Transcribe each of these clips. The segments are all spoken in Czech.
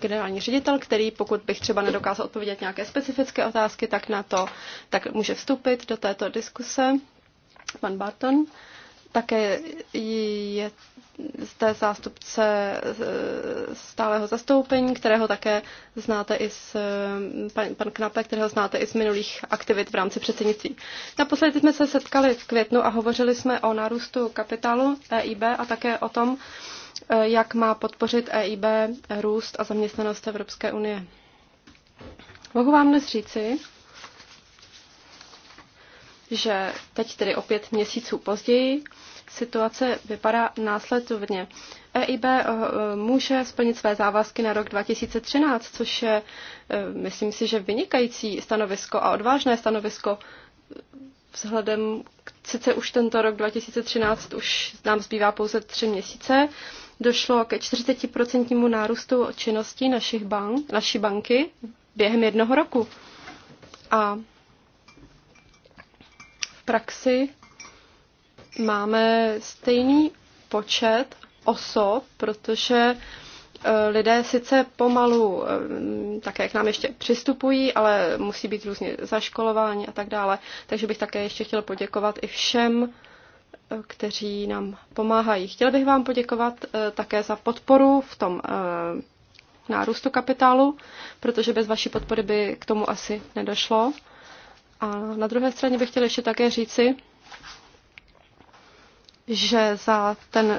generální ředitel, který pokud bych třeba nedokázal odpovědět nějaké specifické otázky, tak na to tak může vstoupit do této diskuse. Pan Barton. Také je zde zástupce stáleho zastoupení, kterého také znáte i z, pan, pan Knape, kterého znáte i z minulých aktivit v rámci předsednictví. Naposledy jsme se setkali v květnu a hovořili jsme o nárůstu kapitálu EIB a také o tom, Eh, jak má podpořit EIB růst a zaměstnanost Evropské unie. Mohu vám dnes říci, že teď tedy o pět měsíců později situace vypadá následovně. EIB eh, eh, může splnit své závazky na rok 2013, což je, myslím si, že vynikající stanovisko a odvážné stanovisko vzhledem, sice už tento rok 2013 už nám zbývá pouze tři měsíce, došlo ke 40% nárůstu činností našich bank, naší banky během jednoho roku. A v praxi máme stejný počet osob, protože e, lidé sice pomalu e, také k nám ještě přistupují, ale musí být různě zaškolováni a tak dále. Takže bych také ještě chtěl poděkovat i všem kteří nám pomáhají. Chtěl bych vám poděkovat eh, také za podporu v tom eh, nárůstu kapitálu, protože bez vaší podpory by k tomu asi nedošlo. A na druhé straně bych chtěl ještě také říci, že za, ten,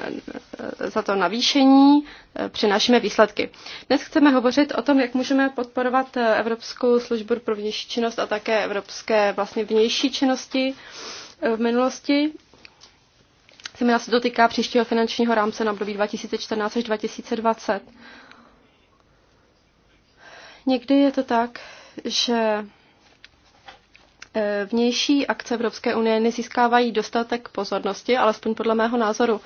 eh, za to navýšení přinášíme výsledky. Dnes chceme hovořit o tom, jak můžeme podporovat Evropskou službu pro vnější činnost a také evropské vlastně vnější činnosti v minulosti Zejména se dotýká příštího finančního rámce na období 2014 až 2020. Někdy je to tak, že eh, vnější akce Evropské unie nezískávají dostatek pozornosti, alespoň podle mého názoru.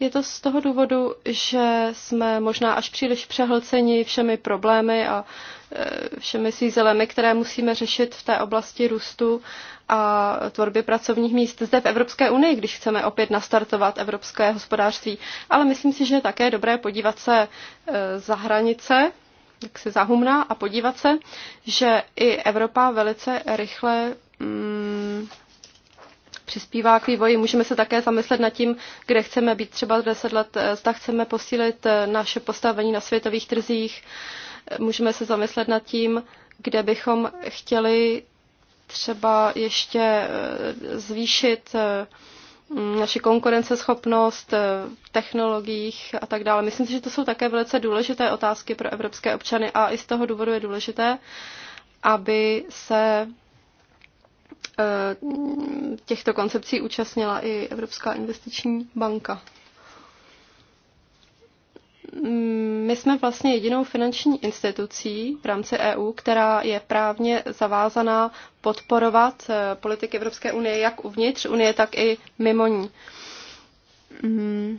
Je to z toho důvodu, že jsme možná až příliš přehlceni všemi problémy a e, všemi sízelemi, které musíme řešit v té oblasti růstu a tvorby pracovních míst zde v Evropské unii, když chceme opět nastartovat evropské hospodářství. Ale myslím si, že je také dobré podívat se e, za hranice, jak se zahumná a podívat se, že i Evropa velice rychle mm, přispívá k vývoji. Můžeme se také zamyslet nad tím, kde chceme být třeba 10 let, eh, zda chceme posílit eh, naše postavení na světových trzích. Můžeme se zamyslet nad tím, kde bychom chtěli třeba ještě eh, zvýšit mm, naši konkurenceschopnost v technologiích a tak dále. Myslím si, že to jsou také velice důležité otázky pro evropské občany a i z toho důvodu je důležité, aby se Eh, těchto koncepcí účastnila i Evropská investiční banka. My jsme vlastně jedinou finanční institucí v rámci EU, která je právně zavázaná podporovat eh, politiky Evropské unie jak uvnitř unie, tak i mimo ní. Mm.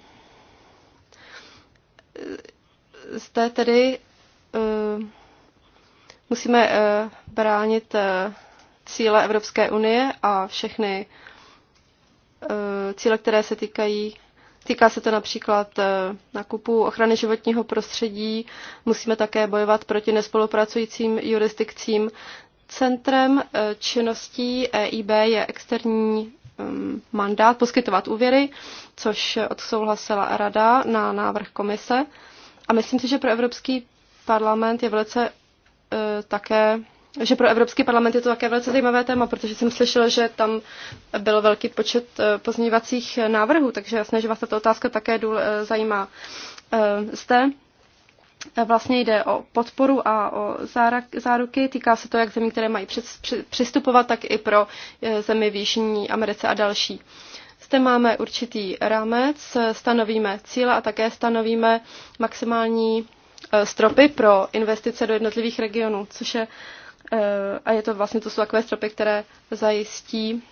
Zde tedy eh, musíme bránit cíle Evropské unie a všechny eh, cíle, které se týkají Týká se to například eh, nakupu ochrany životního prostředí. Musíme také bojovat proti nespolupracujícím jurisdikcím. Centrem eh, činností EIB je externí mm, mandát poskytovat úvěry, což odsouhlasila Rada na návrh komise. A myslím si, že pro Evropský parlament je velice také že pro Evropský parlament je to také velice zajímavé téma, protože jsem slyšela, že tam byl velký počet eh, pozměňovacích návrhů, takže jasné, že vás tato otázka také eh, zajímá. Eh, zde vlastně jde o podporu a o záruky. Týká se to jak zemí, které mají přistupovat, tak i pro zemi v Jižní Americe a další. Zde máme určitý rámec, stanovíme cíle a také stanovíme maximální stropy pro investice do jednotlivých regionů, což je Eh, a je to vlastně, to jsou takové stropy, které zajistí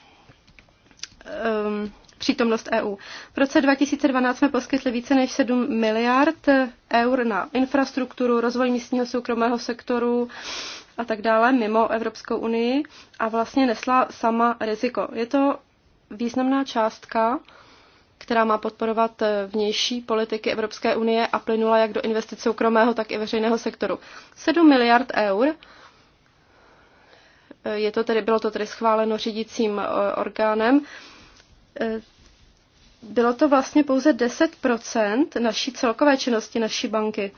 um, přítomnost EU. V roce 2012 jsme poskytli více než 7 miliard eur na infrastrukturu, rozvoj místního soukromého sektoru a tak dále mimo Evropskou unii a vlastně nesla sama riziko. Je to významná částka, která má podporovat eh, vnější politiky Evropské unie a plynula jak do investic soukromého, tak i veřejného sektoru. 7 miliard eur je to tedy, bylo to tedy schváleno řídícím e, orgánem. E, bylo to vlastně pouze 10% naší celkové činnosti naší banky.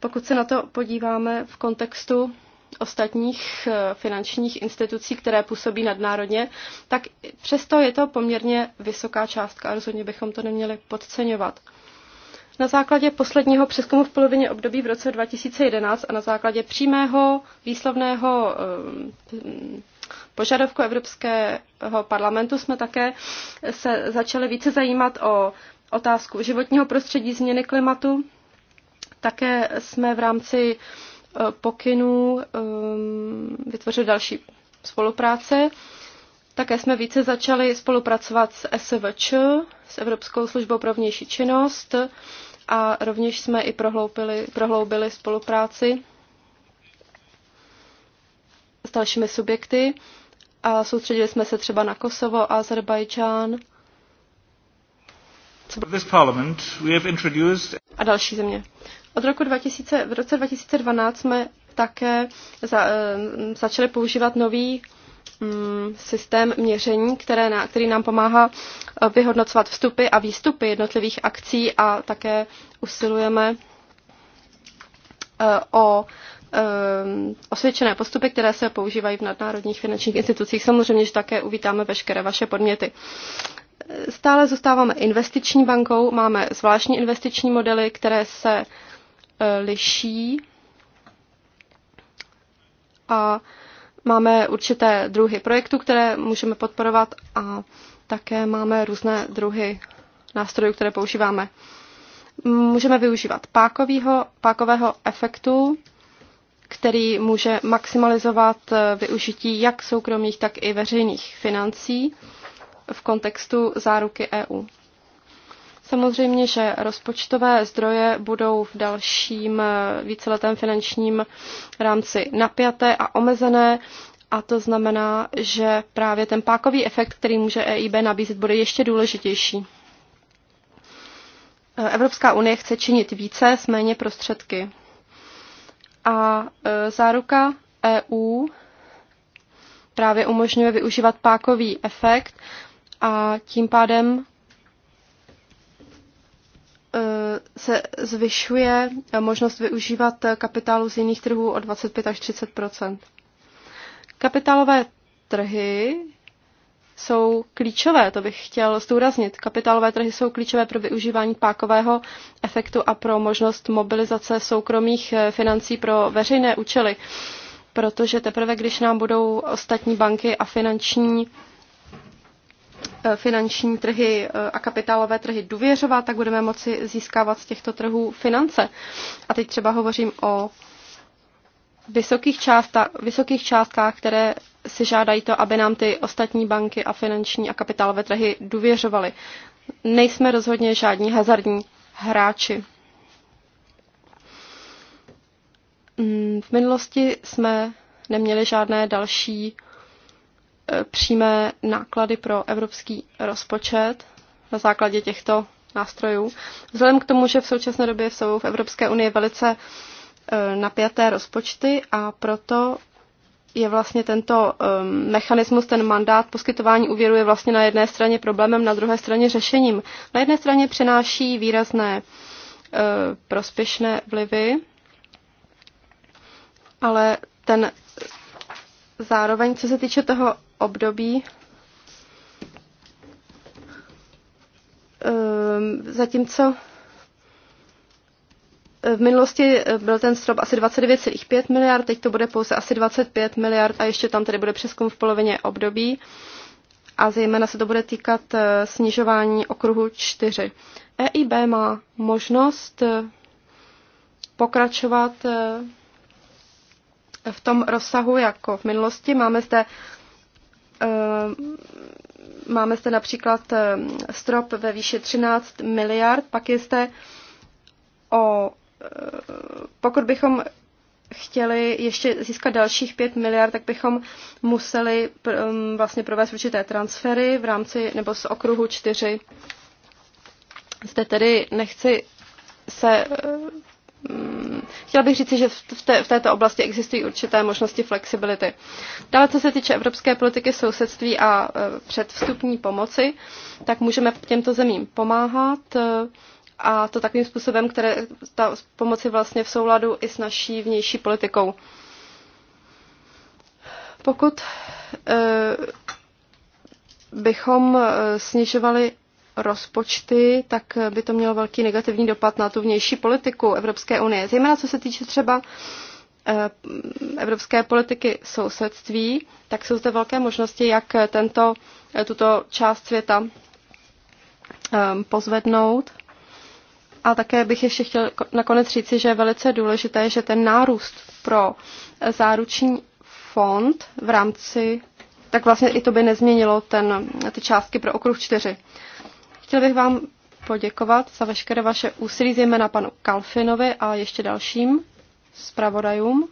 Pokud se na to podíváme v kontextu ostatních e, finančních institucí, které působí nadnárodně, tak přesto je to poměrně vysoká částka a rozhodně bychom to neměli podceňovat. Na základě posledního přeskumu v polovině období v roce 2011 a na základě přímého výslovného ehm, požadavku Evropského parlamentu jsme také se začali více zajímat o otázku životního prostředí, změny klimatu. Také jsme v rámci e, pokynů ehm, vytvořili další spolupráce. Také jsme více začali spolupracovat s SVČ, s Evropskou službou pro vnější činnost a rovněž jsme i prohloubili, prohloubili spolupráci s dalšími subjekty a soustředili jsme se třeba na Kosovo, a Azerbajdžán a další země. Od roku 2000, v roce 2012 jsme také za, eh, začali používat nový Mm, systém měření, které, na, který nám pomáhá eh, vyhodnocovat vstupy a výstupy jednotlivých akcí a také usilujeme eh, o eh, osvědčené postupy, které se používají v nadnárodních finančních institucích. Samozřejmě, že také uvítáme veškeré vaše podměty. Stále zůstáváme investiční bankou, máme zvláštní investiční modely, které se liší a máme určité druhy projektů, které můžeme podporovat a také máme různé druhy nástrojů, které používáme. Můžeme využívat pákovýho, pákového efektu, který může maximalizovat eh, využití jak soukromých, tak i veřejných financí v kontextu záruky EU. Samozřejmě, že rozpočtové zdroje budou v dalším eh, víceletém finančním rámci napjaté a omezené. A to znamená, že právě ten pákový efekt, který může EIB nabízet, bude ještě důležitější. Eh, Evropská unie chce činit více s méně prostředky. A eh, záruka EU právě umožňuje využívat pákový efekt a tím pádem Eh, se zvyšuje možnost využívat kapitálu z jiných trhů o 25 až 30 Kapitálové trhy jsou klíčové, to bych chtěl zdůraznit. Kapitálové trhy jsou klíčové pro využívání pákového efektu a pro možnost mobilizace soukromých eh, financí pro veřejné účely, protože teprve když nám budou ostatní banky a finanční E, finanční trhy e, a kapitálové trhy důvěřovat, tak budeme moci získávat z těchto trhů finance. A teď třeba hovořím o vysokých, částa, vysokých částkách, které si žádají to, aby nám ty ostatní banky a finanční a kapitálové trhy důvěřovaly. Nejsme rozhodně žádní hazardní hráči. Mm, v minulosti jsme neměli žádné další E, přímé náklady pro evropský rozpočet na základě těchto nástrojů. Vzhledem k tomu, že v současné době jsou v Evropské unii velice e, napjaté rozpočty a proto je vlastně tento e, mechanismus, ten mandát poskytování úvěru je vlastně na jedné straně problémem, na druhé straně řešením. Na jedné straně přináší výrazné prospěšné vlivy, ale ten zároveň, co se týče toho období, ehm, zatímco v minulosti byl ten strop asi 29,5 miliard, teď to bude pouze asi 25 miliard a ještě tam tedy bude přeskum v polovině období a zejména se to bude týkat eh, snižování okruhu 4. EIB má možnost eh, pokračovat eh, v tom rozsahu jako v minulosti. Máme zde eh, máme zde například eh, strop ve výši 13 miliard, pak je zde o, eh, pokud bychom chtěli ještě získat dalších 5 miliard, tak bychom museli vlastně provést určité transfery v rámci nebo z okruhu 4. Zde tedy nechci se Mm, chtěla bych říci, že v, té, v této oblasti existují určité možnosti flexibility. Dále, co se týče evropské politiky sousedství a e, předvstupní pomoci, tak můžeme těmto zemím pomáhat e, a to takovým způsobem, které ta pomoci vlastně v souladu i s naší vnější politikou. Pokud e, bychom snižovali rozpočty, tak by to mělo velký negativní dopad na tu vnější politiku Evropské unie. Zejména co se týče třeba eh, evropské politiky sousedství, tak jsou zde velké možnosti, jak tento, eh, tuto část světa ehm, pozvednout. A také bych ještě chtěl nakonec říci, že je velice důležité, že ten nárůst pro eh, záruční fond v rámci, tak vlastně i to by nezměnilo ten, ty částky pro okruh čtyři. Chtěl bych vám poděkovat za veškeré vaše úsilí, zejména panu Kalfinovi a ještě dalším zpravodajům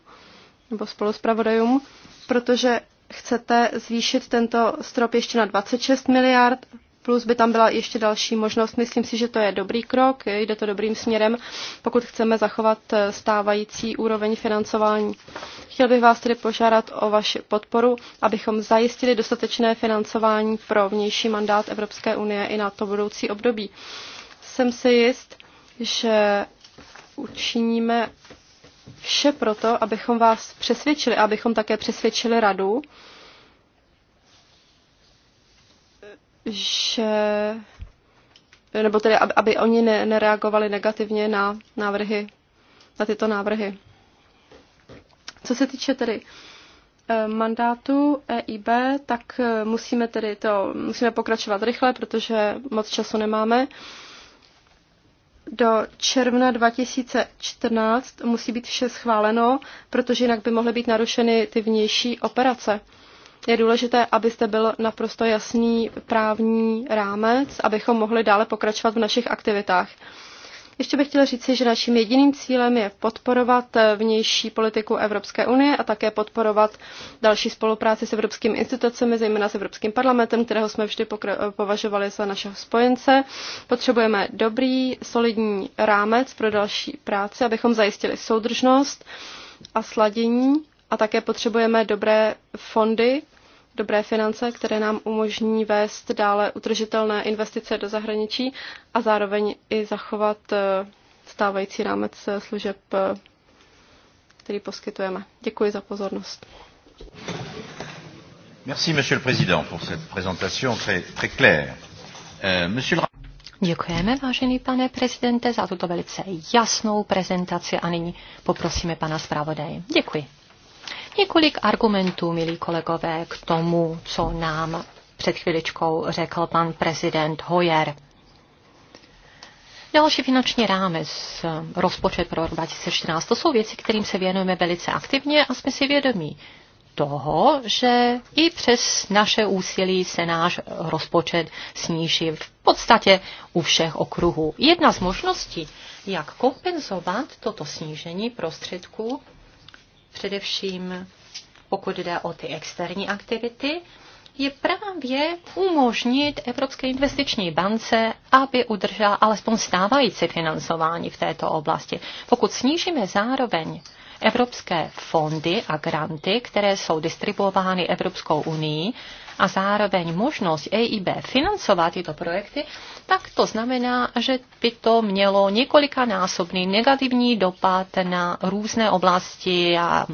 nebo spoluzpravodajům, protože chcete zvýšit tento strop ještě na 26 miliard, plus by tam byla ještě další možnost. Myslím si, že to je dobrý krok, jde to dobrým směrem, pokud chceme zachovat eh, stávající úroveň financování. Chtěl bych vás tedy požádat o vaši podporu, abychom zajistili dostatečné financování pro vnější mandát Evropské unie i na to budoucí období. Jsem si jist, že učiníme vše proto, abychom vás přesvědčili, abychom také přesvědčili radu, že nebo tedy, aby, aby oni ne, nereagovali negativně na návrhy, na tyto návrhy. Co se týče tedy eh, mandátu EIB, tak eh, musíme tedy to, musíme pokračovat rychle, protože moc času nemáme. Do června 2014 musí být vše schváleno, protože jinak by mohly být narušeny ty vnější operace je důležité, abyste byl naprosto jasný právní rámec, abychom mohli dále pokračovat v našich aktivitách. Ještě bych chtěla říci, že naším jediným cílem je podporovat vnější politiku Evropské unie a také podporovat další spolupráci s evropskými institucemi, zejména s Evropským parlamentem, kterého jsme vždy považovali za našeho spojence. Potřebujeme dobrý, solidní rámec pro další práci, abychom zajistili soudržnost a sladění a také potřebujeme dobré fondy dobré finance, které nám umožní vést dále utržitelné investice do zahraničí a zároveň i zachovat eh, stávající rámec eh, služeb, eh, který poskytujeme. Děkuji za pozornost. Merci, Monsieur le Président, pour cette présentation très, très claire. Euh, monsieur le... Děkujeme, vážený pane prezidente, za tuto velice jasnou prezentaci a nyní poprosíme pana zpravodaje. Děkuji. Několik argumentů, milí kolegové, k tomu, co nám před chviličkou řekl pan prezident Hoyer. Další finanční rámec, rozpočet pro rok 2014, to jsou věci, kterým se věnujeme velice aktivně a jsme si vědomí toho, že i přes naše úsilí se náš rozpočet sníží v podstatě u všech okruhů. Jedna z možností, jak kompenzovat toto snížení prostředků, především pokud jde o ty externí aktivity, je právě umožnit Evropské investiční bance, aby udržela alespoň stávající financování v této oblasti. Pokud snížíme zároveň evropské fondy a granty, které jsou distribuovány Evropskou unii a zároveň možnost EIB financovat tyto projekty, tak to znamená, že by to mělo několikanásobný negativní dopad na různé oblasti a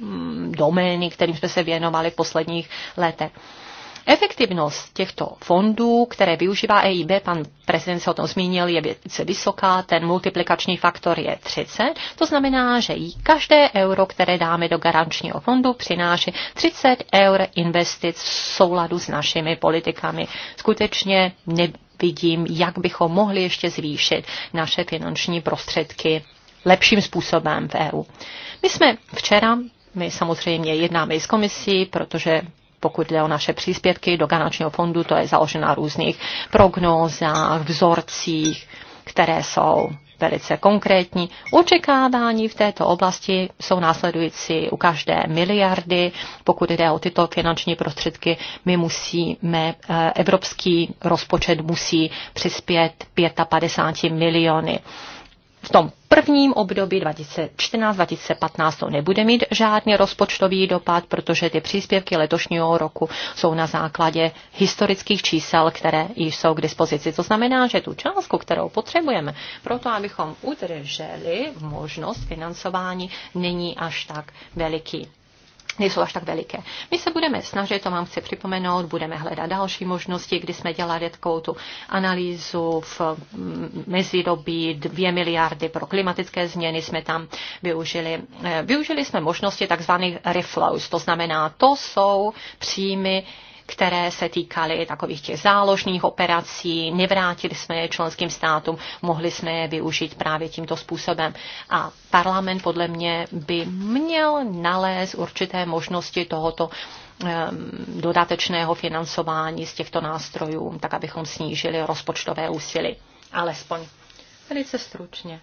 mm, domény, kterým jsme se věnovali v posledních letech. Efektivnost těchto fondů, které využívá EIB, pan prezident se o tom zmínil, je velice vysoká, ten multiplikační faktor je 30, to znamená, že i každé euro, které dáme do garančního fondu, přináší 30 eur investic v souladu s našimi politikami. Skutečně ne, vidím, jak bychom mohli ještě zvýšit naše finanční prostředky lepším způsobem v EU. My jsme včera, my samozřejmě jednáme i s komisí, protože pokud jde o naše příspěvky do garančního fondu, to je založeno na různých prognózách, vzorcích, které jsou velice konkrétní. Očekávání v této oblasti jsou následující u každé miliardy. Pokud jde o tyto finanční prostředky, my musíme, eh, evropský rozpočet musí přispět 55 miliony v tom prvním období 2014-2015 to nebude mít žádný rozpočtový dopad, protože ty příspěvky letošního roku jsou na základě historických čísel, které již jsou k dispozici. To znamená, že tu částku, kterou potřebujeme proto, abychom udrželi možnost financování, není až tak veliký nejsou až tak veliké. My se budeme snažit, to vám chci připomenout, budeme hledat další možnosti, kdy jsme dělali takovou tu analýzu v mm, mezidobí 2 miliardy pro klimatické změny jsme tam využili. Eh, využili jsme možnosti takzvaných reflows, to znamená, to jsou příjmy, které se týkaly takových těch záložných operací, nevrátili jsme je členským státům, mohli jsme je využít právě tímto způsobem. A parlament podle mě by měl nalézt určité možnosti tohoto dodatečného financování z těchto nástrojů, tak abychom snížili rozpočtové úsilí. Alespoň velice stručně.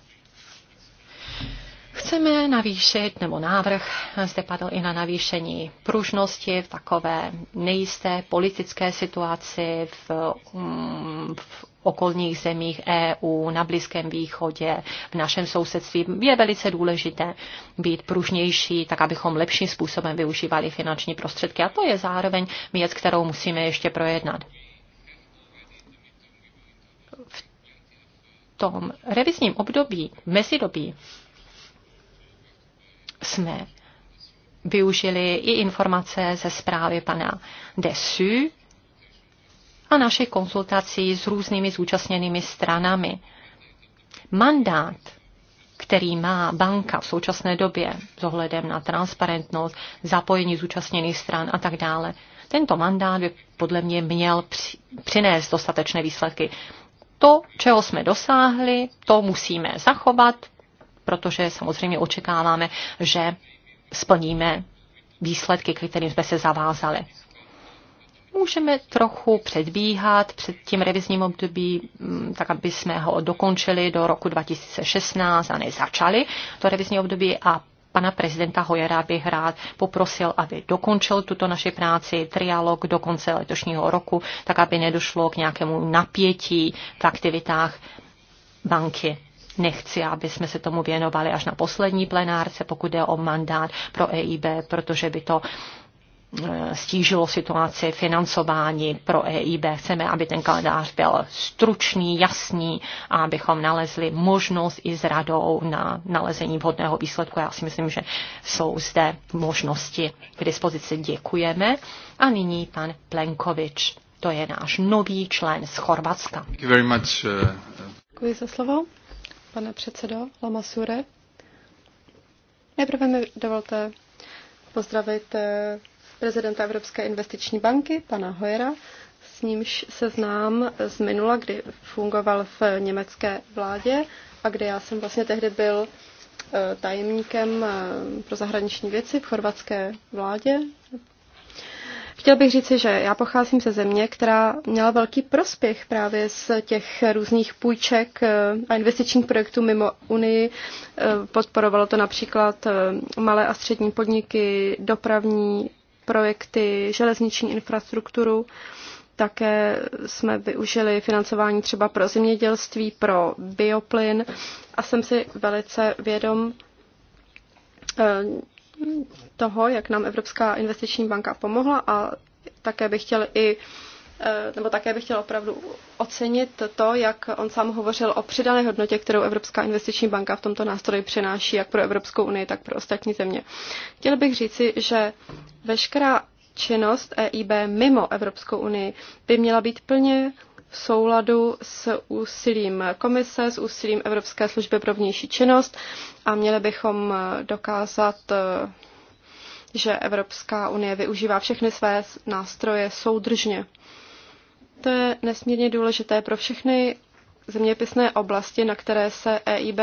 Chceme navýšit, nebo návrh zde padl i na navýšení pružnosti v takové nejisté politické situaci v, mm, v okolních zemích EU, na Blízkém východě, v našem sousedství. Je velice důležité být pružnější, tak abychom lepším způsobem využívali finanční prostředky. A to je zároveň věc, kterou musíme ještě projednat. V tom revizním období, mezidobí, jsme využili i informace ze zprávy pana Desu a naše konzultací s různými zúčastněnými stranami. Mandát, který má banka v současné době s ohledem na transparentnost, zapojení zúčastněných stran a tak dále, tento mandát by podle mě měl přinést dostatečné výsledky. To, čeho jsme dosáhli, to musíme zachovat, protože samozřejmě očekáváme, že splníme výsledky, k kterým jsme se zavázali. Můžeme trochu předbíhat před tím revizním období, mm, tak aby jsme ho dokončili do roku 2016 a nezačali to revizní období a pana prezidenta Hojera bych rád poprosil, aby dokončil tuto naši práci, trialog do konce letošního roku, tak aby nedošlo k nějakému napětí v aktivitách banky nechci, aby jsme se tomu věnovali až na poslední plenárce, pokud jde o mandát pro EIB, protože by to e, stížilo situaci financování pro EIB. Chceme, aby ten kalendář byl stručný, jasný a abychom nalezli možnost i s radou na nalezení vhodného výsledku. Já si myslím, že jsou zde možnosti k dispozici. Děkujeme. A nyní pan Plenkovič. To je náš nový člen z Chorvatska. Uh, uh. Děkuji za slovo pane předsedo Lamasure. Nejprve mi dovolte pozdravit eh, prezidenta Evropské investiční banky, pana Hojera, s nímž se znám z minula, kdy fungoval v německé vládě a kde já jsem vlastně tehdy byl eh, tajemníkem eh, pro zahraniční věci v chorvatské vládě, Chtěl bych říci, že já pocházím ze země, která měla velký prospěch právě z těch různých půjček eh, a investičních projektů mimo Unii. Eh, podporovalo to například eh, malé a střední podniky, dopravní projekty, železniční infrastrukturu. Také jsme využili financování třeba pro zemědělství, pro bioplyn a jsem si velice vědom toho, jak nám Evropská investiční banka pomohla a také bych chtěl i eh, nebo také bych chtěl opravdu ocenit to, jak on sám hovořil o přidané hodnotě, kterou Evropská investiční banka v tomto nástroji přináší jak pro Evropskou unii, tak pro ostatní země. Chtěl bych říci, že veškerá činnost EIB mimo Evropskou unii by měla být plně v souladu s úsilím komise, s úsilím Evropské služby pro vnější činnost a měli bychom dokázat, že Evropská unie využívá všechny své nástroje soudržně. To je nesmírně důležité pro všechny zeměpisné oblasti, na které se EIB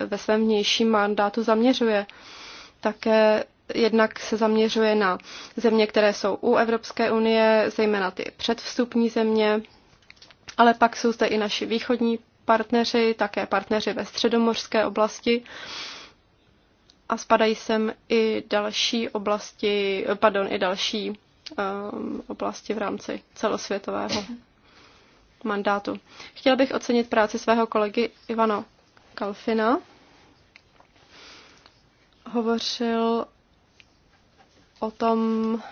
ve svém vnějším mandátu zaměřuje. Také jednak se zaměřuje na země, které jsou u Evropské unie, zejména ty předvstupní země ale pak jsou zde i naši východní partneři, také partneři ve středomořské oblasti a spadají sem i další oblasti, pardon, i další um, oblasti v rámci celosvětového mandátu. Chtěla bych ocenit práci svého kolegy Ivana Kalfina. Hovořil o tom,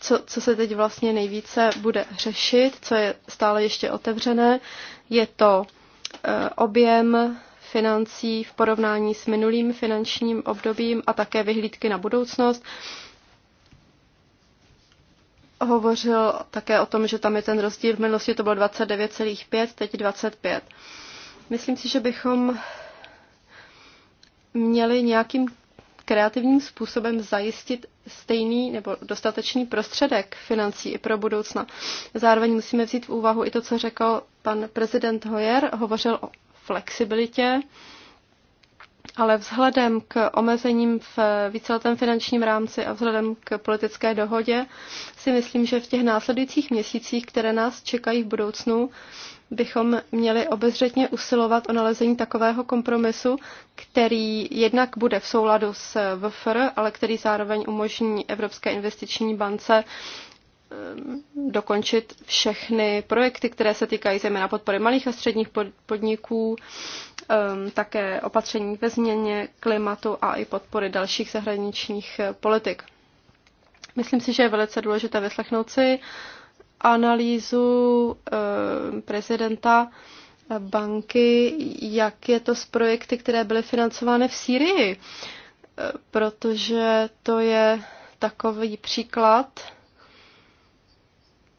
co, co se teď vlastně nejvíce bude řešit, co je stále ještě otevřené, je to e, objem financí v porovnání s minulým finančním obdobím a také vyhlídky na budoucnost. Hovořil také o tom, že tam je ten rozdíl. V minulosti to bylo 29,5, teď 25. Myslím si, že bychom měli nějakým kreativním způsobem zajistit stejný nebo dostatečný prostředek financí i pro budoucna. Zároveň musíme vzít v úvahu i to, co řekl pan prezident Hoyer, hovořil o flexibilitě, ale vzhledem k omezením v víceletém finančním rámci a vzhledem k politické dohodě si myslím, že v těch následujících měsících, které nás čekají v budoucnu, bychom měli obezřetně usilovat o nalezení takového kompromisu, který jednak bude v souladu s VFR, ale který zároveň umožní Evropské investiční bance ehm, dokončit všechny projekty, které se týkají zejména podpory malých a středních podniků, ehm, také opatření ve změně klimatu a i podpory dalších zahraničních politik. Myslím si, že je velice důležité vyslechnout si analýzu eh, prezidenta banky, jak je to s projekty, které byly financovány v Sýrii, eh, protože to je takový příklad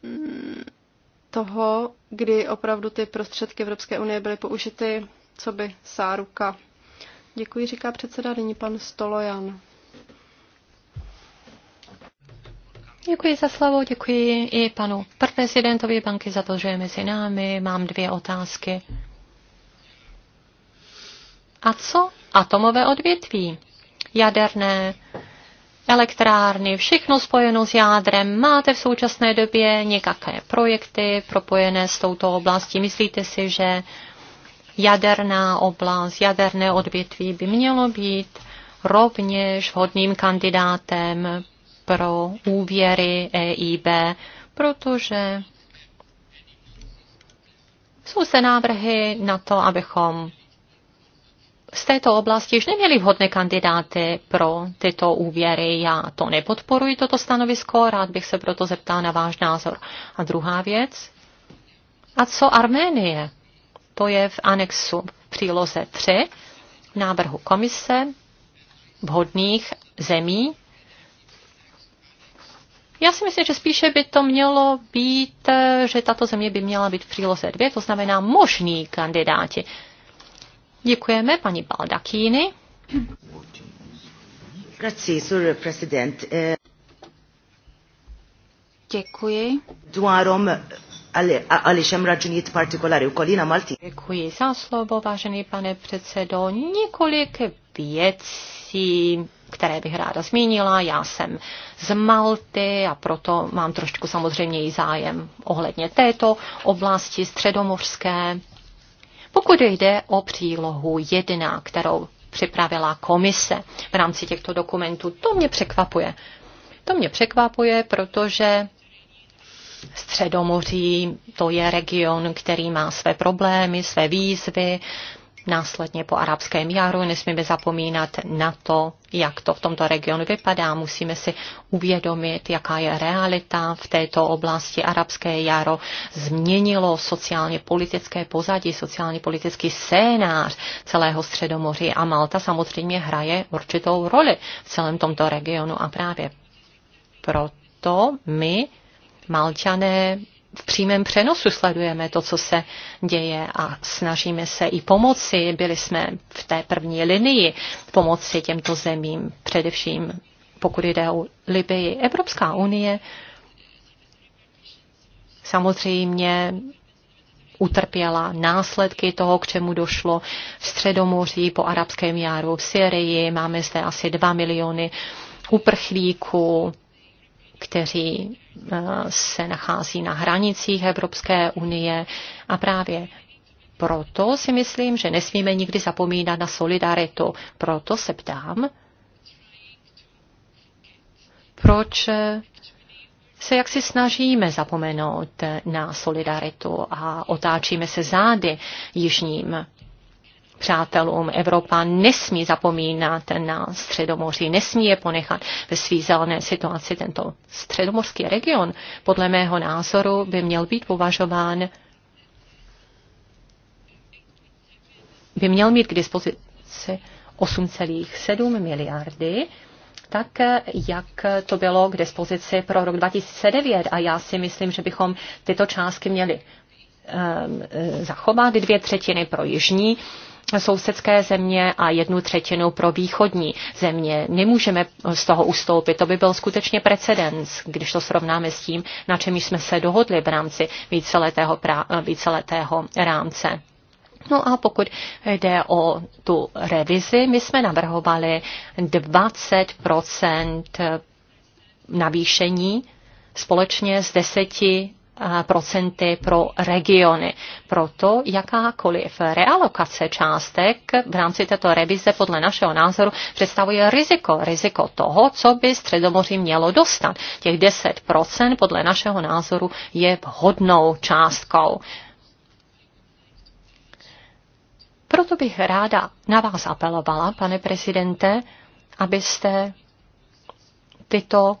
mm, toho, kdy opravdu ty prostředky Evropské unie byly použity co by sáruka. Děkuji, říká předseda, nyní pan Stolojan. Děkuji za slovo, děkuji i panu prezidentovi banky za to, že je mezi námi. Mám dvě otázky. A co atomové odvětví? Jaderné, elektrárny, všechno spojeno s jádrem. Máte v současné době nějaké projekty propojené s touto oblastí? Myslíte si, že jaderná oblast, jaderné odvětví by mělo být rovněž vhodným kandidátem pro úvěry EIB, protože jsou se návrhy na to, abychom z této oblasti již neměli vhodné kandidáty pro tyto úvěry. Já to nepodporuji, toto stanovisko, rád bych se proto zeptal na váš názor. A druhá věc, a co Arménie? To je v anexu v příloze 3 návrhu komise vhodných zemí já si myslím, že spíše by to mělo být, eh, že tato země by měla být v příloze dvě, to znamená možní kandidáti. Děkujeme paní Baldakíny. Eh, Děkuji. Děkuji za slovo, vážený pane předsedo. Několik věcí které bych ráda zmínila. Já jsem z Malty a proto mám trošku samozřejmě i zájem ohledně této oblasti středomořské. Pokud jde o přílohu jedna, kterou připravila komise v rámci těchto dokumentů, to mě překvapuje. To mě překvapuje, protože Středomoří to je region, který má své problémy, své výzvy, následně po arabském jaru. Nesmíme zapomínat na to, jak to v tomto regionu vypadá. Musíme si uvědomit, jaká je realita v této oblasti. Arabské jaro změnilo sociálně politické pozadí, sociálně politický scénář celého Středomoří a Malta samozřejmě hraje určitou roli v celém tomto regionu a právě proto my Malčané v přímém přenosu sledujeme to, co se děje a snažíme se i pomoci. Byli jsme v té první linii pomoci těmto zemím, především pokud jde o Libii. Evropská unie samozřejmě utrpěla následky toho, k čemu došlo v Středomoří, po arabském jaru, v Syrii. Máme zde asi 2 miliony uprchlíků, kteří eh, se nachází na hranicích Evropské unie a právě proto si myslím, že nesmíme nikdy zapomínat na solidaritu. Proto se ptám, proč se jaksi snažíme zapomenout na solidaritu a otáčíme se zády jižním přátelům. Evropa nesmí zapomínat na Středomoří, nesmí je ponechat ve zelené situaci. Tento středomorský region, podle mého názoru, by měl být považován by měl mít k dispozici 8,7 miliardy, tak jak to bylo k dispozici pro rok 2009. A já si myslím, že bychom tyto částky měli um, zachovat, dvě třetiny pro jižní sousedské země a jednu třetinu pro východní země. Nemůžeme z toho ustoupit. To by byl skutečně precedens, když to srovnáme s tím, na čem jsme se dohodli v rámci víceletého, pra, víceletého rámce. No a pokud jde o tu revizi, my jsme navrhovali 20 navýšení společně s deseti procenty pro regiony. Proto jakákoliv realokace částek v rámci této revize podle našeho názoru představuje riziko. Riziko toho, co by Středomoří mělo dostat. Těch 10% podle našeho názoru je vhodnou částkou. Proto bych ráda na vás apelovala, pane prezidente, abyste tyto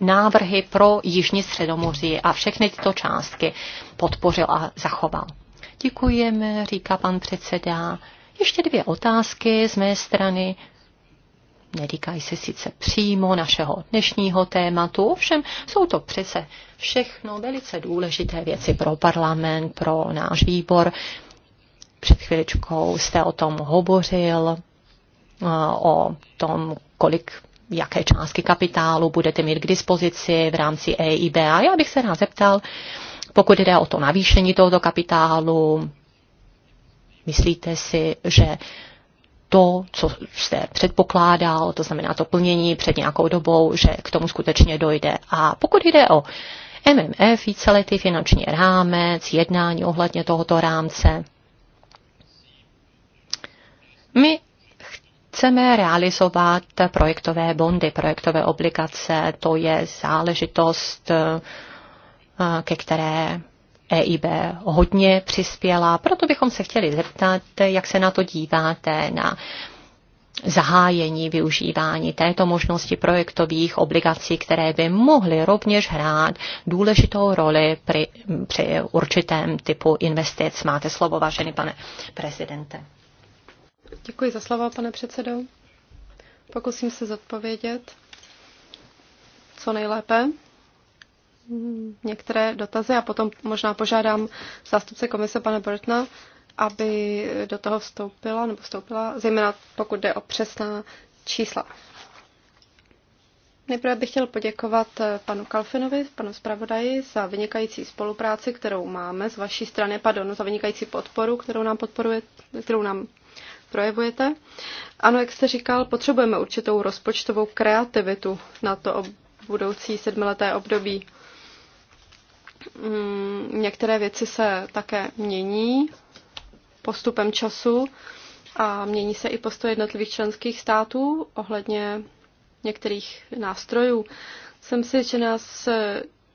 návrhy pro Jižní Středomoří a všechny tyto částky podpořil a zachoval. Děkujeme, říká pan předseda. Ještě dvě otázky z mé strany. Nedíkají se sice přímo našeho dnešního tématu, ovšem jsou to přece všechno velice důležité věci pro parlament, pro náš výbor. Před chvíličkou jste o tom hovořil, o tom, kolik jaké částky kapitálu budete mít k dispozici v rámci EIB. A já bych se rád zeptal, pokud jde o to navýšení tohoto kapitálu, myslíte si, že to, co jste předpokládal, to znamená to plnění před nějakou dobou, že k tomu skutečně dojde. A pokud jde o MMF, víceletý finanční rámec, jednání ohledně tohoto rámce, my chceme realizovat projektové bondy, projektové obligace. To je záležitost, eh, ke které EIB hodně přispěla. Proto bychom se chtěli zeptat, jak se na to díváte, na zahájení využívání této možnosti projektových obligací, které by mohly rovněž hrát důležitou roli při, při určitém typu investic. Máte slovo, vážený pane prezidente. Děkuji za slovo, pane předsedo. Pokusím se zodpovědět co nejlépe některé dotazy a potom možná požádám zástupce komise pana Bertna, aby do toho vstoupila nebo vstoupila, zejména pokud jde o přesná čísla. Nejprve bych chtěl poděkovat panu Kalfinovi, panu zpravodaji, za vynikající spolupráci, kterou máme z vaší strany, pardon, za vynikající podporu, kterou nám, podporuje, kterou nám projevujete. Ano, jak jste říkal, potřebujeme určitou rozpočtovou kreativitu na to budoucí sedmileté období. Mm, některé věci se také mění postupem času a mění se i postoj jednotlivých členských států ohledně některých nástrojů. Jsem si, že nás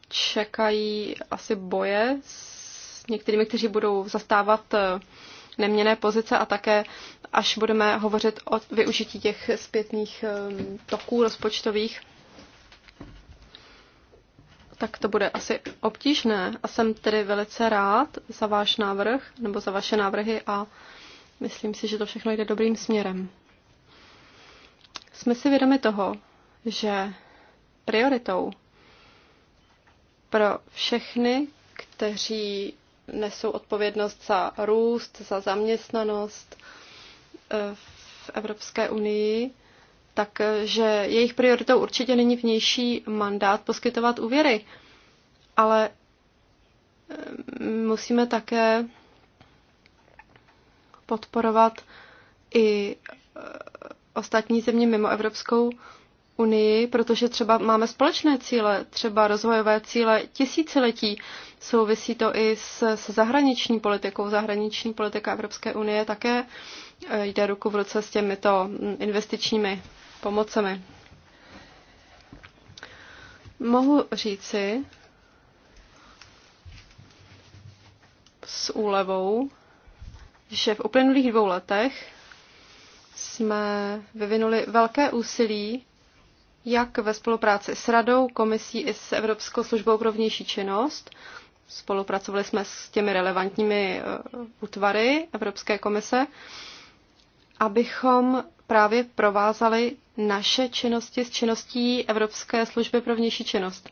čekají asi boje s některými, kteří budou zastávat eh, neměné pozice a také, až budeme hovořit o využití těch zpětných ehm, toků rozpočtových, tak to bude asi obtížné. A jsem tedy velice rád za váš návrh nebo za vaše návrhy a myslím si, že to všechno jde dobrým směrem. Jsme si vědomi toho, že prioritou pro všechny, kteří nesou odpovědnost za růst, za zaměstnanost eh, v Evropské unii, takže eh, jejich prioritou určitě není vnější mandát poskytovat úvěry, ale eh, musíme také podporovat i ostatní země mimo Evropskou unii, protože třeba máme společné cíle, třeba rozvojové cíle tisíciletí. Souvisí to i s, s zahraniční politikou. Zahraniční politika Evropské unie také eh, jde ruku v ruce s těmito mm, investičními pomocemi. Mohu říci s úlevou, že v uplynulých dvou letech jsme vyvinuli velké úsilí jak ve spolupráci s Radou, Komisí i s Evropskou službou pro vnější činnost. Spolupracovali jsme s těmi relevantními eh, útvary Evropské komise, abychom právě provázali naše činnosti s činností Evropské služby pro vnější činnost.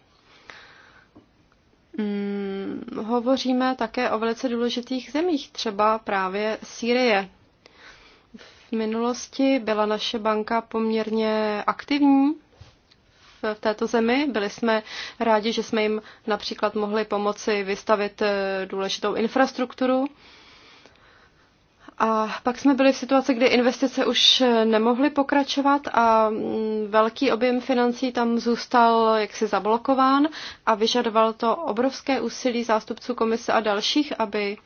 Hmm, hovoříme také o velice důležitých zemích, třeba právě Sýrie. V minulosti byla naše banka poměrně aktivní v této zemi. Byli jsme rádi, že jsme jim například mohli pomoci vystavit eh, důležitou infrastrukturu. A pak jsme byli v situaci, kdy investice už eh, nemohly pokračovat a mm, velký objem financí tam zůstal jaksi zablokován a vyžadoval to obrovské úsilí zástupců komise a dalších, aby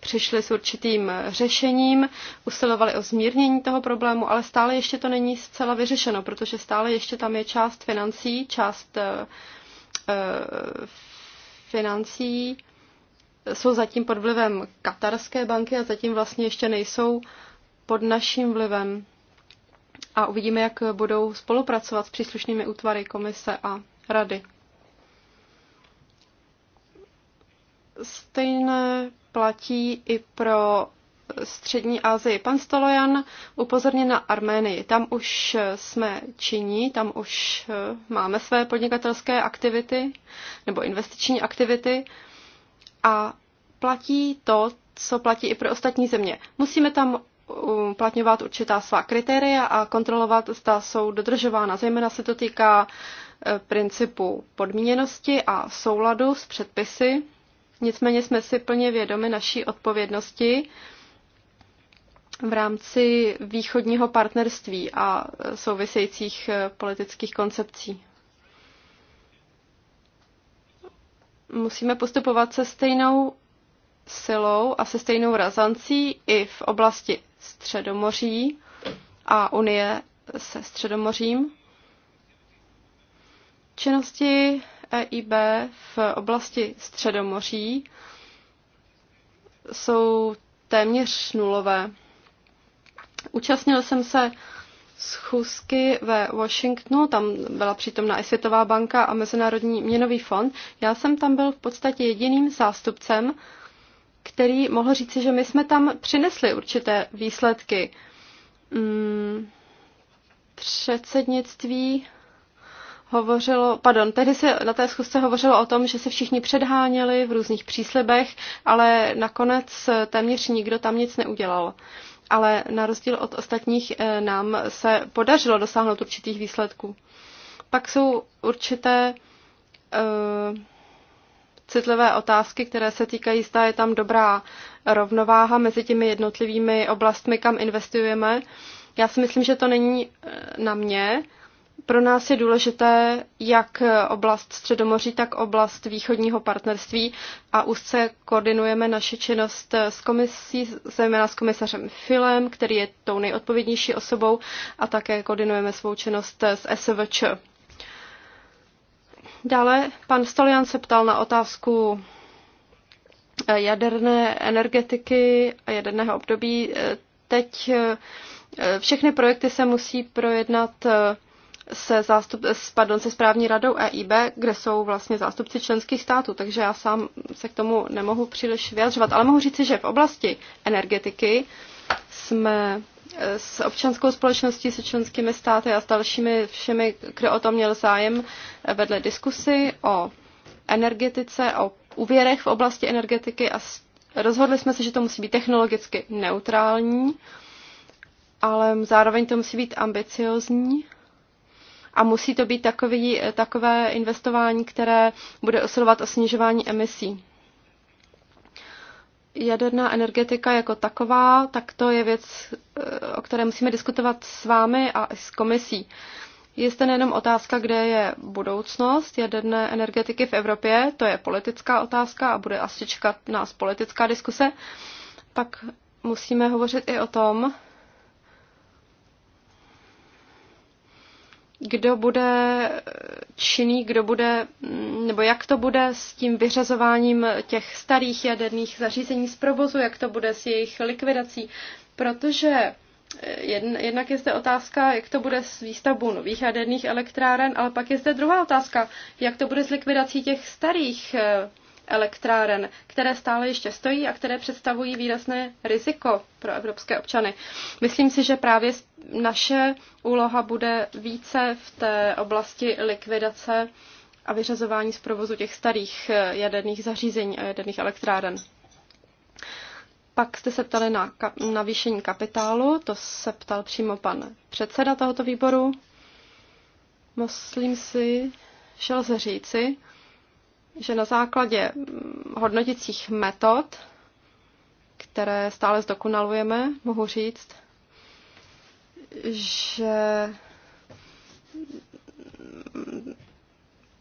přišli s určitým řešením, usilovali o zmírnění toho problému, ale stále ještě to není zcela vyřešeno, protože stále ještě tam je část financí, část eh, eh, financí jsou zatím pod vlivem katarské banky a zatím vlastně ještě nejsou pod naším vlivem. A uvidíme, jak budou spolupracovat s příslušnými útvary komise a rady. Stejné platí i pro střední Asii. Pan Stolojan upozorně na Arménii. Tam už jsme činí, tam už eh, máme své podnikatelské aktivity nebo investiční aktivity a platí to, co platí i pro ostatní země. Musíme tam eh, uplatňovat určitá svá kritéria a kontrolovat, zda jsou dodržována. Zejména se to týká eh, principu podmíněnosti a souladu s předpisy Nicméně jsme si plně vědomi naší odpovědnosti v rámci východního partnerství a souvisejících eh, politických koncepcí. Musíme postupovat se stejnou silou a se stejnou razancí i v oblasti Středomoří a Unie se Středomořím. Činnosti EIB v oblasti Středomoří jsou téměř nulové. Účastnil jsem se schůzky ve Washingtonu, tam byla přítomna i Světová banka a Mezinárodní měnový fond. Já jsem tam byl v podstatě jediným zástupcem, který mohl říci, že my jsme tam přinesli určité výsledky. Mm, předsednictví hovořilo, pardon, tehdy se na té schůzce hovořilo o tom, že se všichni předháněli v různých příslibech, ale nakonec eh, téměř nikdo tam nic neudělal. Ale na rozdíl od ostatních eh, nám se podařilo dosáhnout určitých výsledků. Pak jsou určité uh, citlivé otázky, které se týkají, zda je tam dobrá rovnováha mezi těmi jednotlivými oblastmi, kam investujeme. Já si myslím, že to není na mě, pro nás je důležité jak oblast Středomoří, tak oblast východního partnerství a úzce koordinujeme naši činnost s komisí, zejména s komisařem Filem, který je tou nejodpovědnější osobou a také koordinujeme svou činnost s SVČ. Dále pan Stolian se ptal na otázku eh, jaderné energetiky a jaderného období. Eh, teď eh, všechny projekty se musí projednat se, zástup, pardon, se správní radou EIB, kde jsou vlastně zástupci členských států, takže já sám se k tomu nemohu příliš vyjadřovat, ale mohu říci, že v oblasti energetiky jsme eh, s občanskou společností, se členskými státy a s dalšími všemi, kdo o to měl zájem, eh, vedle diskusy o energetice, o úvěrech v oblasti energetiky a rozhodli jsme se, že to musí být technologicky neutrální, ale zároveň to musí být ambiciozní a musí to být takový, takové investování, které bude osilovat o snižování emisí. Jaderná energetika jako taková, tak to je věc, eh, o které musíme diskutovat s vámi a s komisí. Je to nejenom otázka, kde je budoucnost jaderné energetiky v Evropě, to je politická otázka a bude asi čekat nás politická diskuse. Pak musíme hovořit i o tom, kdo bude činný, kdo bude, nebo jak to bude s tím vyřazováním těch starých jaderných zařízení z provozu, jak to bude s jejich likvidací, protože jednak je zde otázka, jak to bude s výstavbou nových jaderných elektráren, ale pak je zde druhá otázka, jak to bude s likvidací těch starých eh, elektráren, které stále ještě stojí a které představují výrazné riziko pro evropské občany. Myslím si, že právě naše úloha bude více v té oblasti likvidace a vyřazování z provozu těch starých eh, jaderných zařízení a jaderných elektráren. Pak jste se ptali na ka- navýšení kapitálu, to se ptal přímo pan předseda tohoto výboru. Myslím si, šel se říci, že na základě hodnoticích metod, které stále zdokonalujeme, mohu říct, že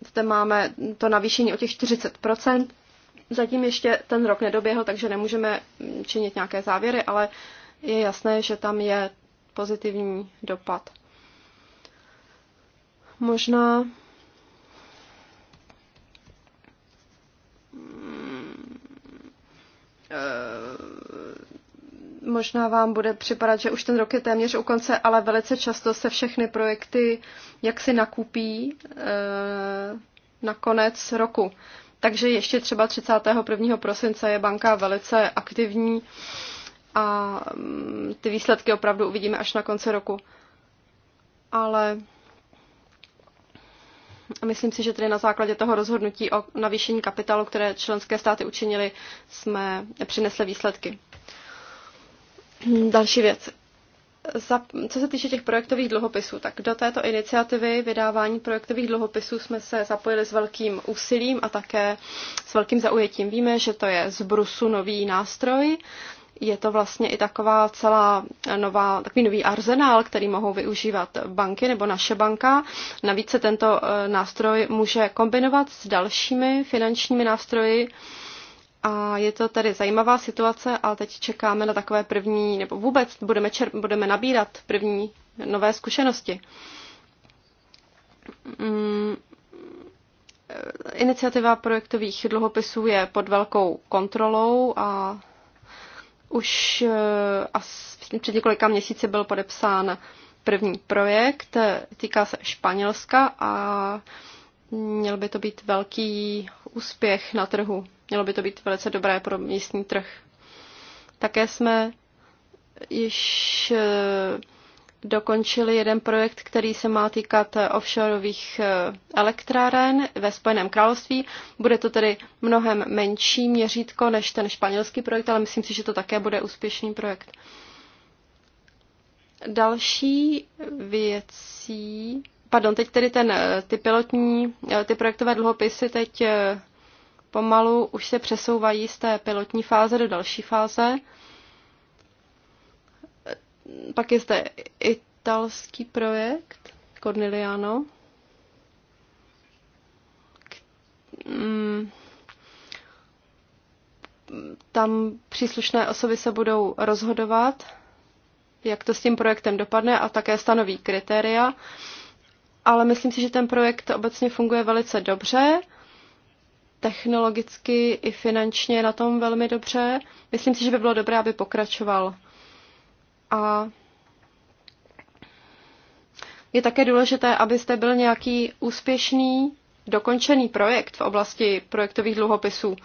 zde máme to navýšení o těch 40%. Zatím ještě ten rok nedoběhl, takže nemůžeme činit nějaké závěry, ale je jasné, že tam je pozitivní dopad. Možná Eh, možná vám bude připadat, že už ten rok je téměř u konce, ale velice často se všechny projekty jaksi nakupí eh, na konec roku. Takže ještě třeba 31. prosince je banka velice aktivní a mm, ty výsledky opravdu uvidíme až na konci roku. Ale Myslím si, že tedy na základě toho rozhodnutí o navýšení kapitálu, které členské státy učinili, jsme přinesli výsledky. Další věc. Za, co se týče těch projektových dluhopisů, tak do této iniciativy vydávání projektových dluhopisů jsme se zapojili s velkým úsilím a také s velkým zaujetím. Víme, že to je z Brusu nový nástroj, je to vlastně i taková celá nová, takový nový arzenál, který mohou využívat banky nebo naše banka. Navíc se tento eh, nástroj může kombinovat s dalšími finančními nástroji, a je to tedy zajímavá situace Ale teď čekáme na takové první, nebo vůbec budeme, čer, budeme nabírat první nové zkušenosti. Mm, eh, iniciativa projektových dluhopisů je pod velkou kontrolou a už eh, asi vlastně před několika měsíci byl podepsán první projekt, týká se Španělska a měl by to být velký úspěch na trhu. Mělo by to být velice dobré pro místní trh. Také jsme již eh, dokončili jeden projekt, který se má týkat eh, offshoreových eh, elektráren ve Spojeném království. Bude to tedy mnohem menší měřítko než ten španělský projekt, ale myslím si, že to také bude úspěšný projekt. Další věcí, pardon, teď tedy ten, eh, ty pilotní, ty projektové dluhopisy teď pomalu už se přesouvají z té pilotní fáze do další fáze. Pak je zde italský projekt Corneliano. Mm, tam příslušné osoby se budou rozhodovat, jak to s tím projektem dopadne a také stanoví kritéria. Ale myslím si, že ten projekt obecně funguje velice dobře technologicky i finančně na tom velmi dobře. Myslím si, že by bylo dobré, aby pokračoval. A je také důležité, abyste byl nějaký úspěšný, dokončený projekt v oblasti projektových dluhopisů.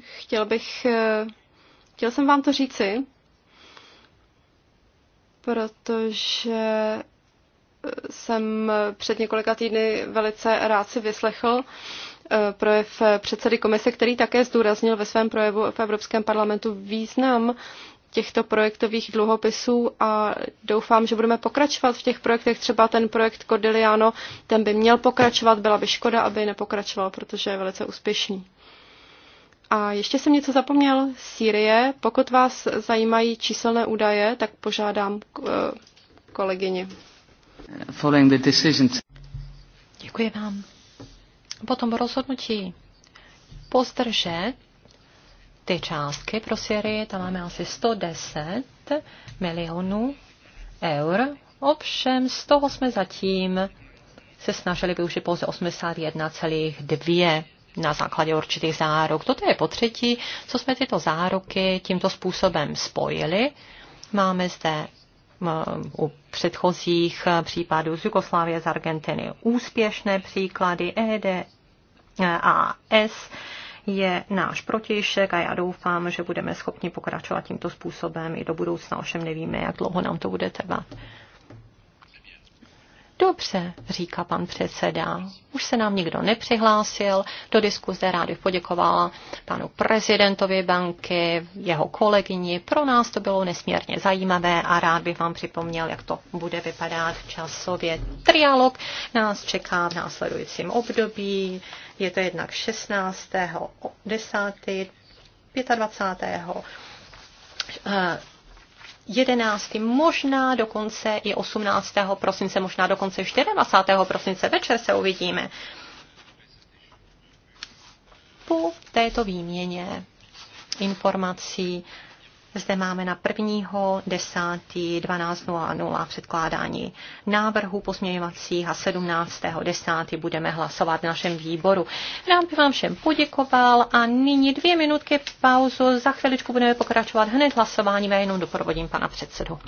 Chtěl bych, chtěl jsem vám to říci, protože jsem před několika týdny velice rád si vyslechl eh, projev předsedy komise, který také zdůraznil ve svém projevu v Evropském parlamentu význam těchto projektových dluhopisů a doufám, že budeme pokračovat v těch projektech. Třeba ten projekt Cordeliano, ten by měl pokračovat, byla by škoda, aby nepokračoval, protože je velice úspěšný. A ještě jsem něco zapomněl. Sýrie, pokud vás zajímají číselné údaje, tak požádám eh, kolegyni. Following the Děkuji vám. Potom rozhodnutí pozdržet ty částky pro Syrii, tam máme asi 110 milionů eur. Ovšem z toho jsme zatím se snažili využít pouze 81,2 na základě určitých záruk. Toto je potřetí, co jsme tyto záruky tímto způsobem spojili. Máme zde u předchozích případů z Jugoslávie, z Argentiny. Úspěšné příklady ED a S je náš protějšek a já doufám, že budeme schopni pokračovat tímto způsobem i do budoucna. Ovšem nevíme, jak dlouho nám to bude trvat. Dobře, říká pan předseda. Už se nám nikdo nepřihlásil. Do diskuze rád bych poděkovala panu prezidentovi banky, jeho kolegyni. Pro nás to bylo nesmírně zajímavé a rád bych vám připomněl, jak to bude vypadat časově. Trialog nás čeká v následujícím období. Je to jednak 16. 10. 25. 11. možná dokonce i 18. prosince, možná dokonce 24. prosince večer se uvidíme. Po této výměně informací zde máme na 1.10.12.00 předkládání návrhu pozměňovacích a 17.10. budeme hlasovat v našem výboru. Rád bych vám všem poděkoval a nyní dvě minutky pauzu. Za chviličku budeme pokračovat hned hlasování a jenom doprovodím pana předsedu.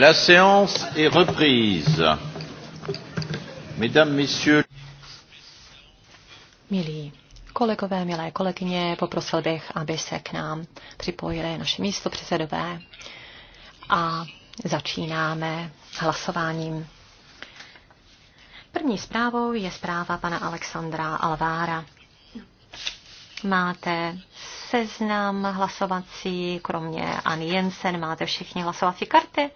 La séance est reprise. Mesdames, messieurs. Milí kolegové, milé kolegyně, poprosil bych, aby se k nám připojili naše místo předsedové a začínáme hlasováním. První zprávou je zpráva pana Alexandra Alvára. Máte seznam hlasovací, kromě Ani Jensen, máte všichni hlasovací karty?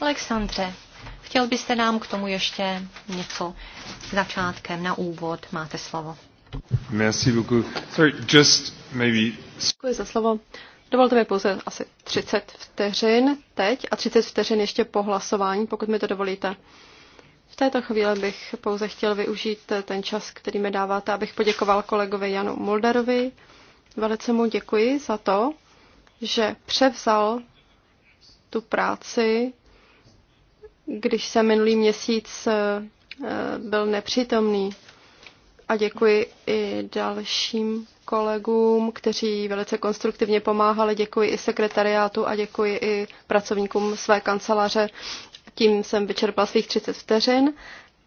Alexandře, chtěl byste nám k tomu ještě něco začátkem na úvod? Máte slovo. Merci beaucoup. Sorry, just maybe... Děkuji za slovo. Dovolte mi pouze asi 30 vteřin teď a 30 vteřin ještě po hlasování, pokud mi to dovolíte. V této chvíli bych pouze chtěl využít ten čas, který mi dáváte, abych poděkoval kolegovi Janu Mulderovi. Velice mu děkuji za to, že převzal tu práci, když jsem minulý měsíc eh, eh, byl nepřítomný. A děkuji i dalším kolegům, kteří velice konstruktivně pomáhali. Děkuji i sekretariátu a děkuji i pracovníkům své kanceláře. Tím jsem vyčerpal svých 30 vteřin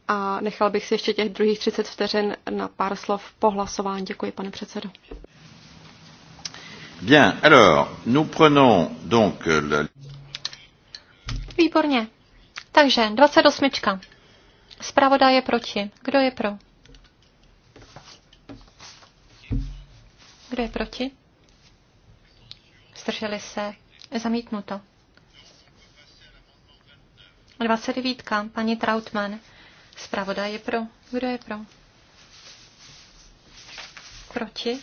a nechal bych si ještě těch druhých 30 vteřin na pár slov po hlasování. Děkuji, pane předsedo. Bien, alors, nous prenons donc euh, le... Výborně. Takže 28. Zpravoda je proti. Kdo je pro? Kdo je proti? Zdrželi se. Zamítnuto. 29. Paní Trautmann. Zpravodaj je pro. Kdo je pro? Proti?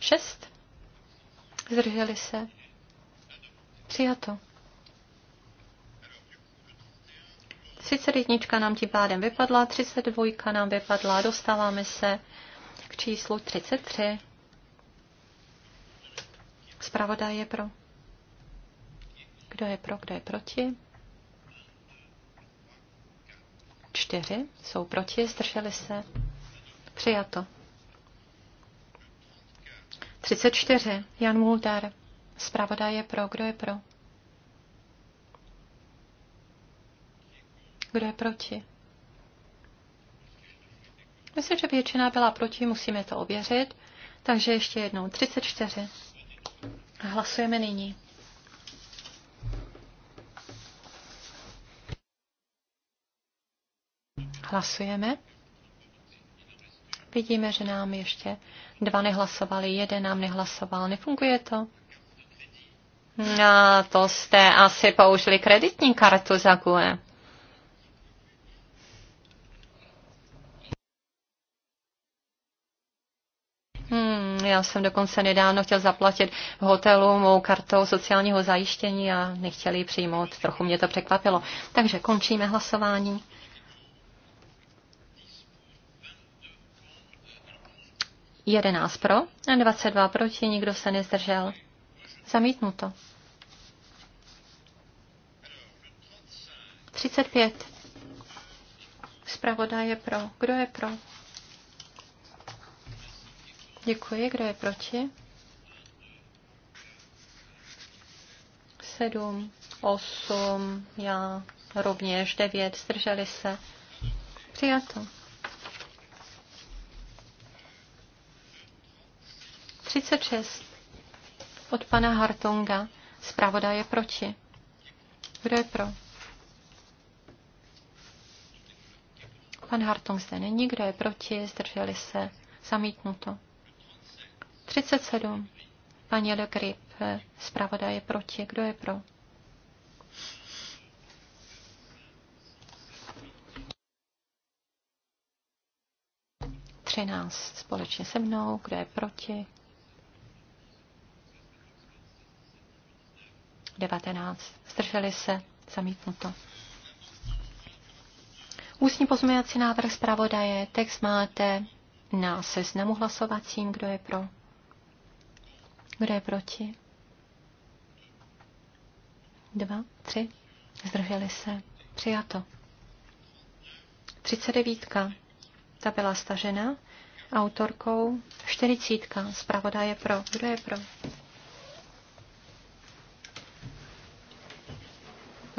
6. Zdrželi se. Přijato. jednička nám tím pádem vypadla, 32 nám vypadla, dostáváme se k číslu 33. Zpravodaj je pro. Kdo je pro, kdo je proti? Čtyři jsou proti, zdrželi se. Přijato. 34. Jan Mulder. Zpravodaj je pro. Kdo je pro? Kdo je proti? Myslím, že většina byla proti, musíme to ověřit. Takže ještě jednou 34. Hlasujeme nyní. Hlasujeme. Vidíme, že nám ještě dva nehlasovali, jeden nám nehlasoval. Nefunguje to? No, to jste asi použili kreditní kartu za GUE. Hmm, já jsem dokonce nedávno chtěl zaplatit v hotelu mou kartou sociálního zajištění a nechtěli ji přijmout. Trochu mě to překvapilo. Takže končíme hlasování. Jedenáct pro, 22 proti, nikdo se nezdržel. Zamítnuto. 35. Zpravoda je pro. Kdo je pro? Děkuji. Kdo je proti? 7, 8, já rovněž 9, zdrželi se. Přijato. 36 od pana Hartonga. Zpravodaj je proti. Kdo je pro? Pan Hartung zde není, kdo je proti, zdrželi se, zamítnuto. 37. Paní Le Grip, zpravodaj je proti, kdo je pro? Třináct společně se mnou, kdo je proti, 19. Zdrželi se. Zamítnuto. Ústní pozměňovací návrh zpravodaje. Text máte na seznamu hlasovacím. Kdo je pro? Kdo je proti? Dva, tři. Zdrželi se. Přijato. 39. Ta byla stažena autorkou. 40. Zpravodaje pro. Kdo je pro?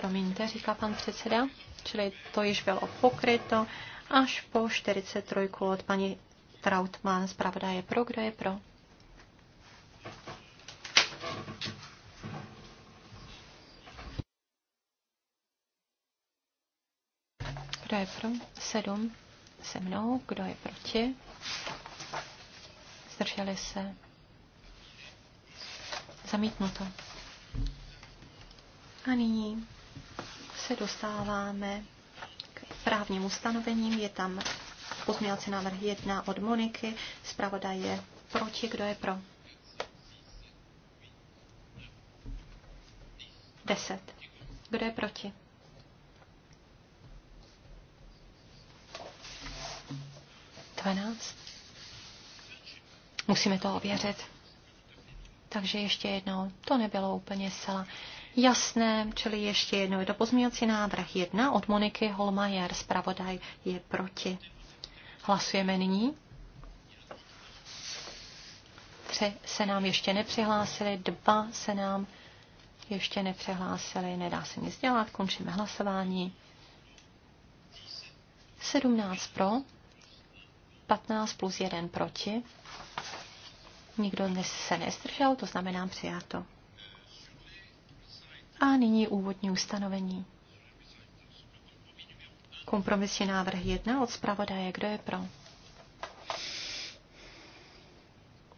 promiňte, říká pan předseda, čili to již bylo pokryto až po 43 od paní Trautmann. Zpravda je pro, kdo je pro? Kdo je pro? Sedm se mnou. Kdo je proti? Zdrželi se. Zamítnuto. A nyní se dostáváme k právním ustanovením. Je tam pozměňovací návrh 1 od Moniky. Zpravoda je proti. Kdo je pro? 10. Kdo je proti? Dvanáct. Musíme to ověřit. Takže ještě jednou, to nebylo úplně zcela jasné, čili ještě jednou je to pozměňovací návrh 1 od Moniky Holmajer, zpravodaj je proti. Hlasujeme nyní. Tři se nám ještě nepřihlásili, dva se nám ještě nepřihlásili, nedá se nic dělat, končíme hlasování. 17 pro, 15 plus 1 proti. Nikdo se nestržel, to znamená přijato. A nyní úvodní ustanovení. Kompromisní návrh 1 od zpravodaje. Kdo je pro?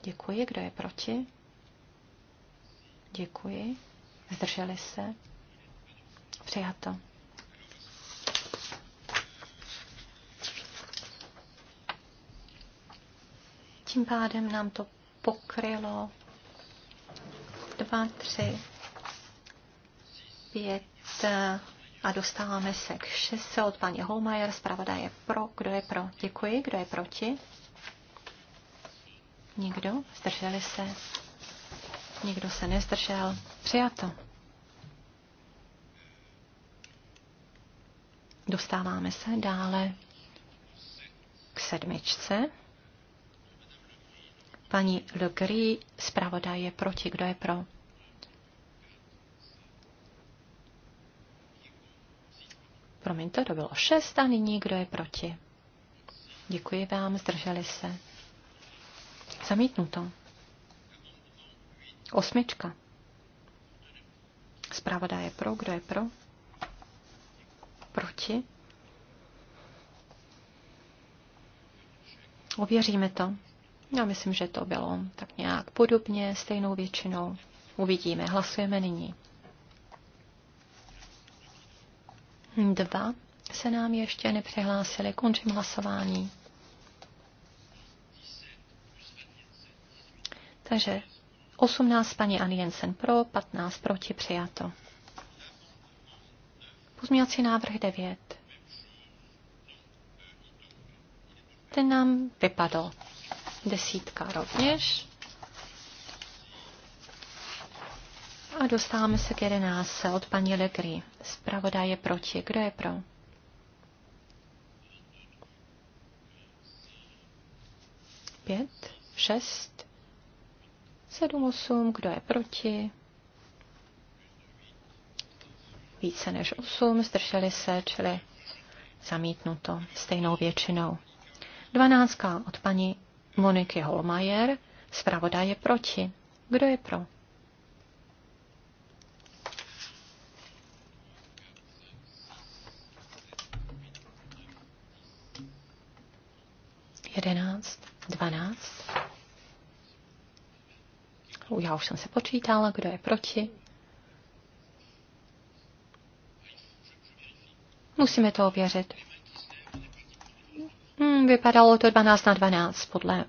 Děkuji. Kdo je proti? Děkuji. Zdrželi se? Přijato. Tím pádem nám to pokrylo 2, 3, 9 eh, a dostáváme se k 6 od paní Holmajer. Zpravda je pro. Kdo je pro? Děkuji. Kdo je proti? Nikdo? Zdrželi se? Nikdo se nezdržel? Přijato. Dostáváme se dále k sedmičce. Paní Le Gris, zpravodaj je proti. Kdo je pro? promiňte, to bylo šest a nyní kdo je proti. Děkuji vám, zdrželi se. Zamítnuto. Osmička. Zpravoda je pro, kdo je pro? Proti? Ověříme to. Já myslím, že to bylo tak nějak podobně, stejnou většinou. Uvidíme. Hlasujeme nyní. Dva se nám ještě nepřihlásili. Končím hlasování. Takže 18 paní Ann Jensen pro, 15 proti přijato. Pozměňovací návrh 9. Ten nám vypadl. Desítka rovněž. A dostáváme se k 11 od paní Legry. Zpravodaj je proti. Kdo je pro? Pět, šest, sedm, osm. Kdo je proti? Více než osm. Zdrželi se, čili zamítnuto stejnou většinou. Dvanáctka od paní Moniky Holmajer. Zpravodaj je proti. Kdo je pro? 11, 12. Já už jsem se počítala, kdo je proti. Musíme to ověřit. Hmm, vypadalo to 12 na 12 podle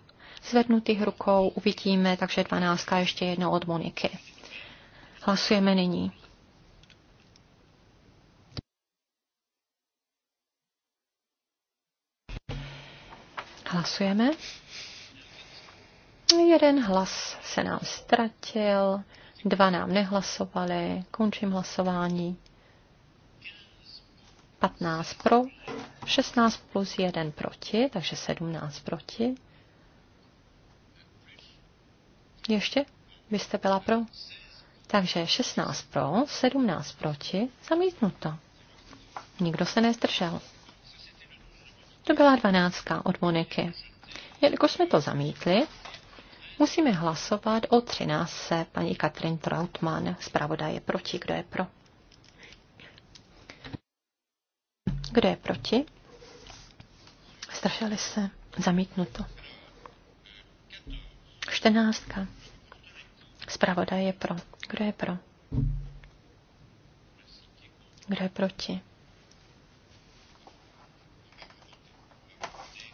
zvednutých rukou. Uvidíme, takže 12 ještě jedno od Moniky. Hlasujeme nyní. Hlasujeme. Jeden hlas se nám ztratil, dva nám nehlasovali, končím hlasování. 15 pro, 16 plus 1 proti, takže 17 proti. Ještě? Vy jste byla pro? Takže 16 pro, 17 proti, zamítnuto. Nikdo se nezdržel. To byla dvanáctka od Moniky. Jelikož jsme to zamítli, musíme hlasovat o 13. paní Katrin Trautmann. Zpravoda je proti. Kdo je pro? Kdo je proti? Strašili se. Zamítnuto. 14. Zpravoda je pro. Kdo je pro? Kdo je proti?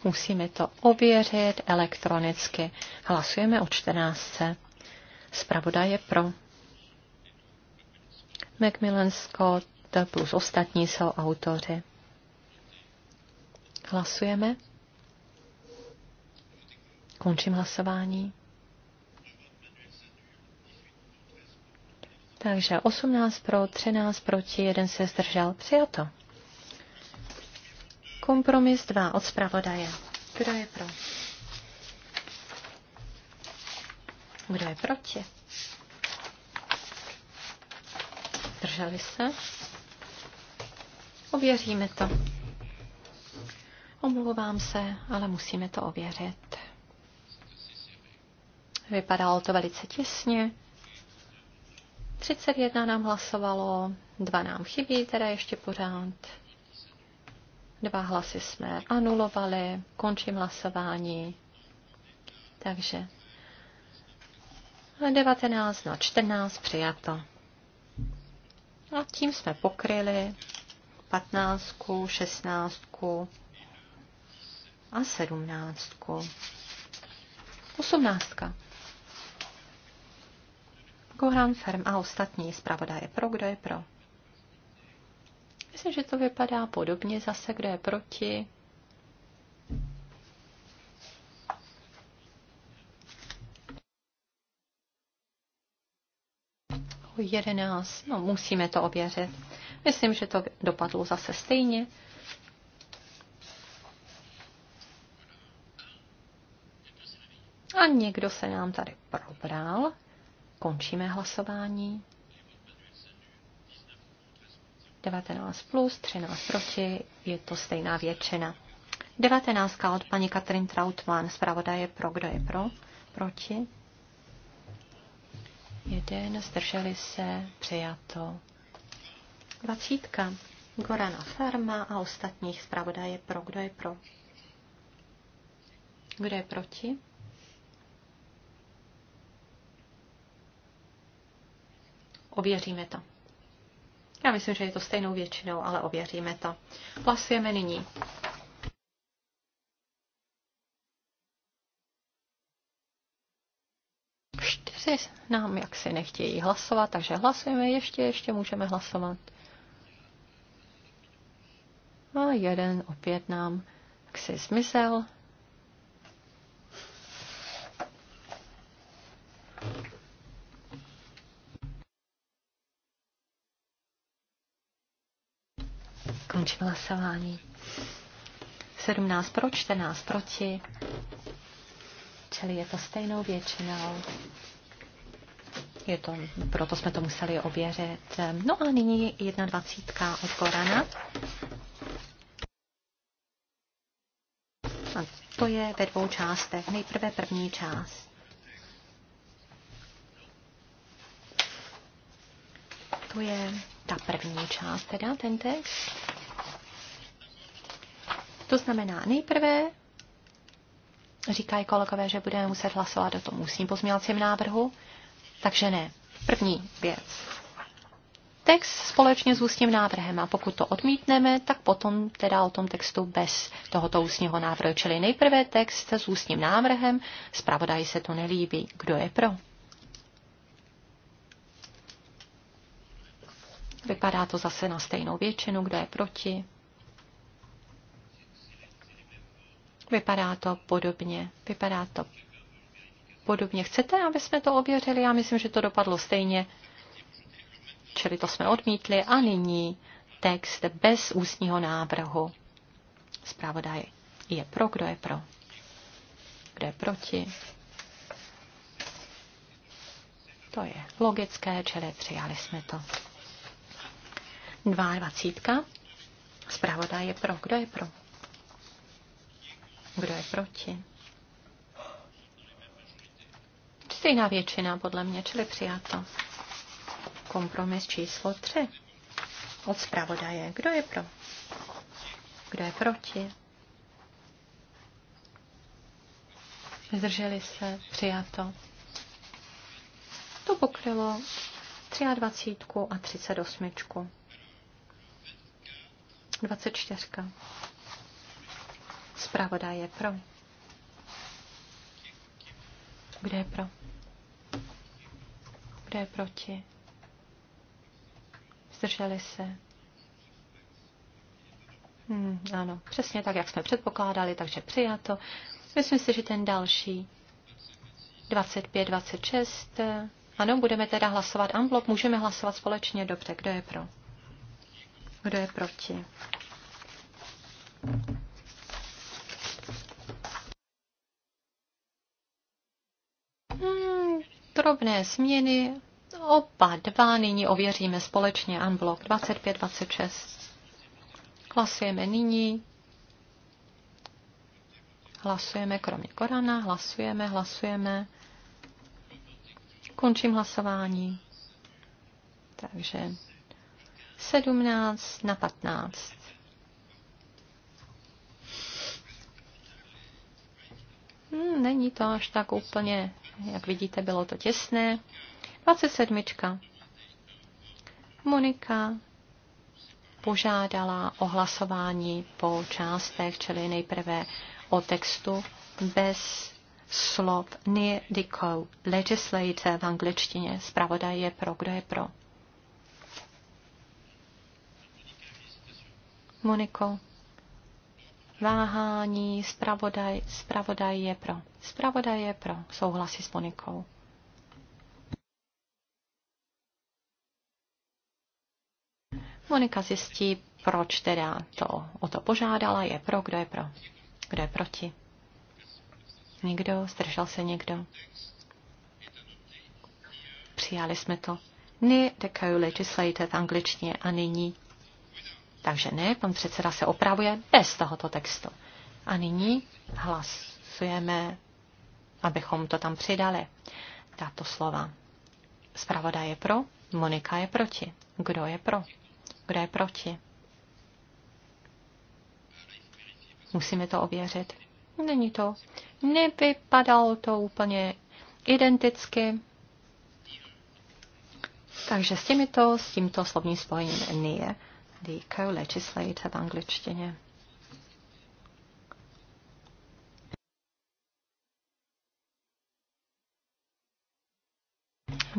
Musíme to ověřit elektronicky. Hlasujeme o 14. Zpravodaj je pro. Macmillan Scott plus ostatní jsou autoři. Hlasujeme. Končím hlasování. Takže 18 pro, 13 proti, jeden se zdržel. Přijato. Kompromis 2 od zpravodaje. Kdo je pro? Kdo je proti? Drželi se? Ověříme to. Omlouvám se, ale musíme to ověřit. Vypadalo to velice těsně. 31 nám hlasovalo, 2 nám chybí, teda ještě pořád. Dva hlasy jsme anulovali, končím hlasování. Takže 19 na 14 přijato. A tím jsme pokryli 15, 16 a 17. 18. Goran Ferm a ostatní zpravodaje pro, kdo je pro. Myslím, že to vypadá podobně zase, kde je proti. O 11, no musíme to ověřit. Myslím, že to dopadlo zase stejně. A někdo se nám tady probral. Končíme hlasování. 19 plus, 13 proti, je to stejná většina. 19 od paní Katrin Trautmann, je pro, kdo je pro, proti. Jeden, zdrželi se, přijato. 20. Gorana Farma a ostatních zpravodaje pro, kdo je pro. Kdo je proti? Ověříme to. Já myslím, že je to stejnou většinou, ale ověříme to. Hlasujeme nyní. Čtyři nám jaksi nechtějí hlasovat, takže hlasujeme ještě, ještě můžeme hlasovat. A jeden opět nám jaksi zmizel. Končím hlasování. 17 pro, 14 proti. Čili je to stejnou většinou. Je to, proto jsme to museli ověřit. No a nyní 21. od Korana. A to je ve dvou částech. Nejprve první část. To je ta první část, teda ten text. To znamená, nejprve říkají kolegové, že budeme muset hlasovat o tom ústním pozměňovacím návrhu, takže ne. První věc. Text společně s ústním návrhem a pokud to odmítneme, tak potom teda o tom textu bez tohoto ústního návrhu, čili nejprve text s ústním návrhem, zpravodaji se to nelíbí. Kdo je pro? Vypadá to zase na stejnou většinu, kdo je proti. Vypadá to podobně. Vypadá to podobně. Chcete, aby jsme to ověřili? Já myslím, že to dopadlo stejně. Čili to jsme odmítli. A nyní text bez ústního návrhu. Zpravodaj je pro, kdo je pro. Kdo je proti? To je logické, čili přijali jsme to. 22. Zpravodaj je pro, kdo je pro. Kdo je proti? Stejná většina, podle mě, čili přijato. Kompromis číslo 3 od zpravodaje. Kdo je pro? Kdo je proti? Zdrželi se, přijato. To pokrylo 23 a 38. 24 je pro. Kdo je pro? Kdo je proti? Zdrželi se? Hmm, ano, přesně tak, jak jsme předpokládali, takže přijato. Myslím si, že ten další 25, 26. Ano, budeme teda hlasovat unblock, můžeme hlasovat společně, dobře, kdo je pro? Kdo je proti? drobné změny, oba dva nyní ověříme společně unblock 25-26. Hlasujeme nyní. Hlasujeme, kromě Korana, hlasujeme, hlasujeme. Končím hlasování. Takže 17 na 15. Hmm, není to až tak úplně jak vidíte, bylo to těsné. 27. Monika požádala o hlasování po částech, čili nejprve o textu bez slov near the code, legislator v angličtině, zpravodaj je pro, kdo je pro. Moniko, váhání, spravodaj, spravodaj je pro. Spravodaj je pro, souhlasí s Monikou. Monika zjistí, proč teda to, o to požádala, je pro, kdo je pro, kdo je proti. Někdo, zdržel se někdo. Přijali jsme to. Ne the co-legislator v angličtině a nyní takže ne, pan předseda se opravuje bez tohoto textu. A nyní hlasujeme, abychom to tam přidali, tato slova. Zpravoda je pro, Monika je proti. Kdo je pro? Kdo je proti? Musíme to ověřit. Není to. Nevypadalo to úplně identicky. Takže s těmito, s tímto slovním spojením nie the co-legislator v angličtině.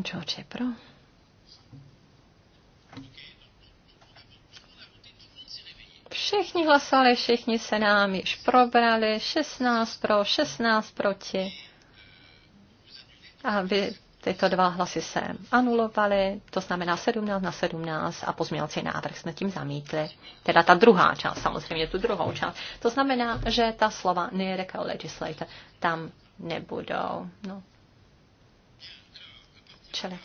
George je pro. Všichni hlasovali, všichni se nám již probrali, 16 pro, 16 proti. A vy Tyto dva hlasy se anulovaly, to znamená 17 na 17 a pozměňovací návrh jsme tím zamítli. Teda ta druhá část, samozřejmě tu druhou část. To znamená, že ta slova nerecal legislator tam nebudou. No. Čili.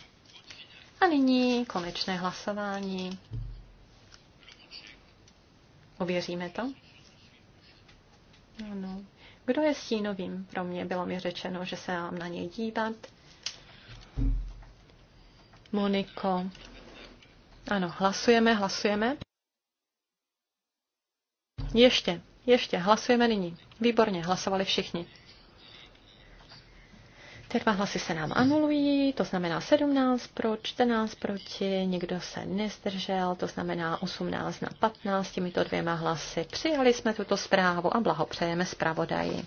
A nyní konečné hlasování. Ověříme to? Ano. Kdo je stínovým? Pro mě bylo mi řečeno, že se mám na něj dívat. Moniko. Ano, hlasujeme, hlasujeme. Ještě, ještě, hlasujeme nyní. Výborně, hlasovali všichni. Ty dva hlasy se nám anulují, to znamená 17 pro, 14 proti, nikdo se nezdržel, to znamená 18 na 15, těmito dvěma hlasy. Přijali jsme tuto zprávu a blahopřejeme zpravodaji,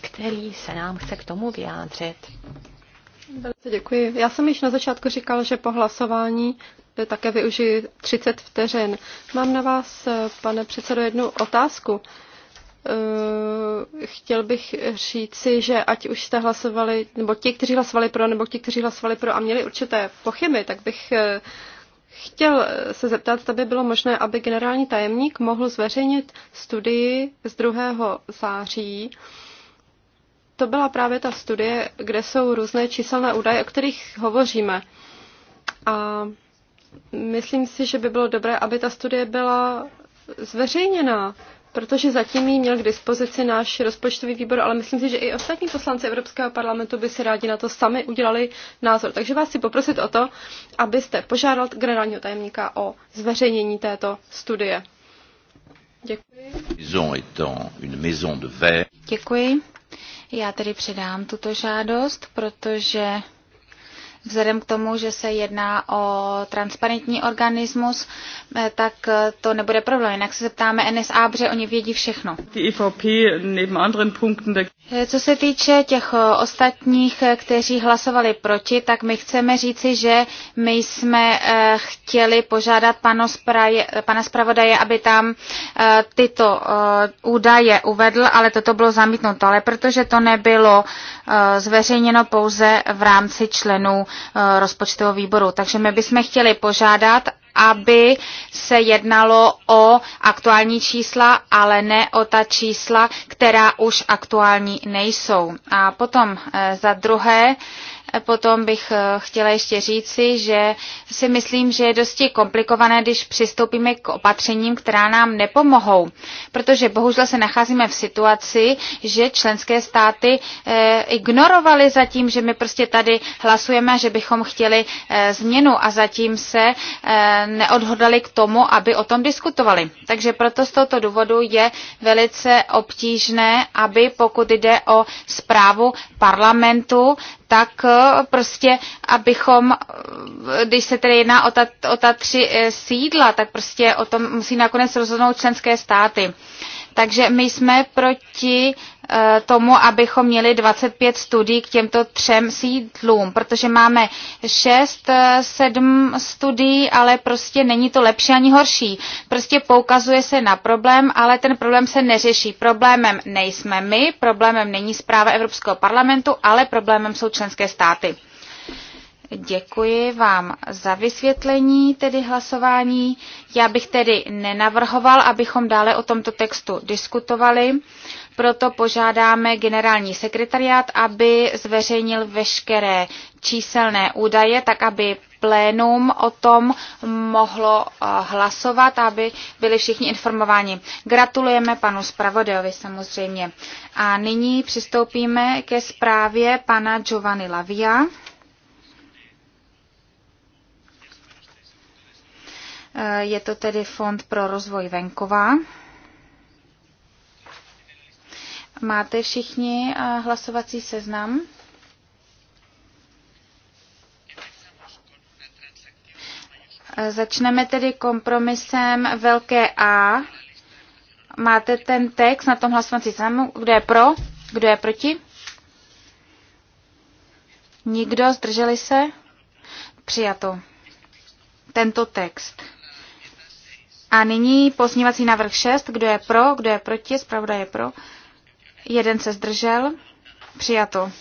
který se nám chce k tomu vyjádřit. Velice děkuji. Já jsem již na začátku říkal, že po hlasování eh, také využiji 30 vteřin. Mám na vás, eh, pane předsedo, jednu otázku. Eh, chtěl bych říci, že ať už jste hlasovali, nebo ti, kteří hlasovali pro, nebo ti, kteří hlasovali pro a měli určité pochyby, tak bych chtěl se zeptat, zda by bylo možné, aby generální tajemník mohl zveřejnit studii z 2. září, to byla právě ta studie, kde jsou různé číselné údaje, o kterých hovoříme. A myslím si, že by bylo dobré, aby ta studie byla zveřejněná, protože zatím ji měl k dispozici náš rozpočtový výbor, ale myslím si, že i ostatní poslanci Evropského parlamentu by si rádi na to sami udělali názor. Takže vás si poprosit o to, abyste požádal generálního tajemníka o zveřejnění této studie. Děkuji. Děkuji. Já tedy předám tuto žádost, protože Vzhledem k tomu, že se jedná o transparentní organismus, eh, tak eh, to nebude problém. Jinak se zeptáme NSA, protože oni vědí všechno. E eh, co se týče těch ostatních, kteří hlasovali proti, tak my chceme říci, že my jsme chtěli požádat pano spraje, pana zpravodaje, aby tam tyto údaje uvedl, ale toto bylo zamítnuto. Ale protože to nebylo zveřejněno pouze v rámci členů Eh, rozpočtového výboru. Takže my bychom chtěli požádat, aby se jednalo o aktuální čísla, ale ne o ta čísla, která už aktuální nejsou. A potom eh, za druhé, Potom bych eh, chtěla ještě říci, že si myslím, že je dosti komplikované, když přistoupíme k opatřením, která nám nepomohou, protože bohužel se nacházíme v situaci, že členské státy eh, ignorovaly zatím, že my prostě tady hlasujeme, že bychom chtěli eh, změnu a zatím se neodhodali k tomu, aby o tom diskutovali. Takže proto z tohoto důvodu je velice obtížné, aby pokud jde o zprávu parlamentu, tak eh, prostě, abychom, eh, když se tedy jedná o ta, o ta tři eh, sídla, tak prostě o tom musí nakonec rozhodnout členské státy. Takže my jsme proti eh, tomu, abychom měli 25 studií k těmto třem sídlům, protože máme 6, 7 eh, studií, ale prostě není to lepší ani horší. Prostě poukazuje se na problém, ale ten problém se neřeší. Problémem nejsme my, problémem není zpráva Evropského parlamentu, ale problémem jsou členské státy. Děkuji vám za vysvětlení, tedy hlasování. Já bych tedy nenavrhoval, abychom dále o tomto textu diskutovali, proto požádáme generální sekretariát, aby zveřejnil veškeré číselné údaje, tak aby plénum o tom mohlo eh, hlasovat, aby byli všichni informováni. Gratulujeme panu zpravodajovi samozřejmě. A nyní přistoupíme ke zprávě pana Giovanni Lavia. Je to tedy Fond pro rozvoj venkova. Máte všichni eh, hlasovací seznam? Začneme tedy kompromisem velké A. Máte ten text na tom hlasovací seznamu. Kdo je pro? Kdo je proti? Nikdo? Zdrželi se? Přijato. Tento text. A nyní pozměňovací návrh 6. Kdo je pro, kdo je proti, zpravda je pro. Jeden se zdržel. Přijato.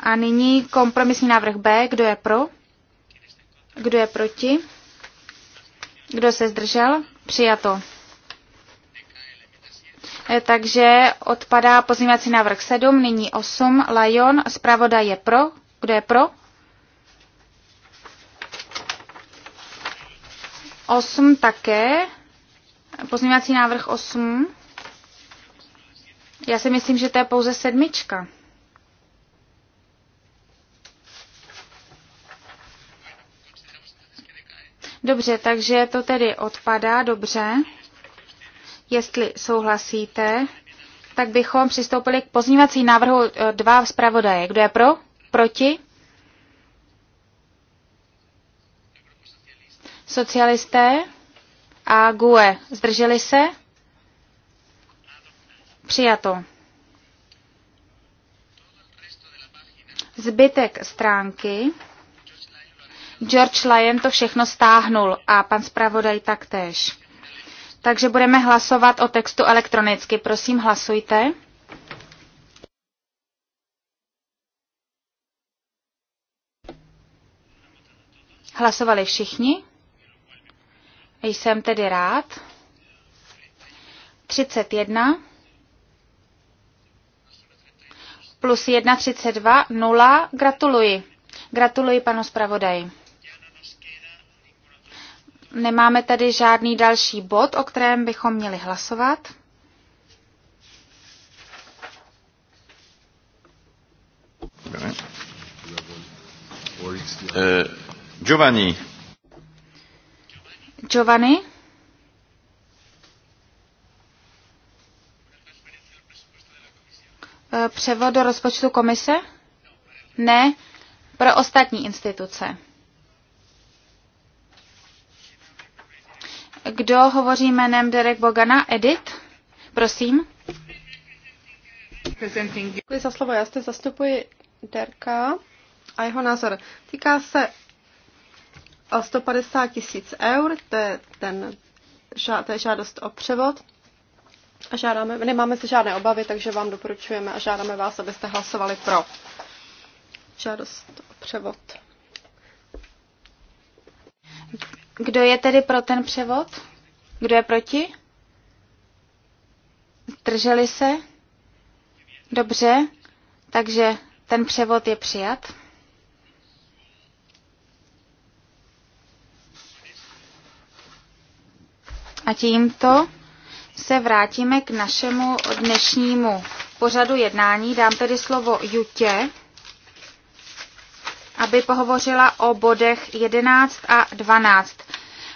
A nyní kompromisní návrh B. Kdo je pro? Kdo je proti? Kdo se zdržel? Přijato. E, takže odpadá pozměňovací návrh 7, nyní 8. Lajon, zpravodaj je pro. Kdo je pro? 8 také. Pozměňovací návrh 8. Já si myslím, že to je pouze sedmička. Dobře, takže to tedy odpadá, dobře. Jestli souhlasíte, tak bychom přistoupili k pozměňovací návrhu eh, dva zpravodaje. Kdo je pro? Proti? socialisté a GUE. Zdrželi se? Přijato. Zbytek stránky. George Lyon to všechno stáhnul a pan zpravodaj taktéž. Takže budeme hlasovat o textu elektronicky. Prosím, hlasujte. Hlasovali všichni? Jsem tedy rád. 31 plus 1,32, 0. Gratuluji. Gratuluji panu zpravodaji. Nemáme tady žádný další bod, o kterém bychom měli hlasovat. Eh, Giovanni, Giovanni? Eh, převod do rozpočtu komise? Ne, pro ostatní instituce. Kdo hovoří jménem Derek Bogana? Edit? Prosím. Děkuji za slovo. Já zde zastupuji Derka a jeho názor. Týká se o 150 tisíc eur, to je, ten, to je žádost o převod. A žádáme, nemáme se žádné obavy, takže vám doporučujeme a žádáme vás, abyste hlasovali pro žádost o převod. Kdo je tedy pro ten převod? Kdo je proti? Drželi se? Dobře, takže ten převod je přijat. A tímto se vrátíme k našemu dnešnímu pořadu jednání. Dám tedy slovo Jutě, aby pohovořila o bodech 11 a 12.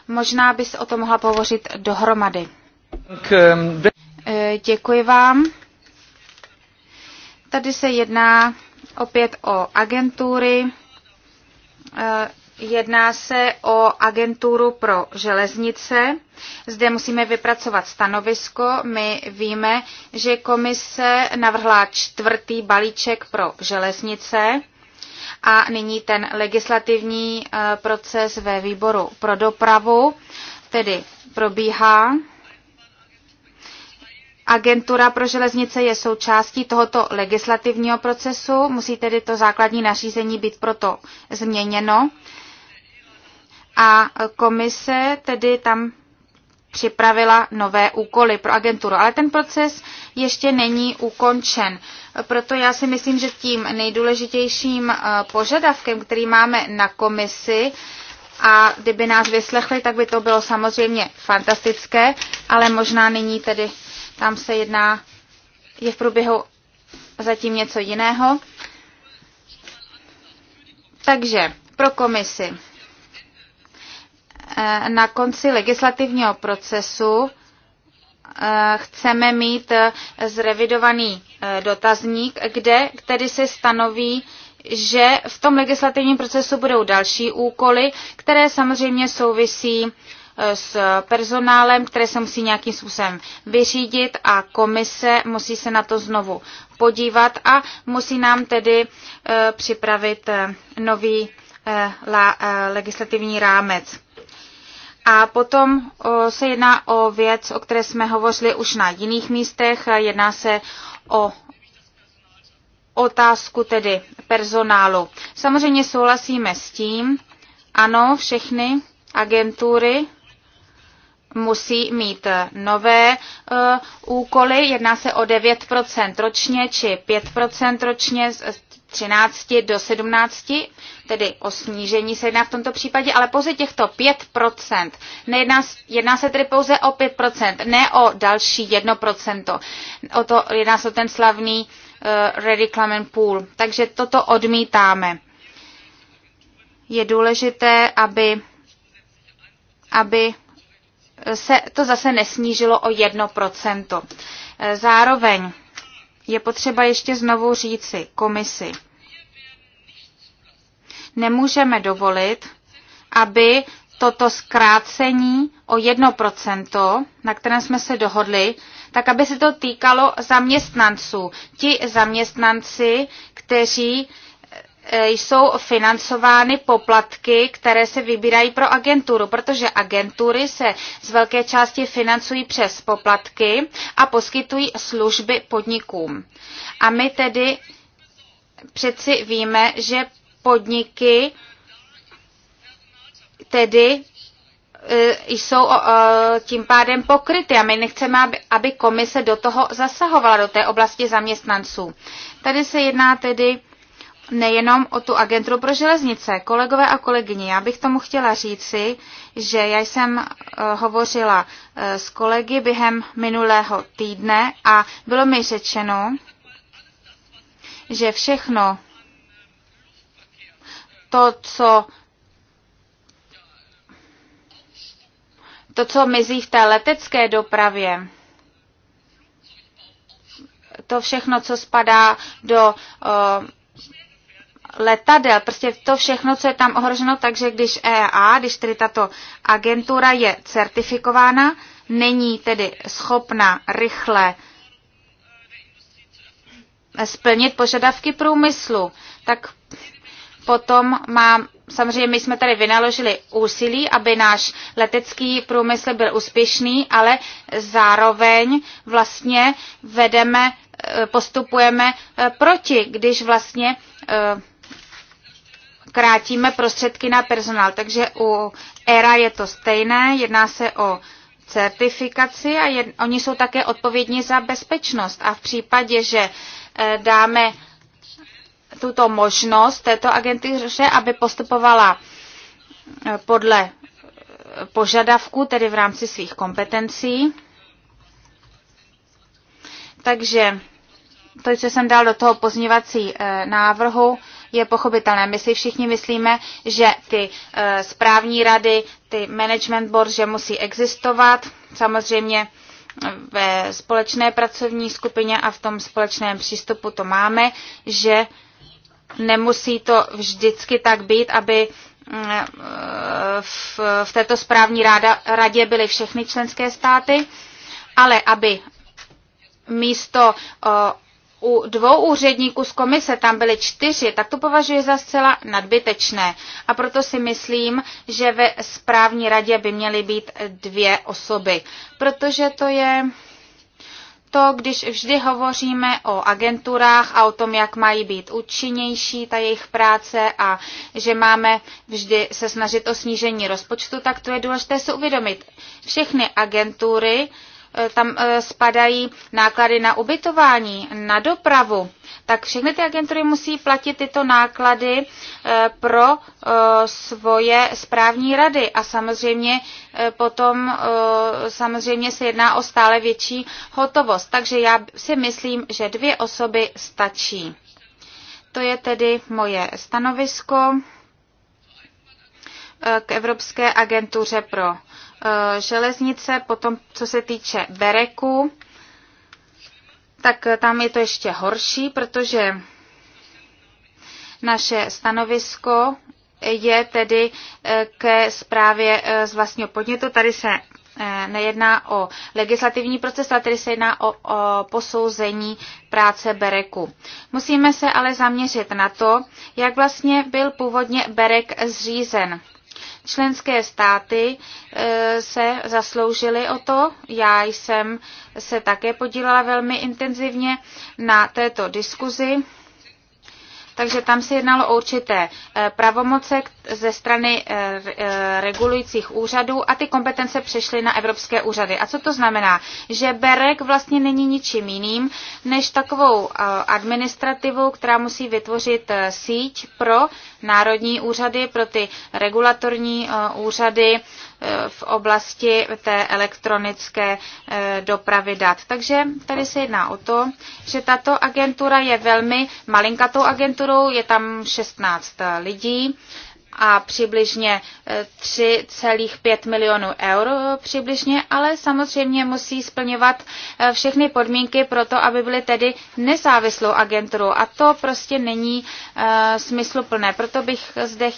Možná by se o tom mohla pohovořit dohromady. Ehm, eh, děkuji vám. Tady se jedná opět o agentury eh, Jedná se o agenturu pro železnice. Zde musíme vypracovat stanovisko. My víme, že komise navrhla čtvrtý balíček pro železnice a nyní ten legislativní eh, proces ve výboru pro dopravu tedy probíhá. Agentura pro železnice je součástí tohoto legislativního procesu, musí tedy to základní nařízení být proto změněno. A komise tedy tam připravila nové úkoly pro agenturu. Ale ten proces ještě není ukončen. Proto já si myslím, že tím nejdůležitějším eh, požadavkem, který máme na komisi, a kdyby nás vyslechli, tak by to bylo samozřejmě fantastické, ale možná nyní tedy tam se jedná, je v průběhu zatím něco jiného. Takže pro komisi. Eh, na konci legislativního procesu eh, chceme mít eh, zrevidovaný dotazník, kde tedy se stanoví, že v tom legislativním procesu budou další úkoly, které samozřejmě souvisí s personálem, které se musí nějakým způsobem vyřídit a komise musí se na to znovu podívat a musí nám tedy připravit nový legislativní rámec. A potom se jedná o věc, o které jsme hovořili už na jiných místech. Jedná se o otázku tedy personálu. Samozřejmě souhlasíme s tím, ano, všechny agentury musí mít e, nové e, úkoly. Jedná se o 9% ročně či 5% ročně, 13 do 17, tedy o snížení se jedná v tomto případě, ale pouze těchto 5%. Nejedná, jedná se tedy pouze o 5%, ne o další 1%. O to jedná se o ten slavný uh, Clement Pool. Takže toto odmítáme. Je důležité, aby, aby se to zase nesnížilo o 1%. Eh, zároveň je potřeba ještě znovu říci komisi. Nemůžeme dovolit, aby toto zkrácení o 1%, na kterém jsme se dohodli, tak aby se to týkalo zaměstnanců. Ti zaměstnanci, kteří E, jsou financovány poplatky, které se vybírají pro agenturu, protože agentury se z velké části financují přes poplatky a poskytují služby podnikům. A my tedy přeci víme, že podniky tedy e, jsou e, tím pádem pokryty a my nechceme, aby komise do toho zasahovala, do té oblasti zaměstnanců. Tady se jedná tedy nejenom o tu agenturu pro železnice. Kolegové a kolegyně, já bych tomu chtěla říci, že já jsem eh, hovořila eh, s kolegy během minulého týdne a bylo mi řečeno, že všechno to, co to, co mizí v té letecké dopravě, to všechno, co spadá do uh, letadel, prostě to všechno, co je tam ohroženo, takže když EA, když tedy tato agentura je certifikována, není tedy schopna rychle splnit požadavky průmyslu, tak potom mám, samozřejmě my jsme tady vynaložili úsilí, aby náš letecký průmysl byl úspěšný, ale zároveň vlastně vedeme, eh, postupujeme eh, proti, když vlastně eh, krátíme prostředky na personál. Takže u ERA je to stejné, jedná se o certifikaci a jed, oni jsou také odpovědní za bezpečnost. A v případě, že eh, dáme tuto možnost této agentuře, aby postupovala eh, podle eh, požadavku, tedy v rámci svých kompetencí. Takže to, co jsem dal do toho pozněvací návrhu, je pochopitelné. My si všichni myslíme, že ty eh, správní rady, ty management board, že musí existovat. Samozřejmě eh, ve společné pracovní skupině a v tom společném přístupu to máme, že nemusí to vždycky tak být, aby mm, eh, v, v této správní ráda, radě byly všechny členské státy, ale aby místo u dvou úředníků z komise tam byly čtyři, tak to považuji za zcela nadbytečné. A proto si myslím, že ve správní radě by měly být dvě osoby, protože to je to, když vždy hovoříme o agenturách a o tom, jak mají být účinnější ta jejich práce a že máme vždy se snažit o snížení rozpočtu, tak to je důležité si uvědomit. Všechny agentury Eh, tam eh, spadají náklady na ubytování, na dopravu, tak všechny ty agentury musí platit tyto náklady eh, pro svoje správní rady a samozřejmě potom samozřejmě se jedná o stále větší hotovost. Takže já si myslím, že dvě osoby stačí. To je tedy moje stanovisko k Evropské agentuře pro Eh, železnice, potom co se týče Bereku, tak eh, tam je to ještě horší, protože naše stanovisko je tedy eh, ke zprávě z vlastního podnětu. Tady se nejedná o legislativní proces, ale tady se jedná o, o posouzení práce Bereku. Musíme se ale zaměřit na to, jak vlastně byl původně Berek zřízen. Členské státy eh, se zasloužily o to. Já jsem se také podílela velmi intenzivně na této diskuzi takže tam se jednalo o určité eh, pravomoce ze strany eh, eh, regulujících úřadů a ty kompetence přešly na evropské úřady. A co to znamená? Že BEREK vlastně není ničím jiným než takovou administrativou, která musí vytvořit síť pro národní úřady, pro ty regulatorní úřady, v oblasti té elektronické eh, dopravy dat. Takže tady se jedná o to, že tato agentura je velmi malinkatou agenturou, je tam 16 eh, lidí a přibližně 3,5 eh, milionů eur přibližně, ale samozřejmě musí splňovat všechny podmínky pro to, aby byly tedy nezávislou agenturou a to prostě není smysluplné. Proto bych zde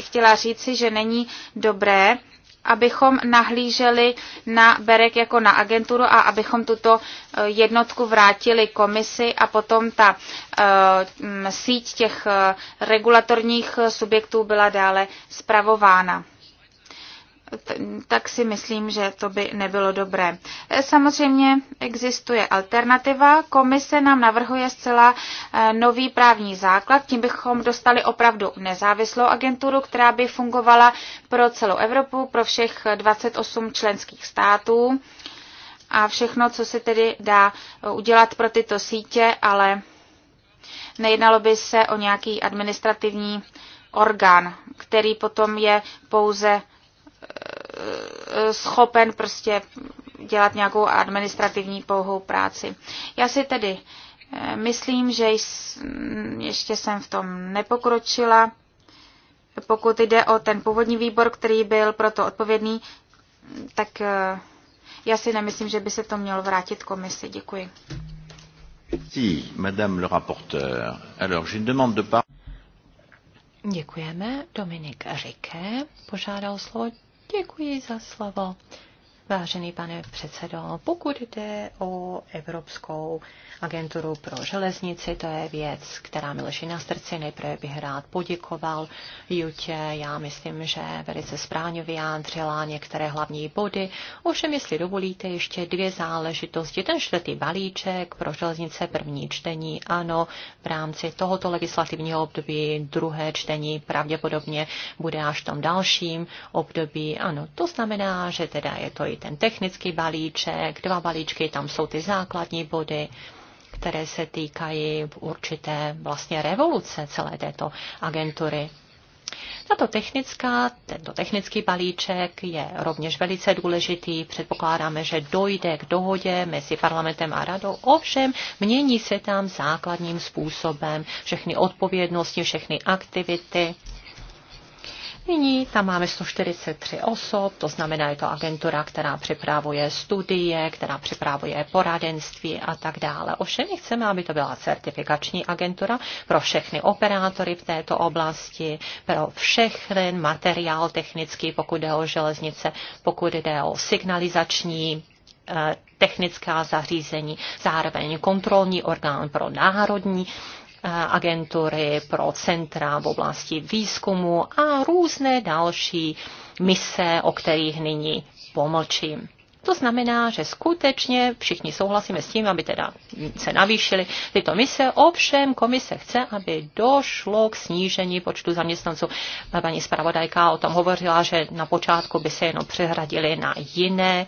chtěla říci, že není dobré abychom nahlíželi na Berek jako na agenturu a abychom tuto e, jednotku vrátili komisi a potom ta e, síť těch e, regulatorních subjektů byla dále spravována tak si myslím, že to by nebylo dobré. Samozřejmě existuje alternativa. Komise nám navrhuje zcela eh, nový právní základ. Tím bychom dostali opravdu nezávislou agenturu, která by fungovala pro celou Evropu, pro všech 28 členských států a všechno, co se tedy dá eh, udělat pro tyto sítě, ale nejednalo by se o nějaký administrativní orgán, který potom je pouze Eh, schopen prostě dělat nějakou administrativní pouhou práci. Já si tedy eh, myslím, že ještě jsem v tom nepokročila. Pokud jde o ten původní výbor, který byl proto odpovědný, tak eh, já si nemyslím, že by se to mělo vrátit komisi. Děkuji. Si, madame le rapporteur. Alors, j'ai demande de part... Děkujeme. Dominik Rike požádal slovo. Děkuji za slovo. Vážený pane předsedo, pokud jde o Evropskou agenturu pro železnici, to je věc, která mi leží na srdci. Nejprve bych rád poděkoval Jutě. Já myslím, že velice správně vyjádřila některé hlavní body. Ovšem, jestli dovolíte, ještě dvě záležitosti. Ten čtvrtý balíček pro železnice první čtení, ano, v rámci tohoto legislativního období druhé čtení pravděpodobně bude až v tom dalším období. Ano, to znamená, že teda je to i ten technický balíček, dva balíčky, tam jsou ty základní body, které se týkají určité vlastně revoluce celé této agentury. Tato technická, tento technický balíček je rovněž velice důležitý. Předpokládáme, že dojde k dohodě mezi parlamentem a radou. Ovšem, mění se tam základním způsobem všechny odpovědnosti, všechny aktivity Nyní tam máme 143 osob, to znamená, je to agentura, která připravuje studie, která připravuje poradenství a tak dále. Ovšem chceme, aby to byla certifikační agentura pro všechny operátory v této oblasti, pro všechny materiál technický, pokud jde o železnice, pokud jde o signalizační eh, technická zařízení, zároveň kontrolní orgán pro národní Eh, agentury, pro centra v oblasti výzkumu a různé další mise, o kterých nyní pomlčím. To znamená, že skutečně všichni souhlasíme s tím, aby teda se navýšily tyto mise. Ovšem komise chce, aby došlo k snížení počtu zaměstnanců. Paní zpravodajka o tom hovořila, že na počátku by se jenom přehradili na jiné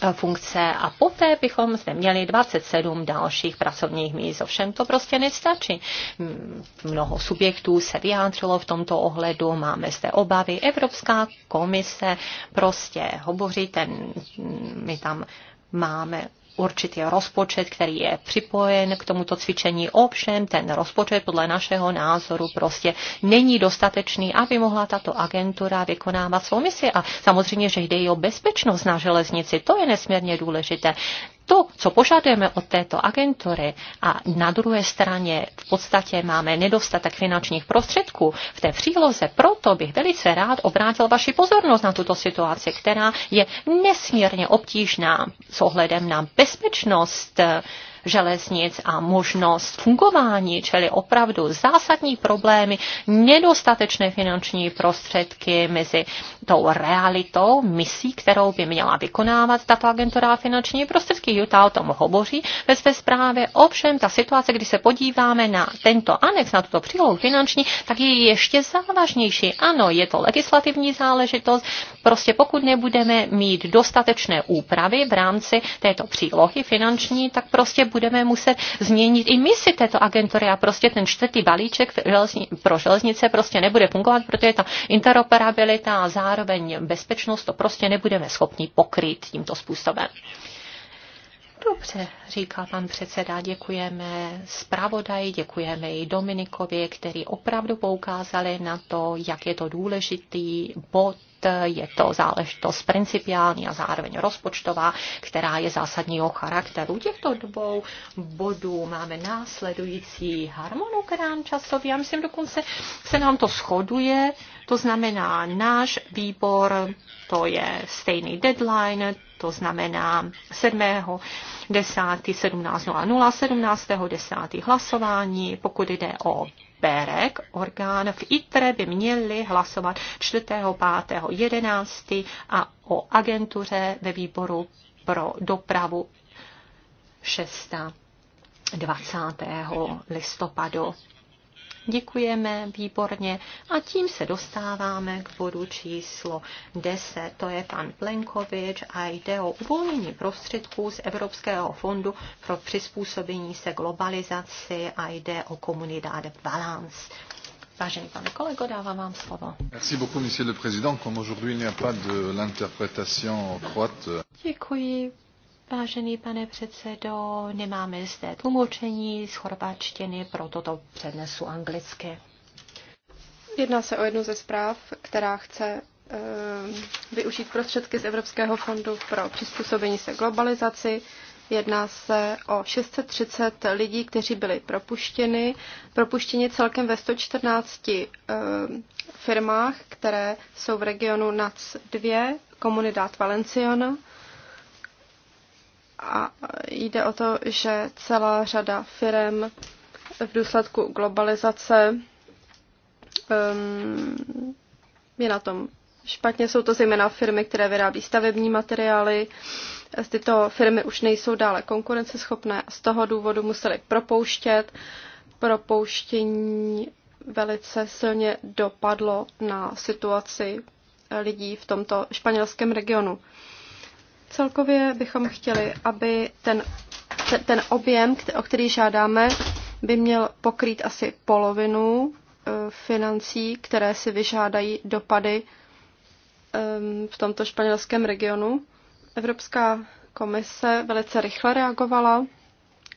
Eh, funkce a poté bychom zde měli 27 dalších pracovních míst. Ovšem to prostě nestačí. Mm, mnoho subjektů se vyjádřilo v tomto ohledu, máme zde obavy. Evropská komise prostě hovoří, ten, mm, my tam máme určitý rozpočet, který je připojen k tomuto cvičení. Ovšem ten rozpočet podle našeho názoru prostě není dostatečný, aby mohla tato agentura vykonávat svou misi. A samozřejmě, že jde i o bezpečnost na železnici. To je nesmírně důležité to, co požadujeme od této agentury a na druhé straně v podstatě máme nedostatek finančních prostředků v té příloze, proto bych velice rád obrátil vaši pozornost na tuto situaci, která je nesmírně obtížná s ohledem na bezpečnost železnic a možnost fungování, čili opravdu zásadní problémy, nedostatečné finanční prostředky mezi tou realitou, misí, kterou by měla vykonávat tato agentura finanční prostředky. Juta o tom hovoří ve své zprávě. Ovšem, ta situace, kdy se podíváme na tento anex, na tuto přílohu finanční, tak je ještě závažnější. Ano, je to legislativní záležitost. Prostě pokud nebudeme mít dostatečné úpravy v rámci této přílohy finanční, tak prostě budeme muset změnit i misi této agentury a prostě ten čtvrtý balíček pro železnice prostě nebude fungovat, protože ta interoperabilita a zároveň bezpečnost to prostě nebudeme schopni pokrýt tímto způsobem. Dobře, říká pan předseda, děkujeme zpravodaji, děkujeme i Dominikovi, který opravdu poukázali na to, jak je to důležitý bod je to záležitost principiální a zároveň rozpočtová, která je zásadního charakteru. Těchto dvou bodů máme následující harmonogram časový. Já myslím, dokonce se nám to shoduje to znamená, náš výbor, to je stejný deadline, to znamená 7. 10. 17.00, 17. 10. hlasování, pokud jde o Berek, orgán v ITRE by měli hlasovat 4. 5. 11. a o agentuře ve výboru pro dopravu 6. 20. listopadu. Děkujeme, výborně. A tím se dostáváme k bodu číslo 10. To je pan Plenkovič a jde o uvolnění prostředků z Evropského fondu pro přizpůsobení se globalizaci a jde o Comunidad Balance. Vážený pane kolego, dávám vám slovo. Merci beaucoup, monsieur le président. Comme aujourd'hui il n'y a pas de l'interprétation croate. Euh, Děkuji, Vážený pane předsedo, nemáme zde tlumočení z chorváčtiny, proto to přednesu anglicky. Jedná se o jednu ze zpráv, která chce eh, využít prostředky z Evropského fondu pro přizpůsobení se globalizaci. Jedná se o 630 lidí, kteří byli propuštěni. Propuštěni celkem ve 114 eh, firmách, které jsou v regionu NAC 2, Comunidad Valenciana a jde o to, že celá řada firm v důsledku globalizace um, je na tom špatně. Jsou to zejména firmy, které vyrábí stavební materiály. Tyto firmy už nejsou dále konkurenceschopné a z toho důvodu museli propouštět. Propouštění velice silně dopadlo na situaci lidí v tomto španělském regionu. Celkově bychom chtěli, aby ten, ten objem, o který žádáme, by měl pokrýt asi polovinu e, financí, které si vyžádají dopady e, v tomto španělském regionu. Evropská komise velice rychle reagovala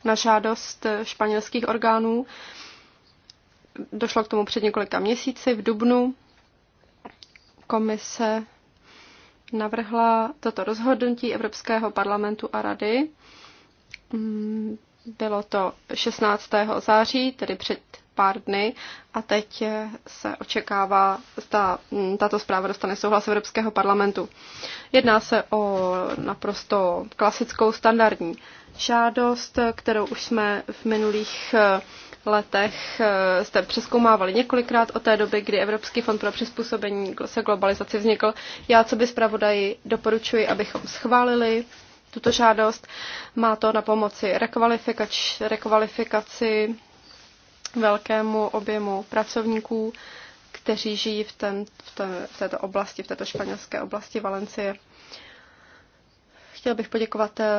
na žádost španělských orgánů. Došlo k tomu před několika měsíci v Dubnu. Komise navrhla toto rozhodnutí Evropského parlamentu a rady. Mm, bylo to 16. září, tedy před pár dny, a teď se očekává, zda mm, tato zpráva dostane souhlas Evropského parlamentu. Jedná se o naprosto klasickou standardní žádost, kterou už jsme v minulých letech eh, jste přeskoumávali několikrát o té doby, kdy Evropský fond pro přizpůsobení se globalizaci vznikl. Já, co by zpravodaji, doporučuji, abychom schválili tuto žádost. Má to na pomoci rekvalifikač, rekvalifikaci velkému objemu pracovníků, kteří žijí v, ten, v, ten, v této oblasti, v této španělské oblasti Valencie. Chtěl bych poděkovat eh,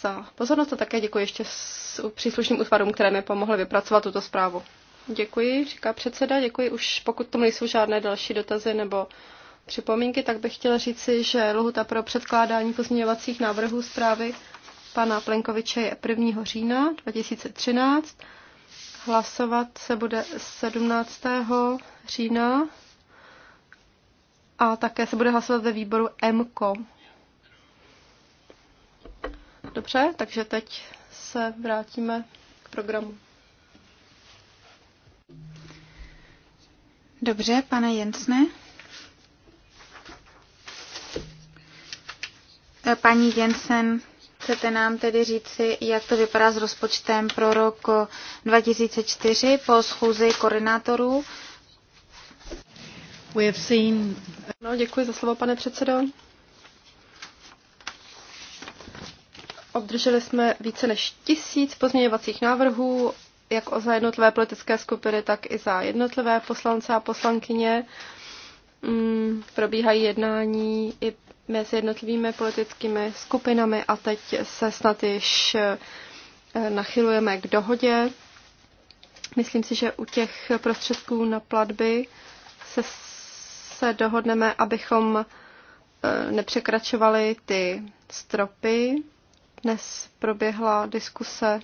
za pozornost a také děkuji ještě s příslušným útvarům, které mi pomohly vypracovat tuto zprávu. Děkuji, říká předseda, děkuji. Už pokud tomu nejsou žádné další dotazy nebo připomínky, tak bych chtěla říci, že lhuta pro předkládání pozměňovacích návrhů zprávy pana Plenkoviče je 1. října 2013. Hlasovat se bude 17. října a také se bude hlasovat ve výboru MKO. Dobře, takže teď se vrátíme k programu. Dobře, pane Jensne. Eh, paní Jensen, chcete nám tedy říci, jak to vypadá s rozpočtem pro rok 2004 po schůzi koordinátorů? We have seen... No, děkuji za slovo, pane předsedo. Obdrželi jsme více než tisíc pozměňovacích návrhů, jak o za jednotlivé politické skupiny, tak i za jednotlivé poslance a poslankyně. Mm, probíhají jednání i mezi jednotlivými politickými skupinami a teď se snad již eh, nachylujeme k dohodě. Myslím si, že u těch prostředků na platby se, se dohodneme, abychom eh, nepřekračovali ty stropy dnes proběhla diskuse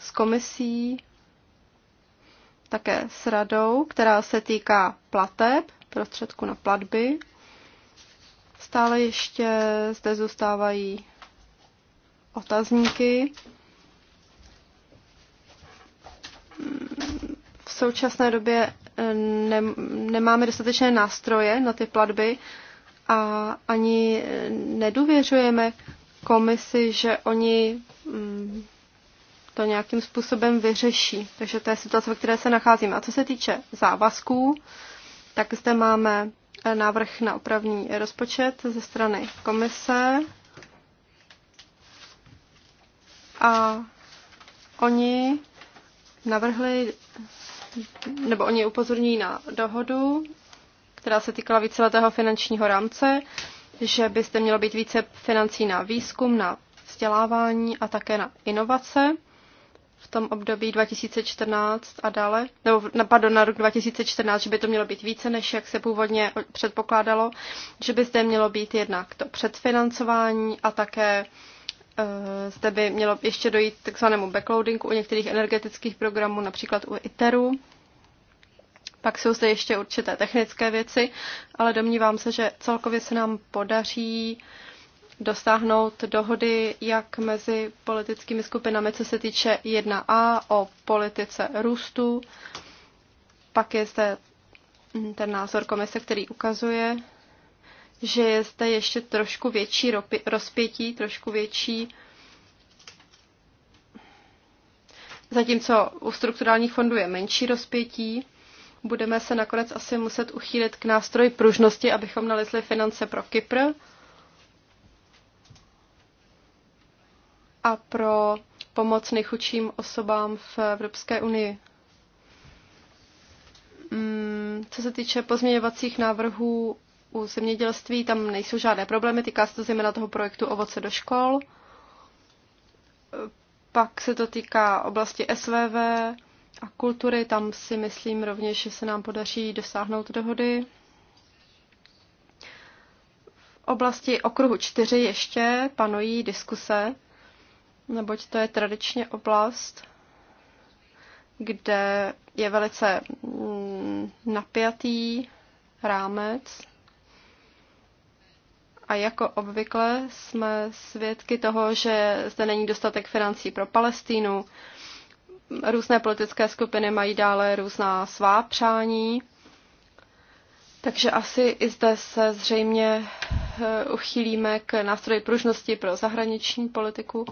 s komisí, také s radou, která se týká plateb, prostředku na platby. Stále ještě zde zůstávají otazníky. V současné době eh, ne, nemáme dostatečné nástroje na ty platby a ani eh, nedůvěřujeme komisi, že oni mm, to nějakým způsobem vyřeší. Takže to je situace, ve které se nacházíme. A co se týče závazků, tak zde máme eh, návrh na opravní rozpočet ze strany komise. A oni navrhli, nebo oni upozorní na dohodu, která se týkala víceletého finančního rámce že byste mělo být více financí na výzkum, na vzdělávání a také na inovace v tom období 2014 a dále, nebo napadlo na rok 2014, že by to mělo být více, než jak se původně předpokládalo, že by zde mělo být jednak to předfinancování a také e, zde by mělo ještě dojít takzvanému backloadingu u některých energetických programů, například u ITERu. Pak jsou zde ještě určité technické věci, ale domnívám se, že celkově se nám podaří dostáhnout dohody jak mezi politickými skupinami, co se týče 1A o politice růstu. Pak je zde ten názor komise, který ukazuje, že je zde ještě trošku větší rozpětí, trošku větší. Zatímco u strukturálních fondů je menší rozpětí, budeme se nakonec asi muset uchýlit k nástroji pružnosti, abychom nalezli finance pro Kypr a pro pomoc nejchudším osobám v Evropské unii. Mm, co se týče pozměňovacích návrhů u zemědělství, tam nejsou žádné problémy, týká se to zejména toho projektu Ovoce do škol. Pak se to týká oblasti SVV, a kultury. Tam si myslím rovněž, že se nám podaří dosáhnout dohody. V oblasti okruhu čtyři ještě panují diskuse, neboť to je tradičně oblast, kde je velice mm, napjatý rámec. A jako obvykle jsme svědky toho, že zde není dostatek financí pro Palestínu, různé politické skupiny mají dále různá svá přání, takže asi i zde se zřejmě eh, uchýlíme k nástroji pružnosti pro zahraniční politiku,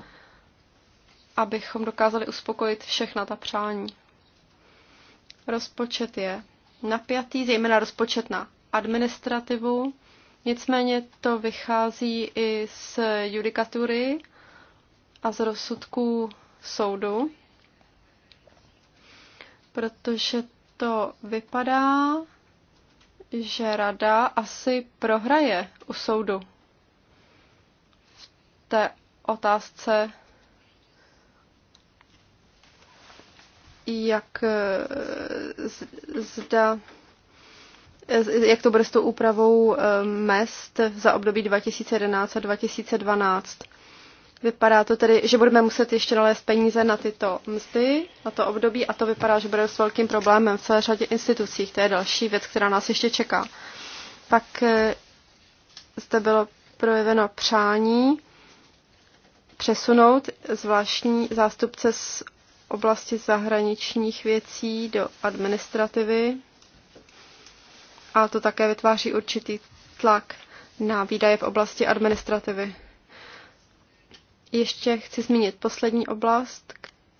abychom dokázali uspokojit všechna ta přání. Rozpočet je napjatý, zejména rozpočet na administrativu, nicméně to vychází i z judikatury a z rozsudků soudu protože to vypadá, že rada asi prohraje u soudu v té otázce, jak eh, zda eh, jak to bude s tou úpravou eh, mest za období 2011 a 2012. Vypadá to tedy, že budeme muset ještě nalézt peníze na tyto mzdy, na to období a to vypadá, že bude s velkým problémem v celé řadě institucích. To je další věc, která nás ještě čeká. Pak eh, zde bylo projeveno přání přesunout zvláštní zástupce z oblasti zahraničních věcí do administrativy a to také vytváří určitý tlak na výdaje v oblasti administrativy. Ještě chci zmínit poslední oblast,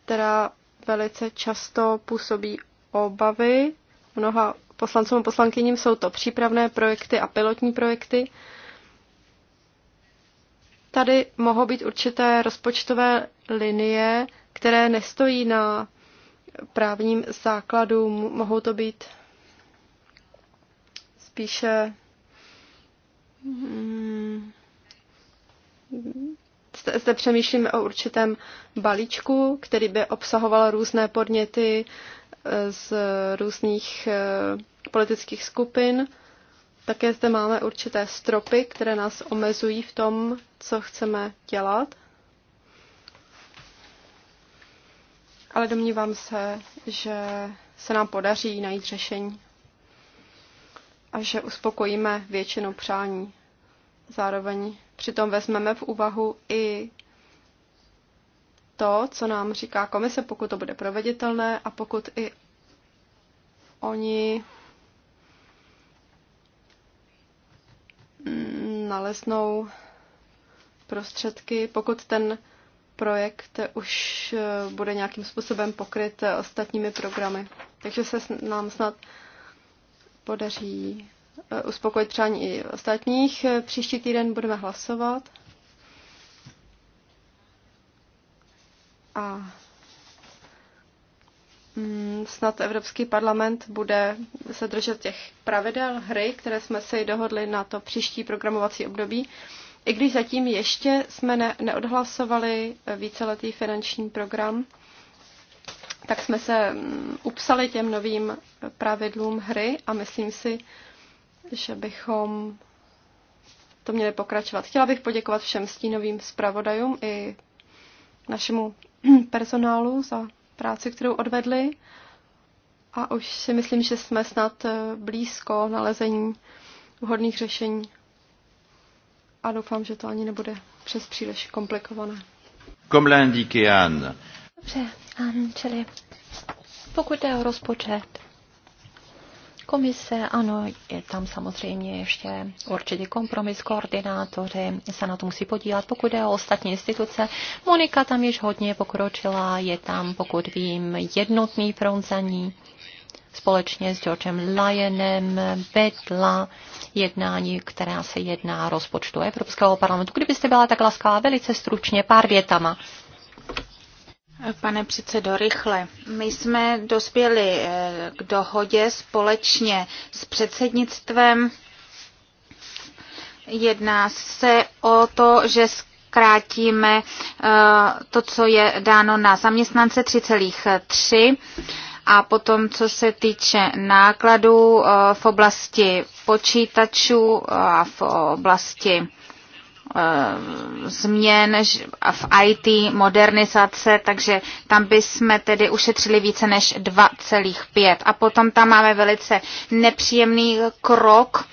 která velice často působí obavy. Mnoha poslancům a poslankyním jsou to přípravné projekty a pilotní projekty. Tady mohou být určité rozpočtové linie, které nestojí na právním základu. Mohou to být spíše hmm, zde přemýšlíme o určitém balíčku, který by obsahoval různé podněty eh, z různých eh, politických skupin. Také zde máme určité stropy, které nás omezují v tom, co chceme dělat. Ale domnívám se, že se nám podaří najít řešení a že uspokojíme většinu přání. Zároveň přitom vezmeme v úvahu i to, co nám říká komise, pokud to bude proveditelné a pokud i oni mm, naleznou prostředky, pokud ten projekt už eh, bude nějakým způsobem pokryt eh, ostatními programy. Takže se nám snad podaří Eh, uspokojit přání i ostatních. Eh, příští týden budeme hlasovat. A mm, snad Evropský parlament bude se držet těch pravidel hry, které jsme si dohodli na to příští programovací období. I když zatím ještě jsme ne, neodhlasovali víceletý finanční program, tak jsme se mm, upsali těm novým eh, pravidlům hry a myslím si, že bychom to měli pokračovat. Chtěla bych poděkovat všem stínovým zpravodajům i našemu personálu za práci, kterou odvedli. A už si myslím, že jsme snad eh, blízko nalezení vhodných řešení. A doufám, že to ani nebude přes příliš komplikované. Comme Anne. Dobře, Anne, čili pokud je o rozpočet, Komise, ano, je tam samozřejmě ještě určitý kompromis, koordinátoři se na to musí podívat, pokud je o ostatní instituce. Monika tam již hodně pokročila, je tam, pokud vím, jednotný pronzaní společně s Georgem Lyonem vedla jednání, která se jedná rozpočtu Evropského parlamentu. Kdybyste byla tak laskavá, velice stručně, pár větama. Pane předsedo, rychle. My jsme dospěli eh, k dohodě společně s předsednictvem. Jedná se o to, že zkrátíme eh, to, co je dáno na zaměstnance 3,3 a potom, co se týče nákladů eh, v oblasti počítačů a v oblasti Eh, změn v IT modernizace, takže tam bychom tedy ušetřili více než 2,5. A potom tam máme velice nepříjemný krok,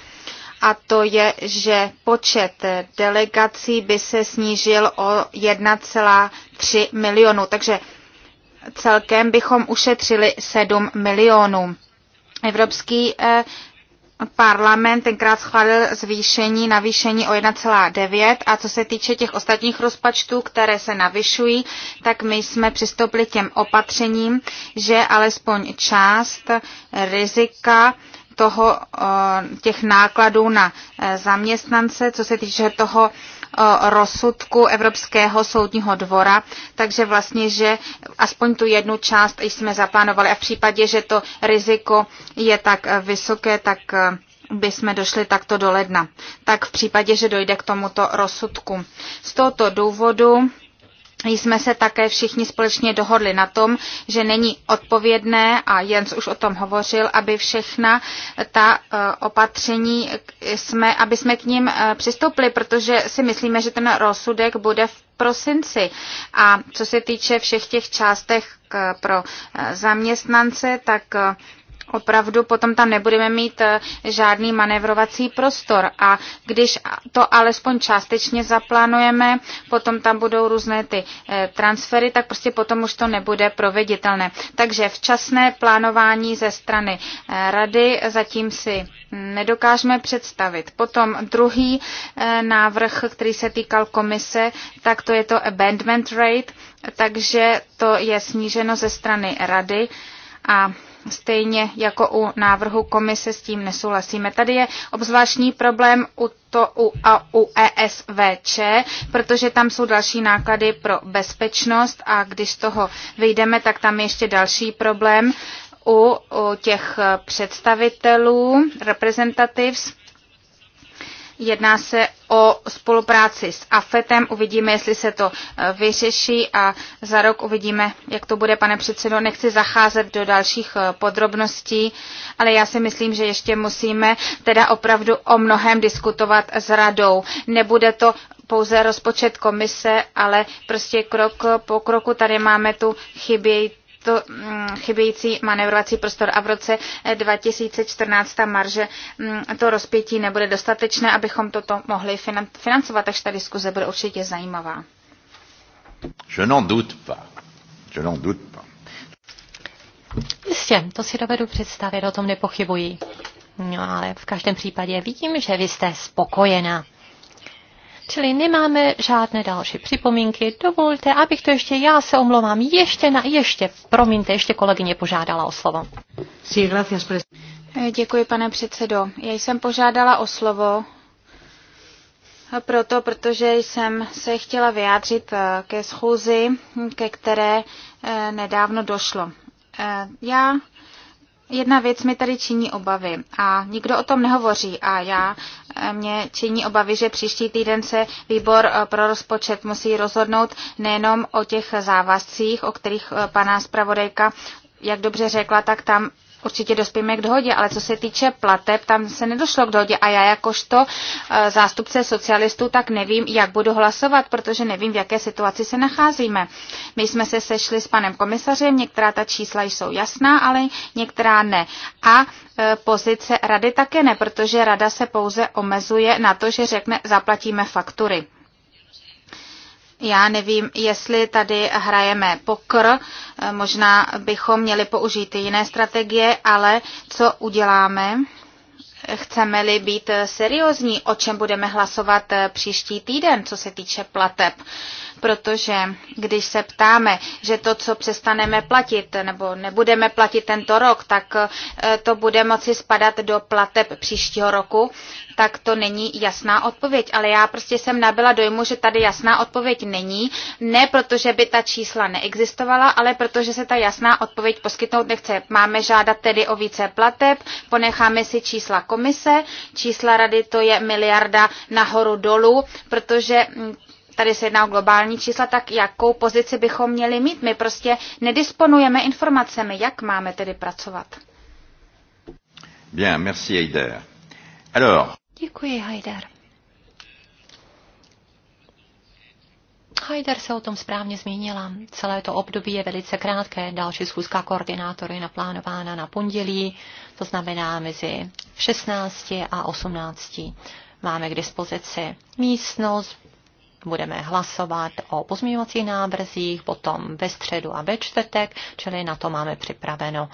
a to je, že počet delegací by se snížil o 1,3 milionu. Takže celkem bychom ušetřili 7 milionů. Evropský eh, parlament tenkrát schválil zvýšení, navýšení o 1,9 a co se týče těch ostatních rozpočtů, které se navyšují, tak my jsme přistoupili těm opatřením, že alespoň část rizika toho, eh, těch nákladů na eh, zaměstnance, co se týče toho rozsudku Evropského soudního dvora, takže vlastně, že aspoň tu jednu část jsme zaplánovali a v případě, že to riziko je tak vysoké, tak by jsme došli takto do ledna. Tak v případě, že dojde k tomuto rozsudku. Z tohoto důvodu jsme se také všichni společně dohodli na tom, že není odpovědné, a Jens už o tom hovořil, aby všechna ta eh, opatření jsme, aby jsme k ním eh, přistoupili, protože si myslíme, že ten rozsudek bude v prosinci. A co se týče všech těch částech eh, pro zaměstnance, tak opravdu potom tam nebudeme mít eh, žádný manevrovací prostor. A když to alespoň částečně zaplánujeme, potom tam budou různé ty eh, transfery, tak prostě potom už to nebude proveditelné. Takže včasné plánování ze strany eh, rady zatím si nedokážeme představit. Potom druhý návrh, který se týkal komise, tak to je to abandonment rate, takže to je sníženo ze strany rady a stejně jako u návrhu komise s tím nesouhlasíme. Tady je obzvláštní problém u, to, u, a u ESVČ, protože tam jsou další náklady pro bezpečnost a když z toho vyjdeme, tak tam je ještě další problém u, u těch představitelů, reprezentativs, Jedná se o spolupráci s AFETem. Uvidíme, jestli se to e, vyřeší a za rok uvidíme, jak to bude, pane předsedo. Nechci zacházet do dalších e, podrobností, ale já si myslím, že ještě musíme teda opravdu o mnohem diskutovat s radou. Nebude to pouze rozpočet komise, ale prostě krok po kroku tady máme tu chybějící to mm, chybějící manevrovací prostor a v roce 2014 eh, ta marže mm, to rozpětí nebude dostatečné, abychom toto mohli financovat, takže ta diskuze bude určitě zajímavá. Je n'en doute pas. Je n'en doute pas. Jistě, to si dovedu představit, o tom nepochybuji. No ale v každém případě vidím, že vy jste spokojená Čili nemáme žádné další připomínky. Dovolte, abych to ještě, já se omlouvám, ještě na, ještě, promiňte, ještě kolegyně požádala o slovo. Sí, gracias, eh, Děkuji, pane předsedo. Já jsem požádala o slovo proto, protože jsem se chtěla vyjádřit eh, ke schůzi, ke které eh, nedávno došlo. Já Jedna věc mi tady činí obavy a nikdo o tom nehovoří a já eh, mě činí obavy, že příští týden se výbor eh, pro rozpočet musí rozhodnout nejenom o těch závazcích, o kterých eh, paná zpravodajka jak dobře řekla, tak tam určitě dospějeme k dohodě, ale co se týče plateb, tam se nedošlo k dohodě a já jakožto eh, zástupce socialistů tak nevím, jak budu hlasovat, protože nevím, v jaké situaci se nacházíme. My jsme se sešli s panem komisařem, některá ta čísla jsou jasná, ale některá ne. A eh, pozice rady také ne, protože rada se pouze omezuje na to, že řekne zaplatíme faktury. Já nevím, jestli tady hrajeme pokr, eh, možná bychom měli použít jiné strategie, ale co uděláme? Chceme-li být seriózní, o čem budeme hlasovat eh, příští týden, co se týče plateb? protože když se ptáme, že to, co přestaneme platit nebo nebudeme platit tento rok, tak eh, to bude moci spadat do plateb příštího roku, tak to není jasná odpověď. Ale já prostě jsem nabyla dojmu, že tady jasná odpověď není, ne protože by ta čísla neexistovala, ale protože se ta jasná odpověď poskytnout nechce. Máme žádat tedy o více plateb, ponecháme si čísla komise, čísla rady to je miliarda nahoru dolů, protože mm, tady se jedná o globální čísla, tak jakou pozici bychom měli mít? My prostě nedisponujeme informacemi, jak máme tedy pracovat. Bien, merci Heider. Alors... Děkuji, Heider. Heider se o tom správně zmínila. Celé to období je velice krátké. Další schůzka koordinátory je naplánována na pondělí, to znamená mezi 16 a 18. Máme k dispozici místnost budeme hlasovat o pozměňovacích návrzích, potom ve středu a ve čtvrtek, čili na to máme připraveno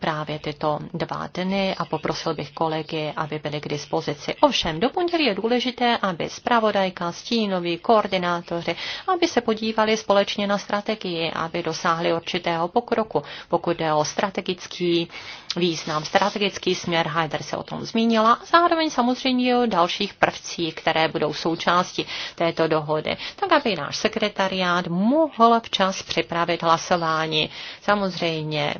právě tyto dva dny a poprosil bych kolegy, aby byli k dispozici. Ovšem, do pondělí je důležité, aby zpravodajka, stínoví, koordinátoři, aby se podívali společně na strategii, aby dosáhli určitého pokroku, pokud jde o strategický význam, strategický směr, Heider se o tom zmínila, a zároveň samozřejmě o dalších prvcích, které budou součástí této dohody, tak aby náš sekretariát mohl včas připravit hlasování. Samozřejmě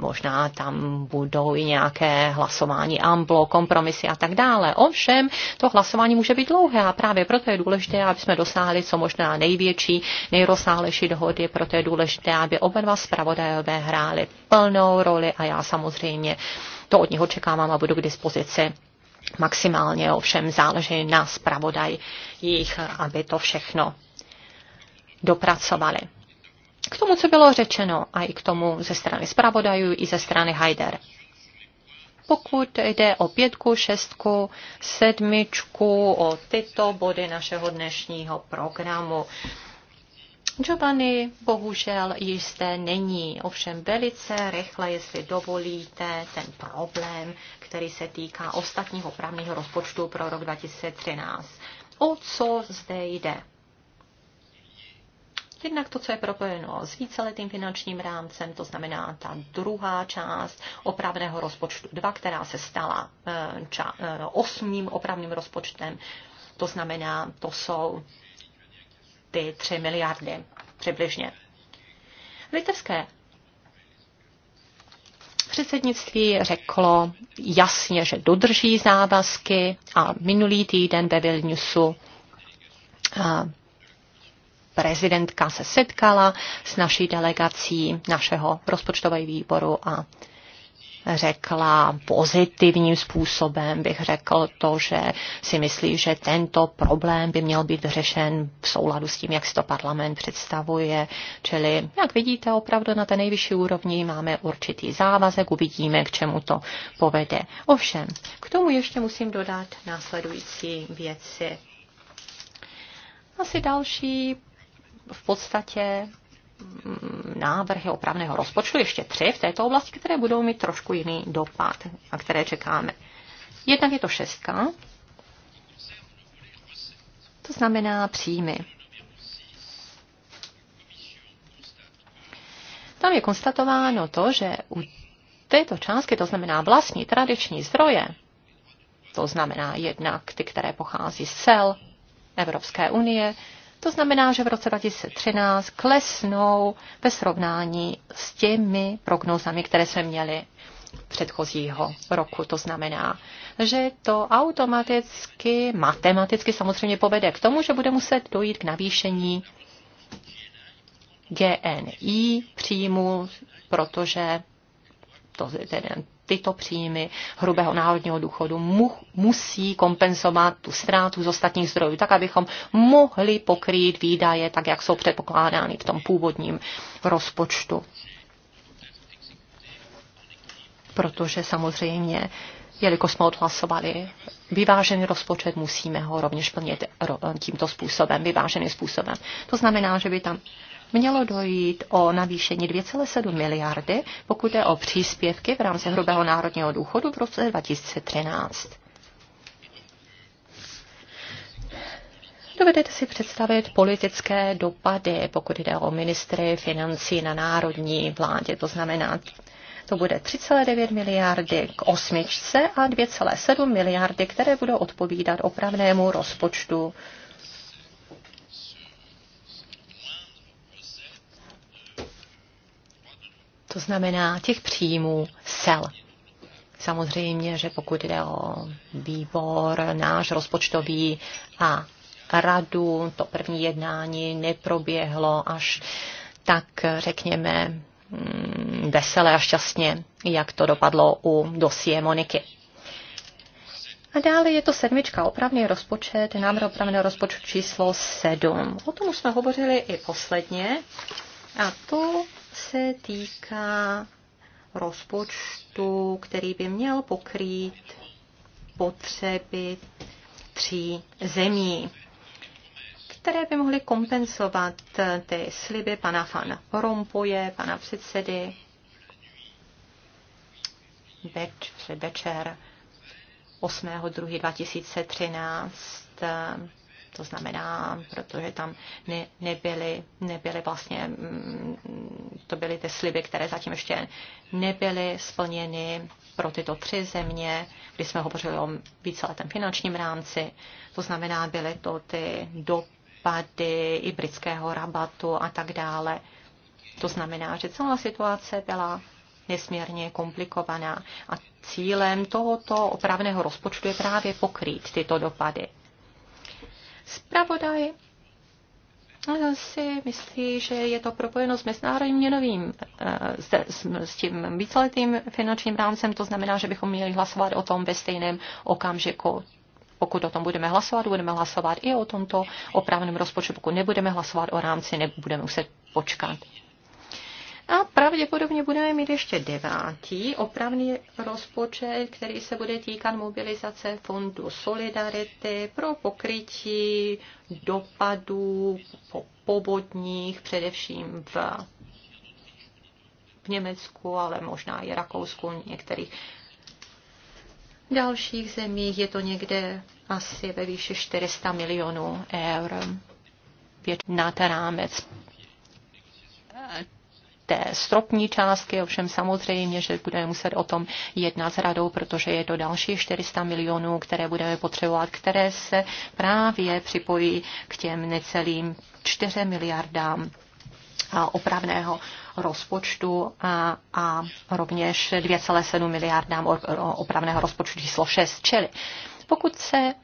možná tam budou i nějaké hlasování amplo, kompromisy a tak dále. Ovšem, to hlasování může být dlouhé a právě proto je důležité, aby jsme dosáhli co možná největší, nejrozsáhlejší dohody, proto je důležité, aby oba dva zpravodajové hráli plnou roli a já samozřejmě to od něho čekávám a budu k dispozici maximálně, ovšem záleží na zpravodajích, aby to všechno dopracovali. K tomu, co bylo řečeno, a i k tomu ze strany zpravodajů, i ze strany Haider. Pokud jde o pětku, šestku, sedmičku, o tyto body našeho dnešního programu, Giovanni bohužel jisté není, ovšem velice rychle, jestli dovolíte, ten problém, který se týká ostatního právního rozpočtu pro rok 2013. O co zde jde? Jednak to, co je propojeno s víceletým finančním rámcem, to znamená ta druhá část opravného rozpočtu 2, která se stala eh, ča, eh, no, osmým opravným rozpočtem, to znamená, to jsou ty 3 miliardy přibližně. Litevské předsednictví řeklo jasně, že dodrží závazky a minulý týden ve Vilniusu eh, prezidentka se setkala s naší delegací našeho rozpočtového výboru a řekla pozitivním způsobem, bych řekl to, že si myslí, že tento problém by měl být řešen v souladu s tím, jak si to parlament představuje. Čili, jak vidíte, opravdu na té nejvyšší úrovni máme určitý závazek, uvidíme, k čemu to povede. Ovšem, k tomu ještě musím dodat následující věci. Asi další v podstatě mm, návrhy opravného rozpočtu, ještě tři v této oblasti, které budou mít trošku jiný dopad a které čekáme. Jednak je to šestka, to znamená příjmy. Tam je konstatováno to, že u této částky, to znamená vlastní tradiční zdroje, to znamená jednak ty, které pochází z cel Evropské unie, to znamená, že v roce 2013 klesnou ve srovnání s těmi prognózami, které jsme měli předchozího roku. To znamená, že to automaticky, matematicky samozřejmě povede k tomu, že bude muset dojít k navýšení GNI příjmu, protože to, ten tyto příjmy hrubého národního důchodu mu, musí kompenzovat tu ztrátu z ostatních zdrojů, tak abychom mohli pokrýt výdaje, tak jak jsou předpokládány v tom původním rozpočtu. Protože samozřejmě jelikož jsme odhlasovali vyvážený rozpočet, musíme ho rovněž plnit tímto způsobem, vyváženým způsobem. To znamená, že by tam mělo dojít o navýšení 2,7 miliardy, pokud je o příspěvky v rámci hrubého národního důchodu v roce 2013. Dovedete si představit politické dopady, pokud jde o ministry financí na národní vládě, to znamená to bude 3,9 miliardy k osmičce a 2,7 miliardy, které budou odpovídat opravnému rozpočtu to znamená těch příjmů sel. Samozřejmě, že pokud jde o výbor, náš rozpočtový a radu, to první jednání neproběhlo až tak, řekněme, mm, veselé a šťastně, jak to dopadlo u dosie Moniky. A dále je to sedmička, opravný rozpočet, návrh opravného rozpočtu číslo sedm. O tom už jsme hovořili i posledně. A to se týká rozpočtu, který by měl pokrýt potřeby tří zemí, které by mohly kompenzovat ty sliby pana Van Rompoje, pana předsedy beč, předvečer 8.2.2013 to znamená, protože tam ne, nebyly, nebyly vlastně, mm, to byly ty sliby, které zatím ještě nebyly splněny pro tyto tři země, kdy jsme hovořili o víceletém finančním rámci. To znamená, byly to ty dopady i britského rabatu a tak dále. To znamená, že celá situace byla nesmírně komplikovaná a cílem tohoto opravného rozpočtu je právě pokrýt tyto dopady. Spravodaj si myslí, že je to propojeno s mezinárodním měnovým, eh, s, s, s tím víceletým finančním rámcem, to znamená, že bychom měli hlasovat o tom ve stejném okamžiku. Pokud o tom budeme hlasovat, budeme hlasovat i o tomto opravném rozpočtu. Pokud nebudeme hlasovat o rámci, nebudeme muset počkat. A pravděpodobně budeme mít ještě devátý opravný rozpočet, který se bude týkat mobilizace fondu Solidarity pro pokrytí dopadů po povodních, především v, v Německu, ale možná i Rakousku, některých dalších zemích. Je to někde asi ve výši 400 milionů eur ten rámec té stropní částky, ovšem samozřejmě, že budeme muset o tom jednat s radou, protože je to další 400 milionů, které budeme potřebovat, které se právě připojí k těm necelým 4 miliardám opravného rozpočtu a, a rovněž 2,7 miliardám opravného rozpočtu číslo 6. Čili pokud se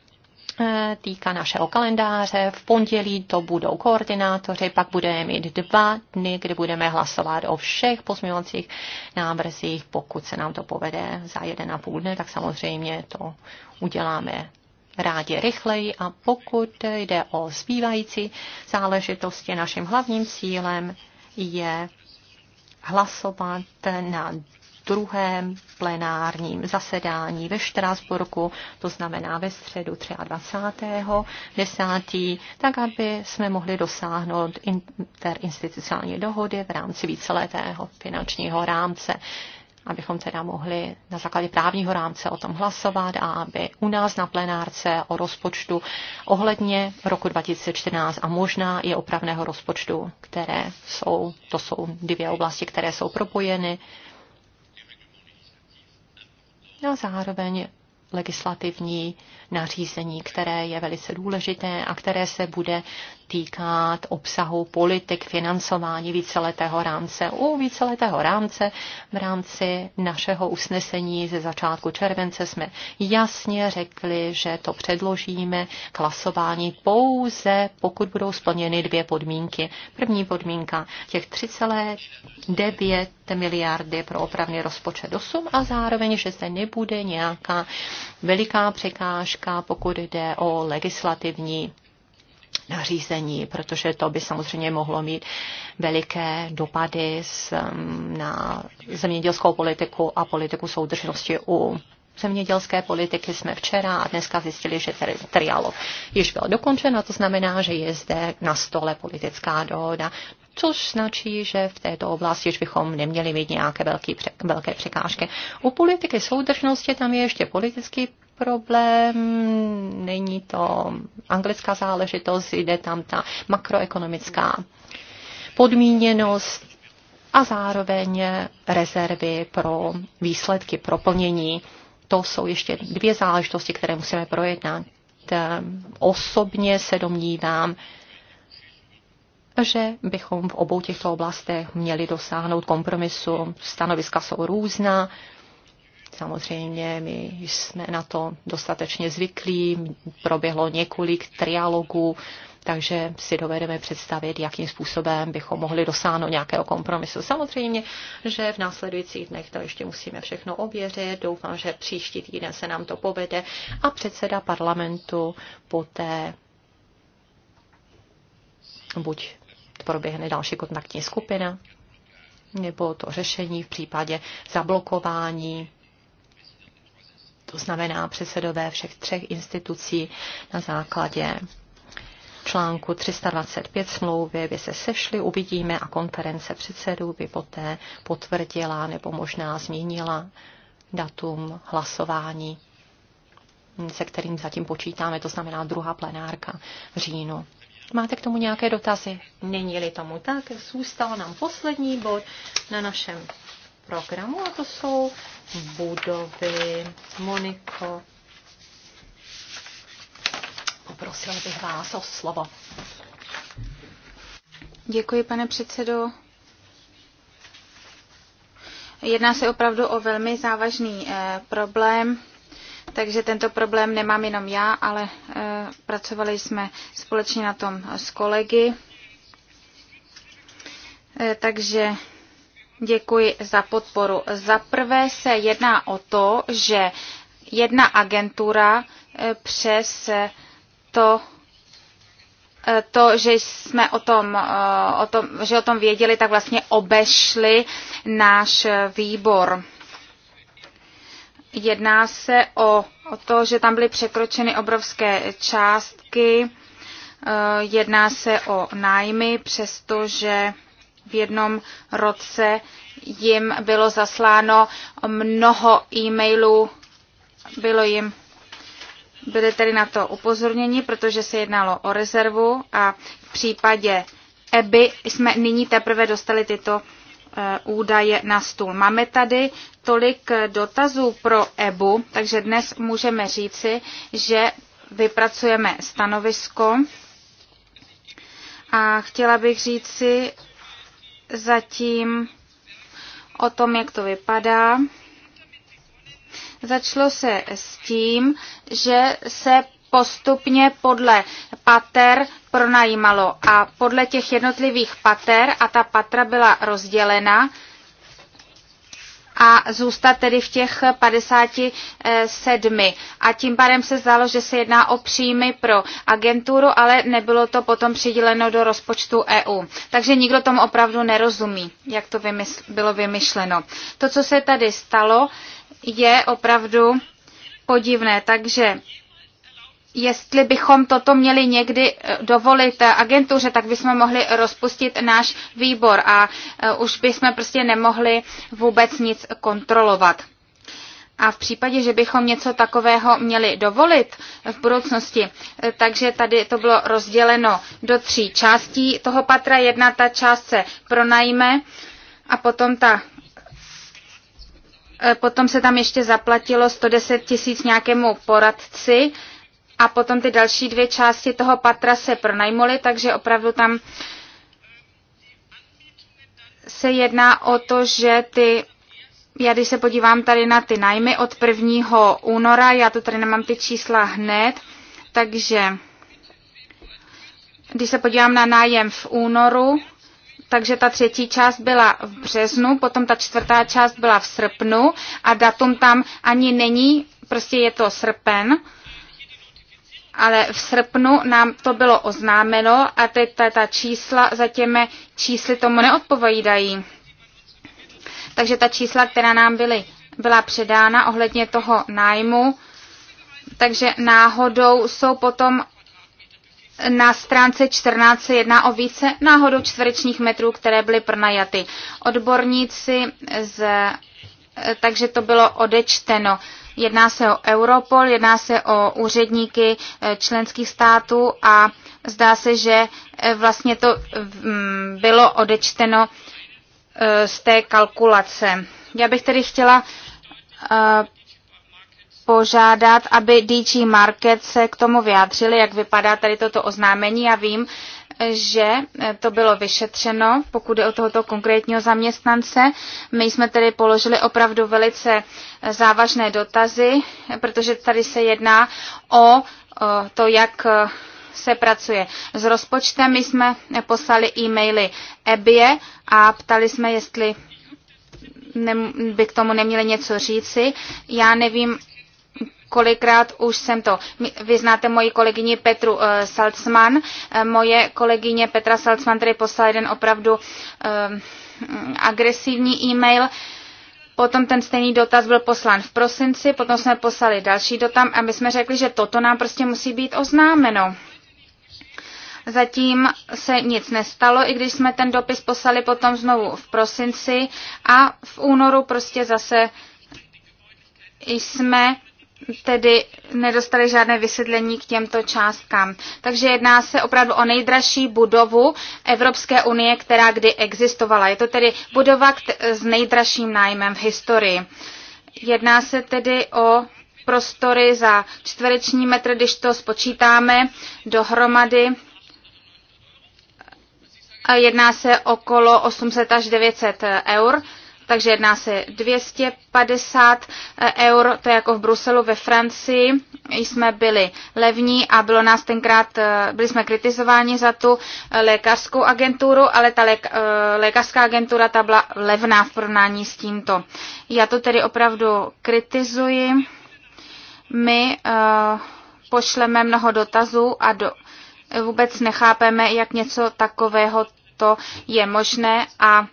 Eh, týká našeho kalendáře. V pondělí to budou koordinátoři, pak budeme mít dva dny, kdy budeme hlasovat o všech pozměňovacích návrzích. Pokud se nám to povede za jeden a půl dne, tak samozřejmě to uděláme rádi rychleji a pokud jde o zbývající záležitosti, naším hlavním cílem je hlasovat na druhém plenárním zasedání ve Štrásburku, to znamená ve středu 10. tak aby jsme mohli dosáhnout interinstitucionální dohody v rámci víceletého finančního rámce abychom teda mohli na základě právního rámce o tom hlasovat a aby u nás na plenárce o rozpočtu ohledně roku 2014 a možná i opravného rozpočtu, které jsou, to jsou dvě oblasti, které jsou propojeny, No a zároveň legislativní nařízení, které je velice důležité a které se bude týkat obsahu politik financování víceletého rámce. U víceletého rámce v rámci našeho usnesení ze začátku července jsme jasně řekli, že to předložíme k hlasování pouze, pokud budou splněny dvě podmínky. První podmínka těch 3,9 miliardy pro opravný rozpočet 8 a zároveň, že zde nebude nějaká veliká překážka překážka, pokud jde o legislativní nařízení, protože to by samozřejmě mohlo mít veliké dopady mm, na zemědělskou politiku a politiku soudržnosti u zemědělské politiky jsme včera a dneska zjistili, že trialog již byl dokončen a to znamená, že je zde na stole politická dohoda, což značí, že v této oblasti už bychom neměli mít nějaké velké překážky. U politiky soudržnosti tam je ještě politický problém, není to anglická záležitost, jde tam ta makroekonomická podmíněnost a zároveň rezervy pro výsledky, pro plnění. To jsou ještě dvě záležitosti, které musíme projednat. Osobně se domnívám, že bychom v obou těchto oblastech měli dosáhnout kompromisu. Stanoviska jsou různá, Samozřejmě my jsme na to dostatečně zvyklí, proběhlo několik trialogů, takže si dovedeme představit, jakým způsobem bychom mohli dosáhnout nějakého kompromisu. Samozřejmě, že v následujících dnech to ještě musíme všechno ověřit. Doufám, že příští týden se nám to povede a předseda parlamentu poté buď proběhne další kontaktní skupina, nebo to řešení v případě zablokování to znamená předsedové všech třech institucí na základě článku 325 smlouvy by se sešli, uvidíme a konference předsedů by poté potvrdila nebo možná změnila datum hlasování, se kterým zatím počítáme, to znamená druhá plenárka v říjnu. Máte k tomu nějaké dotazy? Není-li tomu tak, zůstal nám poslední bod na našem programu a to jsou budovy Moniko. poprosila bych vás o slovo. Děkuji, pane předsedo. Jedná se opravdu o velmi závažný eh, problém, takže tento problém nemám jenom já, ale eh, pracovali jsme společně na tom s kolegy. Eh, takže Děkuji za podporu. Za prvé se jedná o to, že jedna agentura e, přes to, e, to, že jsme o tom, e, o tom, že o tom věděli, tak vlastně obešli náš výbor. Jedná se o, o to, že tam byly překročeny obrovské částky, jedná se o nájmy, přestože v jednom roce jim bylo zasláno mnoho e-mailů, bylo jim byli tedy na to upozornění, protože se jednalo o rezervu a v případě EBY jsme nyní teprve dostali tyto eh, údaje na stůl. Máme tady tolik dotazů pro EBU, takže dnes můžeme říci, že vypracujeme stanovisko. A chtěla bych říci, zatím o tom, jak to vypadá. Začalo se s tím, že se postupně podle pater pronajímalo a podle těch jednotlivých pater a ta patra byla rozdělena a zůstat tedy v těch 57. A tím pádem se zdálo, že se jedná o příjmy pro agenturu, ale nebylo to potom přiděleno do rozpočtu EU. Takže nikdo tomu opravdu nerozumí, jak to vymysl- bylo vymyšleno. To, co se tady stalo, je opravdu podivné. Takže jestli bychom toto měli někdy eh, dovolit eh, agentuře, tak bychom mohli rozpustit náš výbor a eh, už bychom prostě nemohli vůbec nic kontrolovat. A v případě, že bychom něco takového měli dovolit v budoucnosti, takže tady to bylo rozděleno do tří částí toho patra. Jedna ta část se pronajme a potom ta Potom se tam ještě zaplatilo 110 tisíc nějakému poradci, a potom ty další dvě části toho patra se pronajmuly, takže opravdu tam se jedná o to, že ty já když se podívám tady na ty najmy od 1. února, já to tady nemám ty čísla hned, takže když se podívám na nájem v únoru, takže ta třetí část byla v březnu, potom ta čtvrtá část byla v srpnu a datum tam ani není, prostě je to srpen ale v srpnu nám to bylo oznámeno a teď ta, ta čísla za těmi čísly tomu neodpovídají. Takže ta čísla, která nám byly, byla předána ohledně toho nájmu, takže náhodou jsou potom na stránce 14 se jedná o více náhodou čtverečních metrů, které byly pronajaty. Odborníci z, takže to bylo odečteno. Jedná se o Europol, jedná se o úředníky eh, členských států a zdá se, že eh, vlastně to mm, bylo odečteno eh, z té kalkulace. Já bych tedy chtěla požádat, aby DG Market se k tomu vyjádřili, jak vypadá tady toto oznámení. Já vím, že eh, to bylo vyšetřeno, pokud je o tohoto konkrétního zaměstnance. My jsme tedy položili opravdu velice eh, závažné dotazy, protože tady se jedná o to, jak eh, se pracuje s rozpočtem. My jsme poslali e-maily EBIE a ptali jsme, jestli by k tomu neměli něco říci. Já nevím, kolikrát už jsem to. Vy znáte moji kolegyni Petru eh, Salzman. Eh, moje kolegyně Petra Salzman tady poslala jeden opravdu eh, agresivní e-mail. Potom ten stejný dotaz byl poslán v prosinci, potom jsme poslali další dotaz a my jsme řekli, že toto nám prostě musí být oznámeno. Zatím se nic nestalo, i když jsme ten dopis poslali potom znovu v prosinci a v únoru prostě zase jsme tedy nedostali žádné vysvětlení k těmto částkám. Takže jedná se opravdu o nejdražší budovu Evropské unie, která kdy existovala. Je to tedy budova s nejdražším nájmem v historii. Jedná se tedy o prostory za čtvereční metr, když to spočítáme dohromady. Jedná se okolo 800 až 900 eur takže jedná se 250 eh, eur, to je jako v Bruselu ve Francii. Jsme byli levní a bylo nás tenkrát, eh, byli jsme kritizováni za tu eh, lékařskou agenturu, ale ta lékařská agentura ta byla levná v porovnání s tímto. Já to tedy opravdu kritizuji. My uh, pošleme mnoho dotazů a do, vůbec nechápeme, jak něco takového to je možné a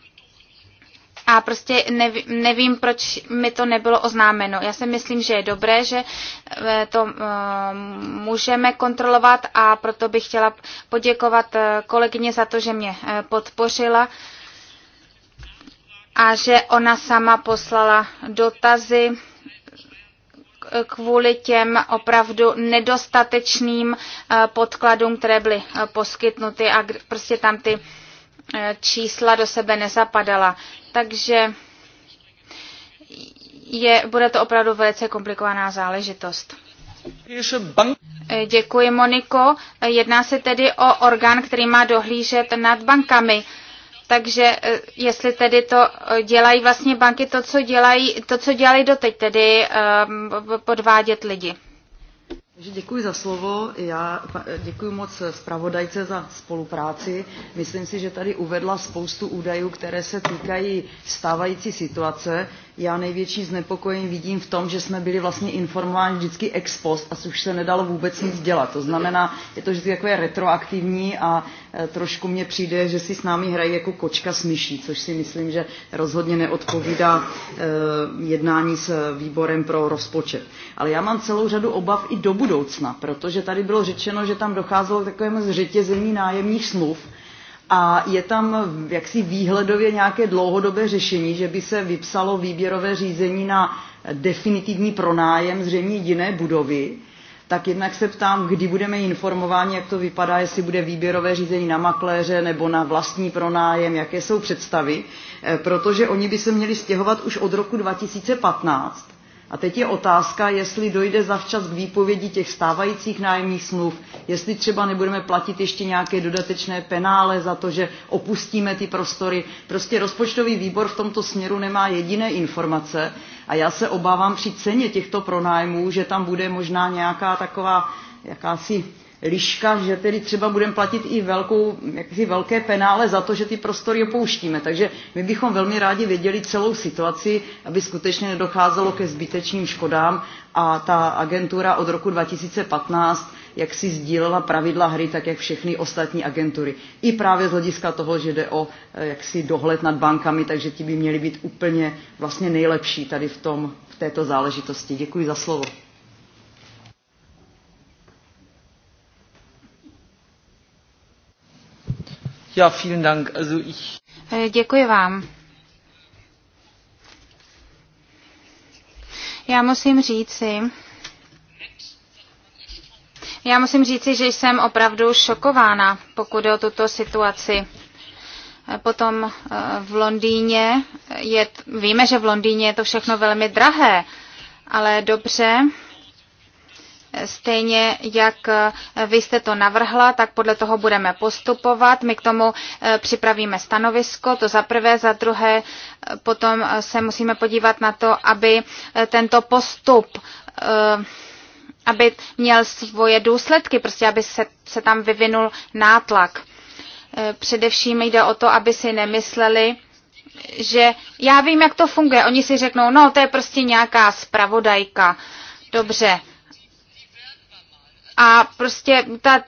a prostě nevím, nevím, proč mi to nebylo oznámeno. Já si myslím, že je dobré, že eh, to eh, můžeme kontrolovat a proto bych chtěla poděkovat eh, kolegyně za to, že mě podpořila a že ona sama poslala dotazy kvůli těm opravdu nedostatečným podkladům, které byly poskytnuty a prostě tam ty E, čísla do sebe nezapadala. Takže je, bude to opravdu velice komplikovaná záležitost. E, děkuji, Moniko. E, jedná se tedy o orgán, který má dohlížet nad bankami. Takže jestli tedy to dělají vlastně banky, to, co dělají, to, co dělají doteď, tedy podvádět lidi. Takže děkuji za slovo. Já děkuji moc zpravodajce za spolupráci. Myslím si, že tady uvedla spoustu údajů, které se týkají stávající situace já největší znepokojení vidím v tom, že jsme byli vlastně informováni vždycky ex post a už se nedalo vůbec nic dělat. To znamená, je to vždycky takové retroaktivní a e, trošku mně přijde, že si s námi hrají jako kočka s myší, což si myslím, že rozhodně neodpovídá e, jednání s výborem pro rozpočet. Ale já mám celou řadu obav i do budoucna, protože tady bylo řečeno, že tam docházelo k takovému zřetězení nájemních smluv a je tam jaksi výhledově nějaké dlouhodobé řešení, že by se vypsalo výběrové řízení na definitivní pronájem zřejmě jiné budovy, tak jednak se ptám, kdy budeme informováni, jak to vypadá, jestli bude výběrové řízení na makléře nebo na vlastní pronájem, jaké jsou představy, e, protože oni by se měli stěhovat už od roku 2015 a teď je otázka, jestli dojde zavčas k výpovědi těch stávajících nájemních smluv, jestli třeba nebudeme platit ještě nějaké dodatečné penále za to, že opustíme ty prostory. Prostě rozpočtový výbor v tomto směru nemá jediné informace a já se obávám při ceně těchto pronájmů, že tam bude možná nějaká taková jakási liška, že tedy třeba budeme platit i velkou, jaksi velké penále za to, že ty prostory opouštíme. Takže my bychom velmi rádi věděli celou situaci, aby skutečně nedocházelo ke zbytečným škodám a ta agentura od roku 2015 jak si sdílela pravidla hry, tak jak všechny ostatní agentury. I právě z hlediska toho, že jde o eh, jaksi dohled nad bankami, takže ti by měli být úplně vlastně nejlepší tady v, tom, v této záležitosti. Děkuji za slovo. Ja, vielen Dank. Also ich... Eh, děkuji vám. Já musím říci, já musím říci, že jsem opravdu šokována, pokud je o tuto situaci. Eh, potom eh, v Londýně, je, víme, že v Londýně je to všechno velmi drahé, ale dobře, Stejně jak vy jste to navrhla, tak podle toho budeme postupovat. My k tomu eh, připravíme stanovisko, to za prvé, za druhé eh, potom eh, se musíme podívat na to, aby tento postup aby měl svoje důsledky, prostě aby se, se tam vyvinul nátlak. Především jde o to, aby si nemysleli, že já vím, jak to funguje. Oni si řeknou, no to je prostě nějaká spravodajka. Dobře, a prostě ta,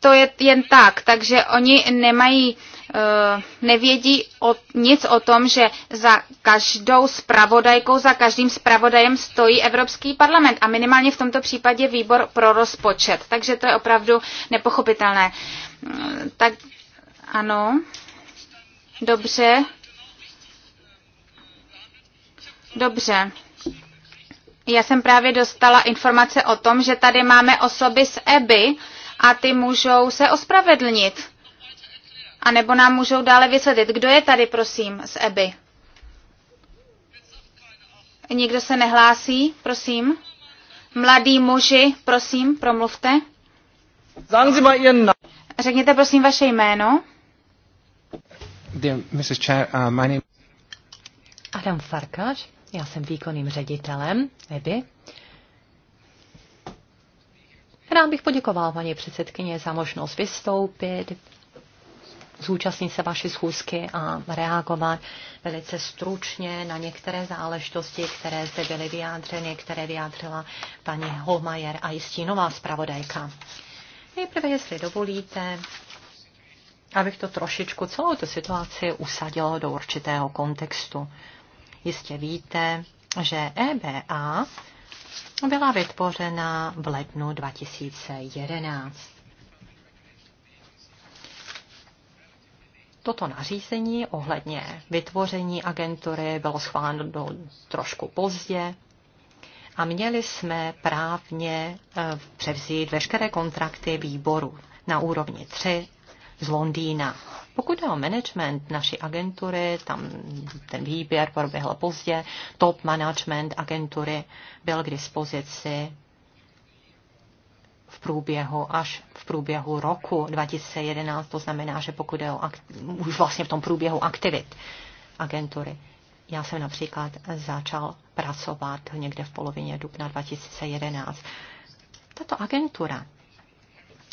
to je jen tak, takže oni nemají eh, nevědí o, nic o tom, že za každou spravodajkou, za každým spravodajem stojí Evropský parlament a minimálně v tomto případě výbor pro rozpočet. Takže to je opravdu nepochopitelné. Eh, tak ano, dobře. Dobře. Já jsem právě dostala informace o tom, že tady máme osoby z EBY a ty můžou se ospravedlnit. A nebo nám můžou dále vysvětlit, kdo je tady, prosím, z EBY. Nikdo se nehlásí, prosím. Mladí muži, prosím, promluvte. Řekněte prosím vaše jméno. Uh, Adam Farkáš. Já jsem výkonným ředitelem EBI. Rád bych poděkoval paní předsedkyně za možnost vystoupit, zúčastnit se vaší schůzky a reagovat velice stručně na některé záležitosti, které zde byly vyjádřeny, které vyjádřila paní Holmajer a jistí nová zpravodajka. Nejprve, jestli dovolíte, abych to trošičku celou tu situaci usadila do určitého kontextu. Jistě víte, že EBA byla vytvořena v lednu 2011. Toto nařízení ohledně vytvoření agentury bylo schváleno trošku pozdě a měli jsme právně eh, převzít veškeré kontrakty výboru na úrovni 3 z Londýna. Pokud je o management naší agentury, tam ten výběr proběhl pozdě, top management agentury byl k dispozici v průběhu až v průběhu roku 2011, to znamená, že pokud je o už vlastně v tom průběhu aktivit agentury. Já jsem například začal pracovat někde v polovině dubna 2011. Tato agentura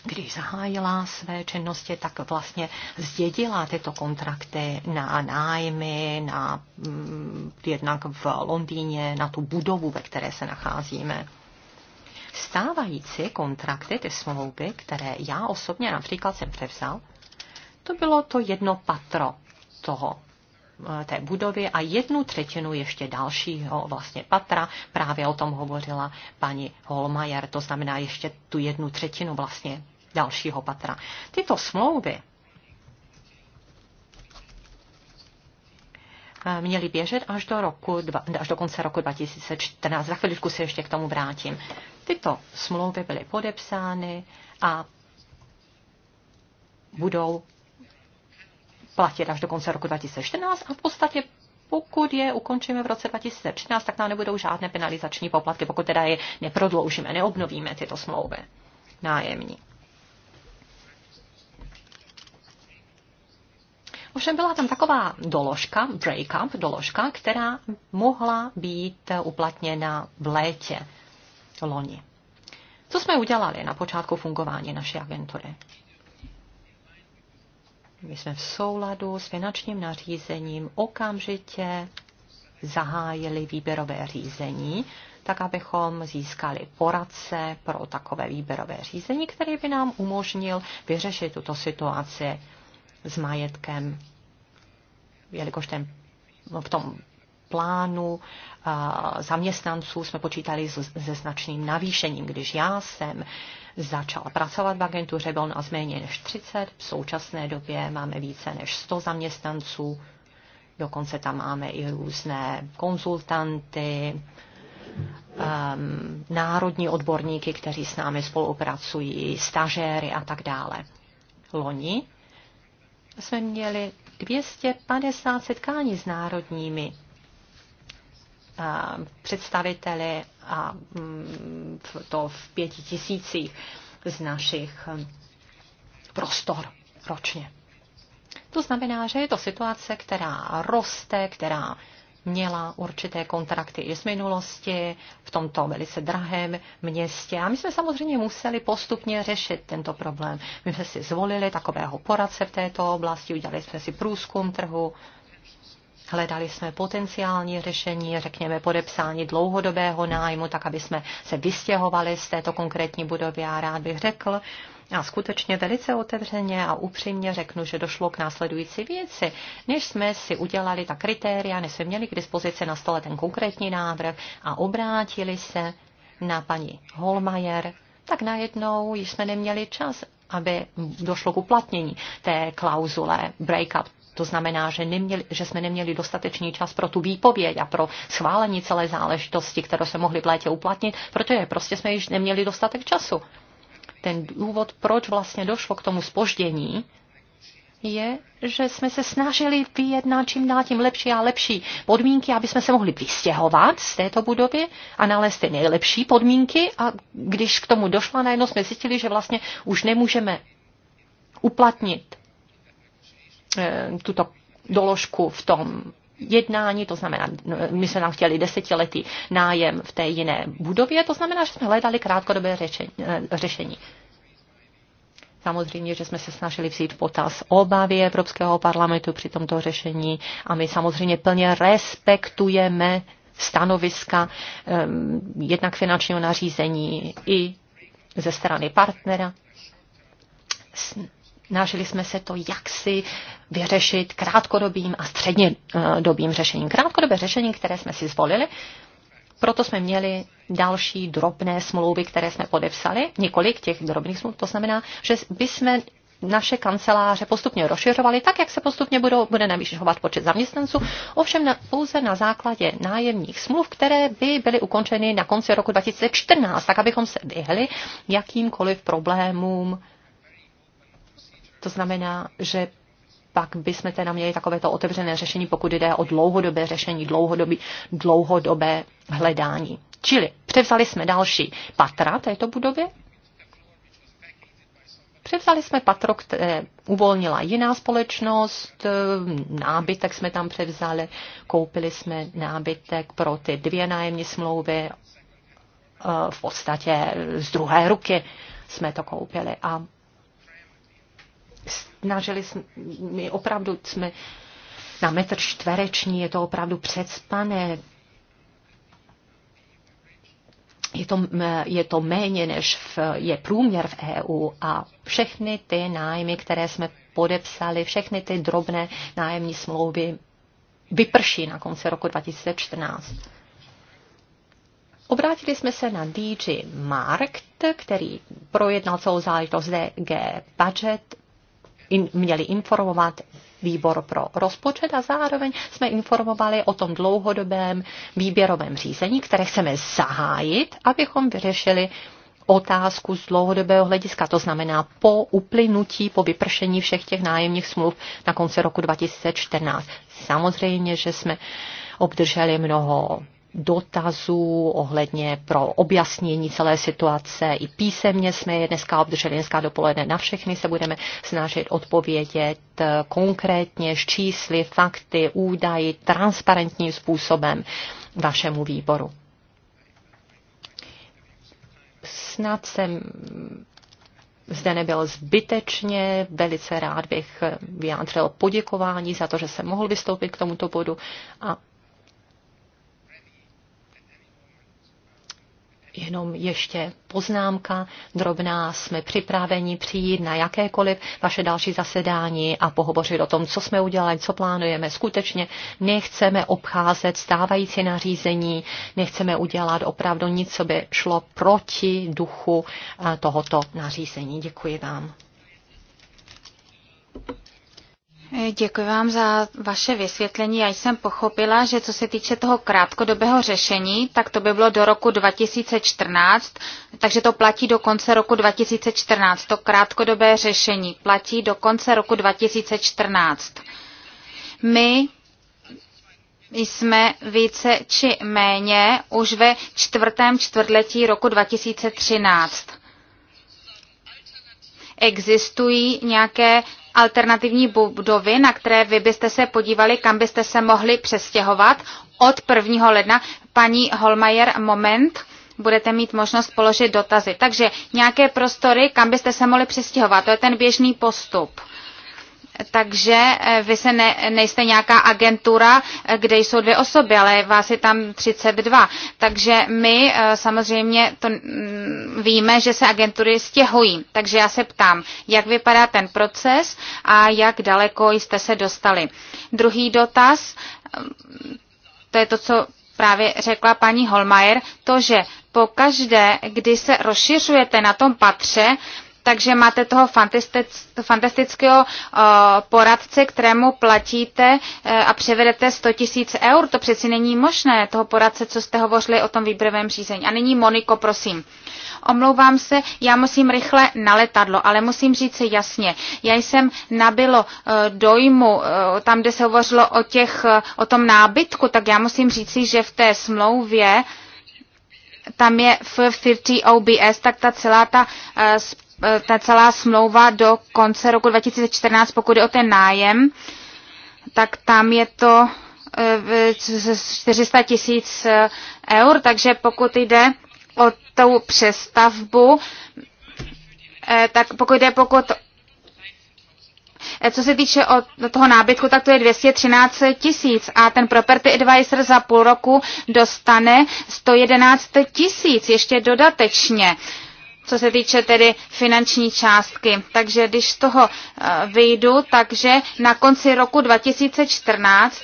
když zahájila své činnosti, tak vlastně zdědila tyto kontrakty na nájmy, na, mm, jednak v Londýně, na tu budovu, ve které se nacházíme. Stávající kontrakty, ty smlouvy, které já osobně například jsem převzal, to bylo to jedno patro toho eh, té budovy a jednu třetinu ještě dalšího vlastně patra. Právě o tom hovořila paní Holmajer, to znamená ještě tu jednu třetinu vlastně dalšího patra. Tyto smlouvy eh, měly běžet až do, roku, až do konce roku 2014. Za chviličku se ještě k tomu vrátím. Tyto smlouvy byly podepsány a budou platit až do konce roku 2014 a v podstatě pokud je ukončíme v roce 2013, tak nám nebudou žádné penalizační poplatky, pokud teda je neprodloužíme, neobnovíme tyto smlouvy nájemní. Ovšem byla tam taková doložka, break-up doložka, která mohla být uplatněna v létě loni. Co jsme udělali na počátku fungování naší agentury? My jsme v souladu s finančním nařízením okamžitě zahájili výběrové řízení, tak abychom získali poradce pro takové výběrové řízení, který by nám umožnil vyřešit tuto situaci s majetkem, jelikož ten v tom plánu zaměstnanců jsme počítali se značným navýšením. Když já jsem začala pracovat v agentuře, bylo nás méně než 30, v současné době máme více než 100 zaměstnanců, dokonce tam máme i různé konzultanty, um, národní odborníky, kteří s námi spolupracují, stažéry a tak dále. Loni jsme měli 250 setkání s národními představiteli a mm, to v pěti tisících z našich hm, prostor ročně. To znamená, že je to situace, která roste, která měla určité kontrakty i z minulosti v tomto velice drahém městě. A my jsme samozřejmě museli postupně řešit tento problém. My jsme si zvolili takového poradce v této oblasti, udělali jsme si průzkum trhu, Hledali jsme potenciální řešení, řekněme podepsání dlouhodobého nájmu, tak aby jsme se vystěhovali z této konkrétní budovy. A rád bych řekl, a skutečně velice otevřeně a upřímně řeknu, že došlo k následující věci. Než jsme si udělali ta kritéria, než jsme měli k dispozici na stole ten konkrétní návrh a obrátili se na paní Holmajer, tak najednou již jsme neměli čas, aby došlo k uplatnění té klauzule break-up to znamená, že, neměli, že jsme neměli dostatečný čas pro tu výpověď a pro schválení celé záležitosti, kterou jsme mohli v létě uplatnit, protože prostě jsme již neměli dostatek času ten důvod, proč vlastně došlo k tomu spoždění, je, že jsme se snažili vyjednat čím dál tím lepší a lepší podmínky, aby jsme se mohli vystěhovat z této budovy a nalézt ty nejlepší podmínky. A když k tomu došlo, najednou jsme zjistili, že vlastně už nemůžeme uplatnit eh, tuto doložku v tom jednání, to znamená, my jsme nám chtěli desetiletý nájem v té jiné budově, to znamená, že jsme hledali krátkodobé eh, řešení. Samozřejmě, že jsme se snažili vzít potaz obavy Evropského parlamentu při tomto řešení a my samozřejmě plně respektujeme stanoviska um, jednak finančního nařízení i ze strany partnera snažili jsme se to jaksi vyřešit krátkodobým a středně eh, dobým řešením. Krátkodobé řešení, které jsme si zvolili, proto jsme měli další drobné smlouvy, které jsme podepsali, několik těch drobných smluv, to znamená, že by jsme naše kanceláře postupně rozšiřovali, tak jak se postupně budou, bude navýšovat počet zaměstnanců, ovšem na, pouze na základě nájemních smluv, které by byly ukončeny na konci roku 2014, tak abychom se vyhli jakýmkoliv problémům to znamená, že pak bychom teda měli takovéto otevřené řešení, pokud jde o dlouhodobé řešení, dlouhodobé dlouhodobé hledání. Čili převzali jsme další patra této budovy. Převzali jsme patro, které uvolnila jiná společnost, nábytek jsme tam převzali, koupili jsme nábytek pro ty dvě nájemní smlouvy, eh, v podstatě z druhé ruky jsme to koupili a snažili jsme, my opravdu jsme na metr čtvereční, je to opravdu předspané, je to, je to méně, než v, je průměr v EU a všechny ty nájmy, které jsme podepsali, všechny ty drobné nájemní smlouvy vyprší na konci roku 2014. Obrátili jsme se na DG Markt, který projednal celou záležitost DG Budget in, měli informovat výbor pro rozpočet a zároveň jsme informovali o tom dlouhodobém výběrovém řízení, které chceme zahájit, abychom vyřešili otázku z dlouhodobého hlediska, to znamená po uplynutí, po vypršení všech těch nájemních smluv na konci roku 2014. Samozřejmě, že jsme obdrželi mnoho dotazů ohledně pro objasnění celé situace. I písemně jsme je dneska obdrželi, dneska dopoledne na všechny se budeme snažit odpovědět konkrétně s čísly, fakty, údaji, transparentním způsobem vašemu výboru. Snad jsem zde nebyl zbytečně. Velice rád bych vyjádřil poděkování za to, že jsem mohl vystoupit k tomuto bodu a jenom ještě poznámka drobná. Jsme připraveni přijít na jakékoliv vaše další zasedání a pohovořit o tom, co jsme udělali, co plánujeme. Skutečně nechceme obcházet stávající nařízení, nechceme udělat opravdu nic, co by šlo proti duchu eh, tohoto nařízení. Děkuji vám. Děkuji vám za vaše vysvětlení. Já jsem pochopila, že co se týče toho krátkodobého řešení, tak to by bylo do roku 2014, takže to platí do konce roku 2014. To krátkodobé řešení platí do konce roku 2014. My jsme více či méně už ve čtvrtém čtvrtletí roku 2013. Existují nějaké alternativní budovy, na které vy byste se podívali, kam byste se mohli přestěhovat od 1. ledna. Paní Holmajer, moment budete mít možnost položit dotazy. Takže nějaké prostory, kam byste se mohli přestěhovat, to je ten běžný postup takže eh, vy se ne, nejste nějaká agentura, eh, kde jsou dvě osoby, ale vás je tam 32. Takže my eh, samozřejmě to mm, víme, že se agentury stěhují. Takže já se ptám, jak vypadá ten proces a jak daleko jste se dostali. Druhý dotaz, mm, to je to, co právě řekla paní Holmajer, to, že pokaždé, kdy se rozšiřujete na tom patře, takže máte toho fantastického eh, poradce, kterému platíte eh, a převedete 100 tisíc eur. To přeci není možné, toho poradce, co jste hovořili o tom výběrovém řízení. A nyní Moniko, prosím. Omlouvám se, já musím rychle na letadlo, ale musím říct si jasně. Já jsem nabilo eh, dojmu, tam, kde se hovořilo o, těch, o tom nábytku, tak já musím říct si, že v té smlouvě tam je F50 OBS, tak ta celá ta Eh, ta celá smlouva do konce roku 2014, pokud je o ten nájem, tak tam je to 400 eh, tisíc eh, eur, takže pokud jde o tou přestavbu, tak pokud jde pokud co se týče od toho nábytku, tak to je 213 tisíc a ten property advisor za půl roku dostane 111 tisíc ještě dodatečně. Uh, co se týče tedy finanční částky. Takže když z toho eh, vyjdu, takže na konci roku 2014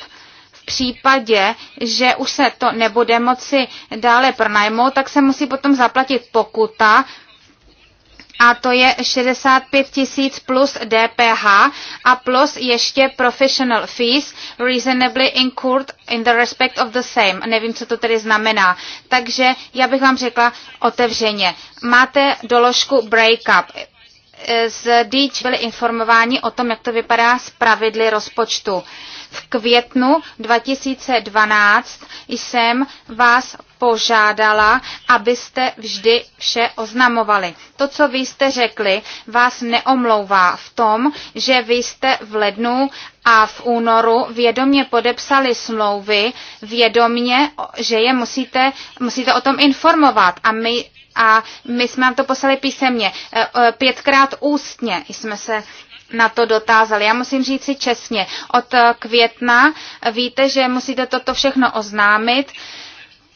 v případě, že už se to nebude moci dále pronajmout, tak se musí potom zaplatit pokuta a to je 65 tisíc plus DPH a plus ještě professional fees reasonably incurred in the respect of the same. Nevím, co to tedy znamená. Takže já bych vám řekla otevřeně. Máte doložku breakup. Z DIČ byli informováni o tom, jak to vypadá s pravidly rozpočtu. V květnu 2012 jsem vás požádala, abyste vždy vše oznamovali. To, co vy jste řekli, vás neomlouvá v tom, že vy jste v lednu a v únoru vědomě podepsali smlouvy, vědomě, že je musíte, musíte o tom informovat. A my a my jsme vám to poslali písemně, e, e, pětkrát ústně jsme se na to dotázali. Já musím říct si čestně, od května víte, že musíte toto všechno oznámit,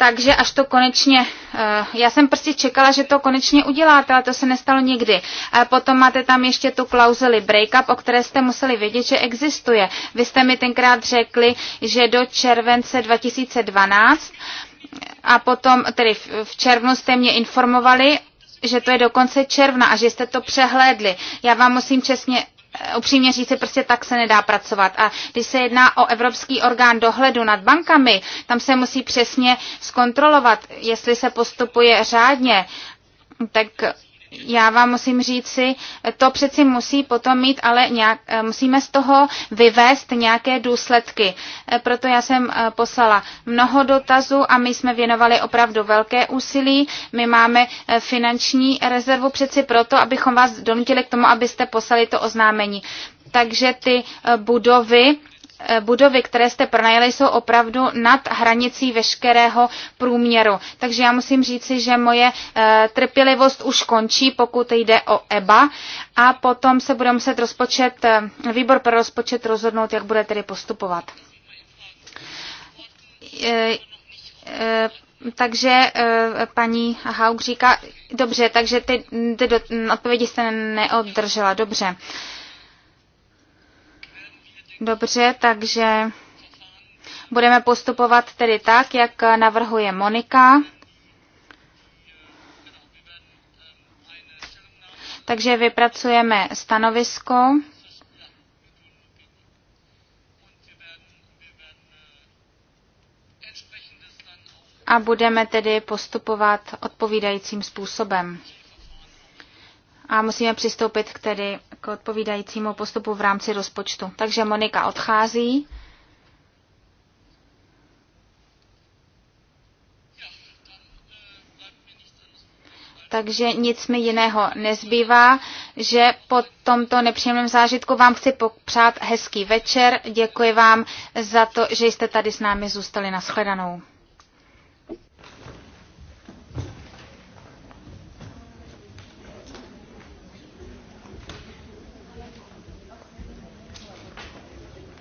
takže až to konečně, eh, já jsem prostě čekala, že to konečně uděláte, ale to se nestalo nikdy. A potom máte tam ještě tu klauzuli break-up, o které jste museli vědět, že existuje. Vy jste mi tenkrát řekli, že do července 2012 a potom, tedy v červnu jste mě informovali že to je do konce června a že jste to přehlédli. Já vám musím čestně Eh, upřímně říci, prostě tak se nedá pracovat. A když se jedná o Evropský orgán dohledu nad bankami, tam se musí přesně zkontrolovat, jestli se postupuje řádně. Tak já vám musím říct si, to přeci musí potom mít, ale nějak, eh, musíme z toho vyvést nějaké důsledky. Eh, proto já jsem eh, poslala mnoho dotazů a my jsme věnovali opravdu velké úsilí. My máme finanční rezervu přeci proto, abychom vás donutili k tomu, abyste poslali to oznámení. Takže ty budovy, budovy, které jste pronajeli, jsou opravdu nad hranicí veškerého průměru. Takže já musím říci, že moje eh, trpělivost už končí, pokud jde o EBA a potom se bude muset rozpočet, eh, výbor pro rozpočet rozhodnout, jak bude tedy postupovat. Eh, takže paní Haug říká, dobře, takže ty, ty odpovědi jste neoddržela, dobře. Dobře, takže budeme postupovat tedy tak, jak navrhuje Monika. Takže vypracujeme stanovisko. A budeme tedy postupovat odpovídajícím způsobem. A musíme přistoupit k tedy k odpovídajícímu postupu v rámci rozpočtu. Takže Monika odchází. takže nic mi jiného nezbývá, že po tomto nepříjemném zážitku vám chci popřát hezký večer. Děkuji vám za to, že jste tady s námi zůstali. Naschledanou.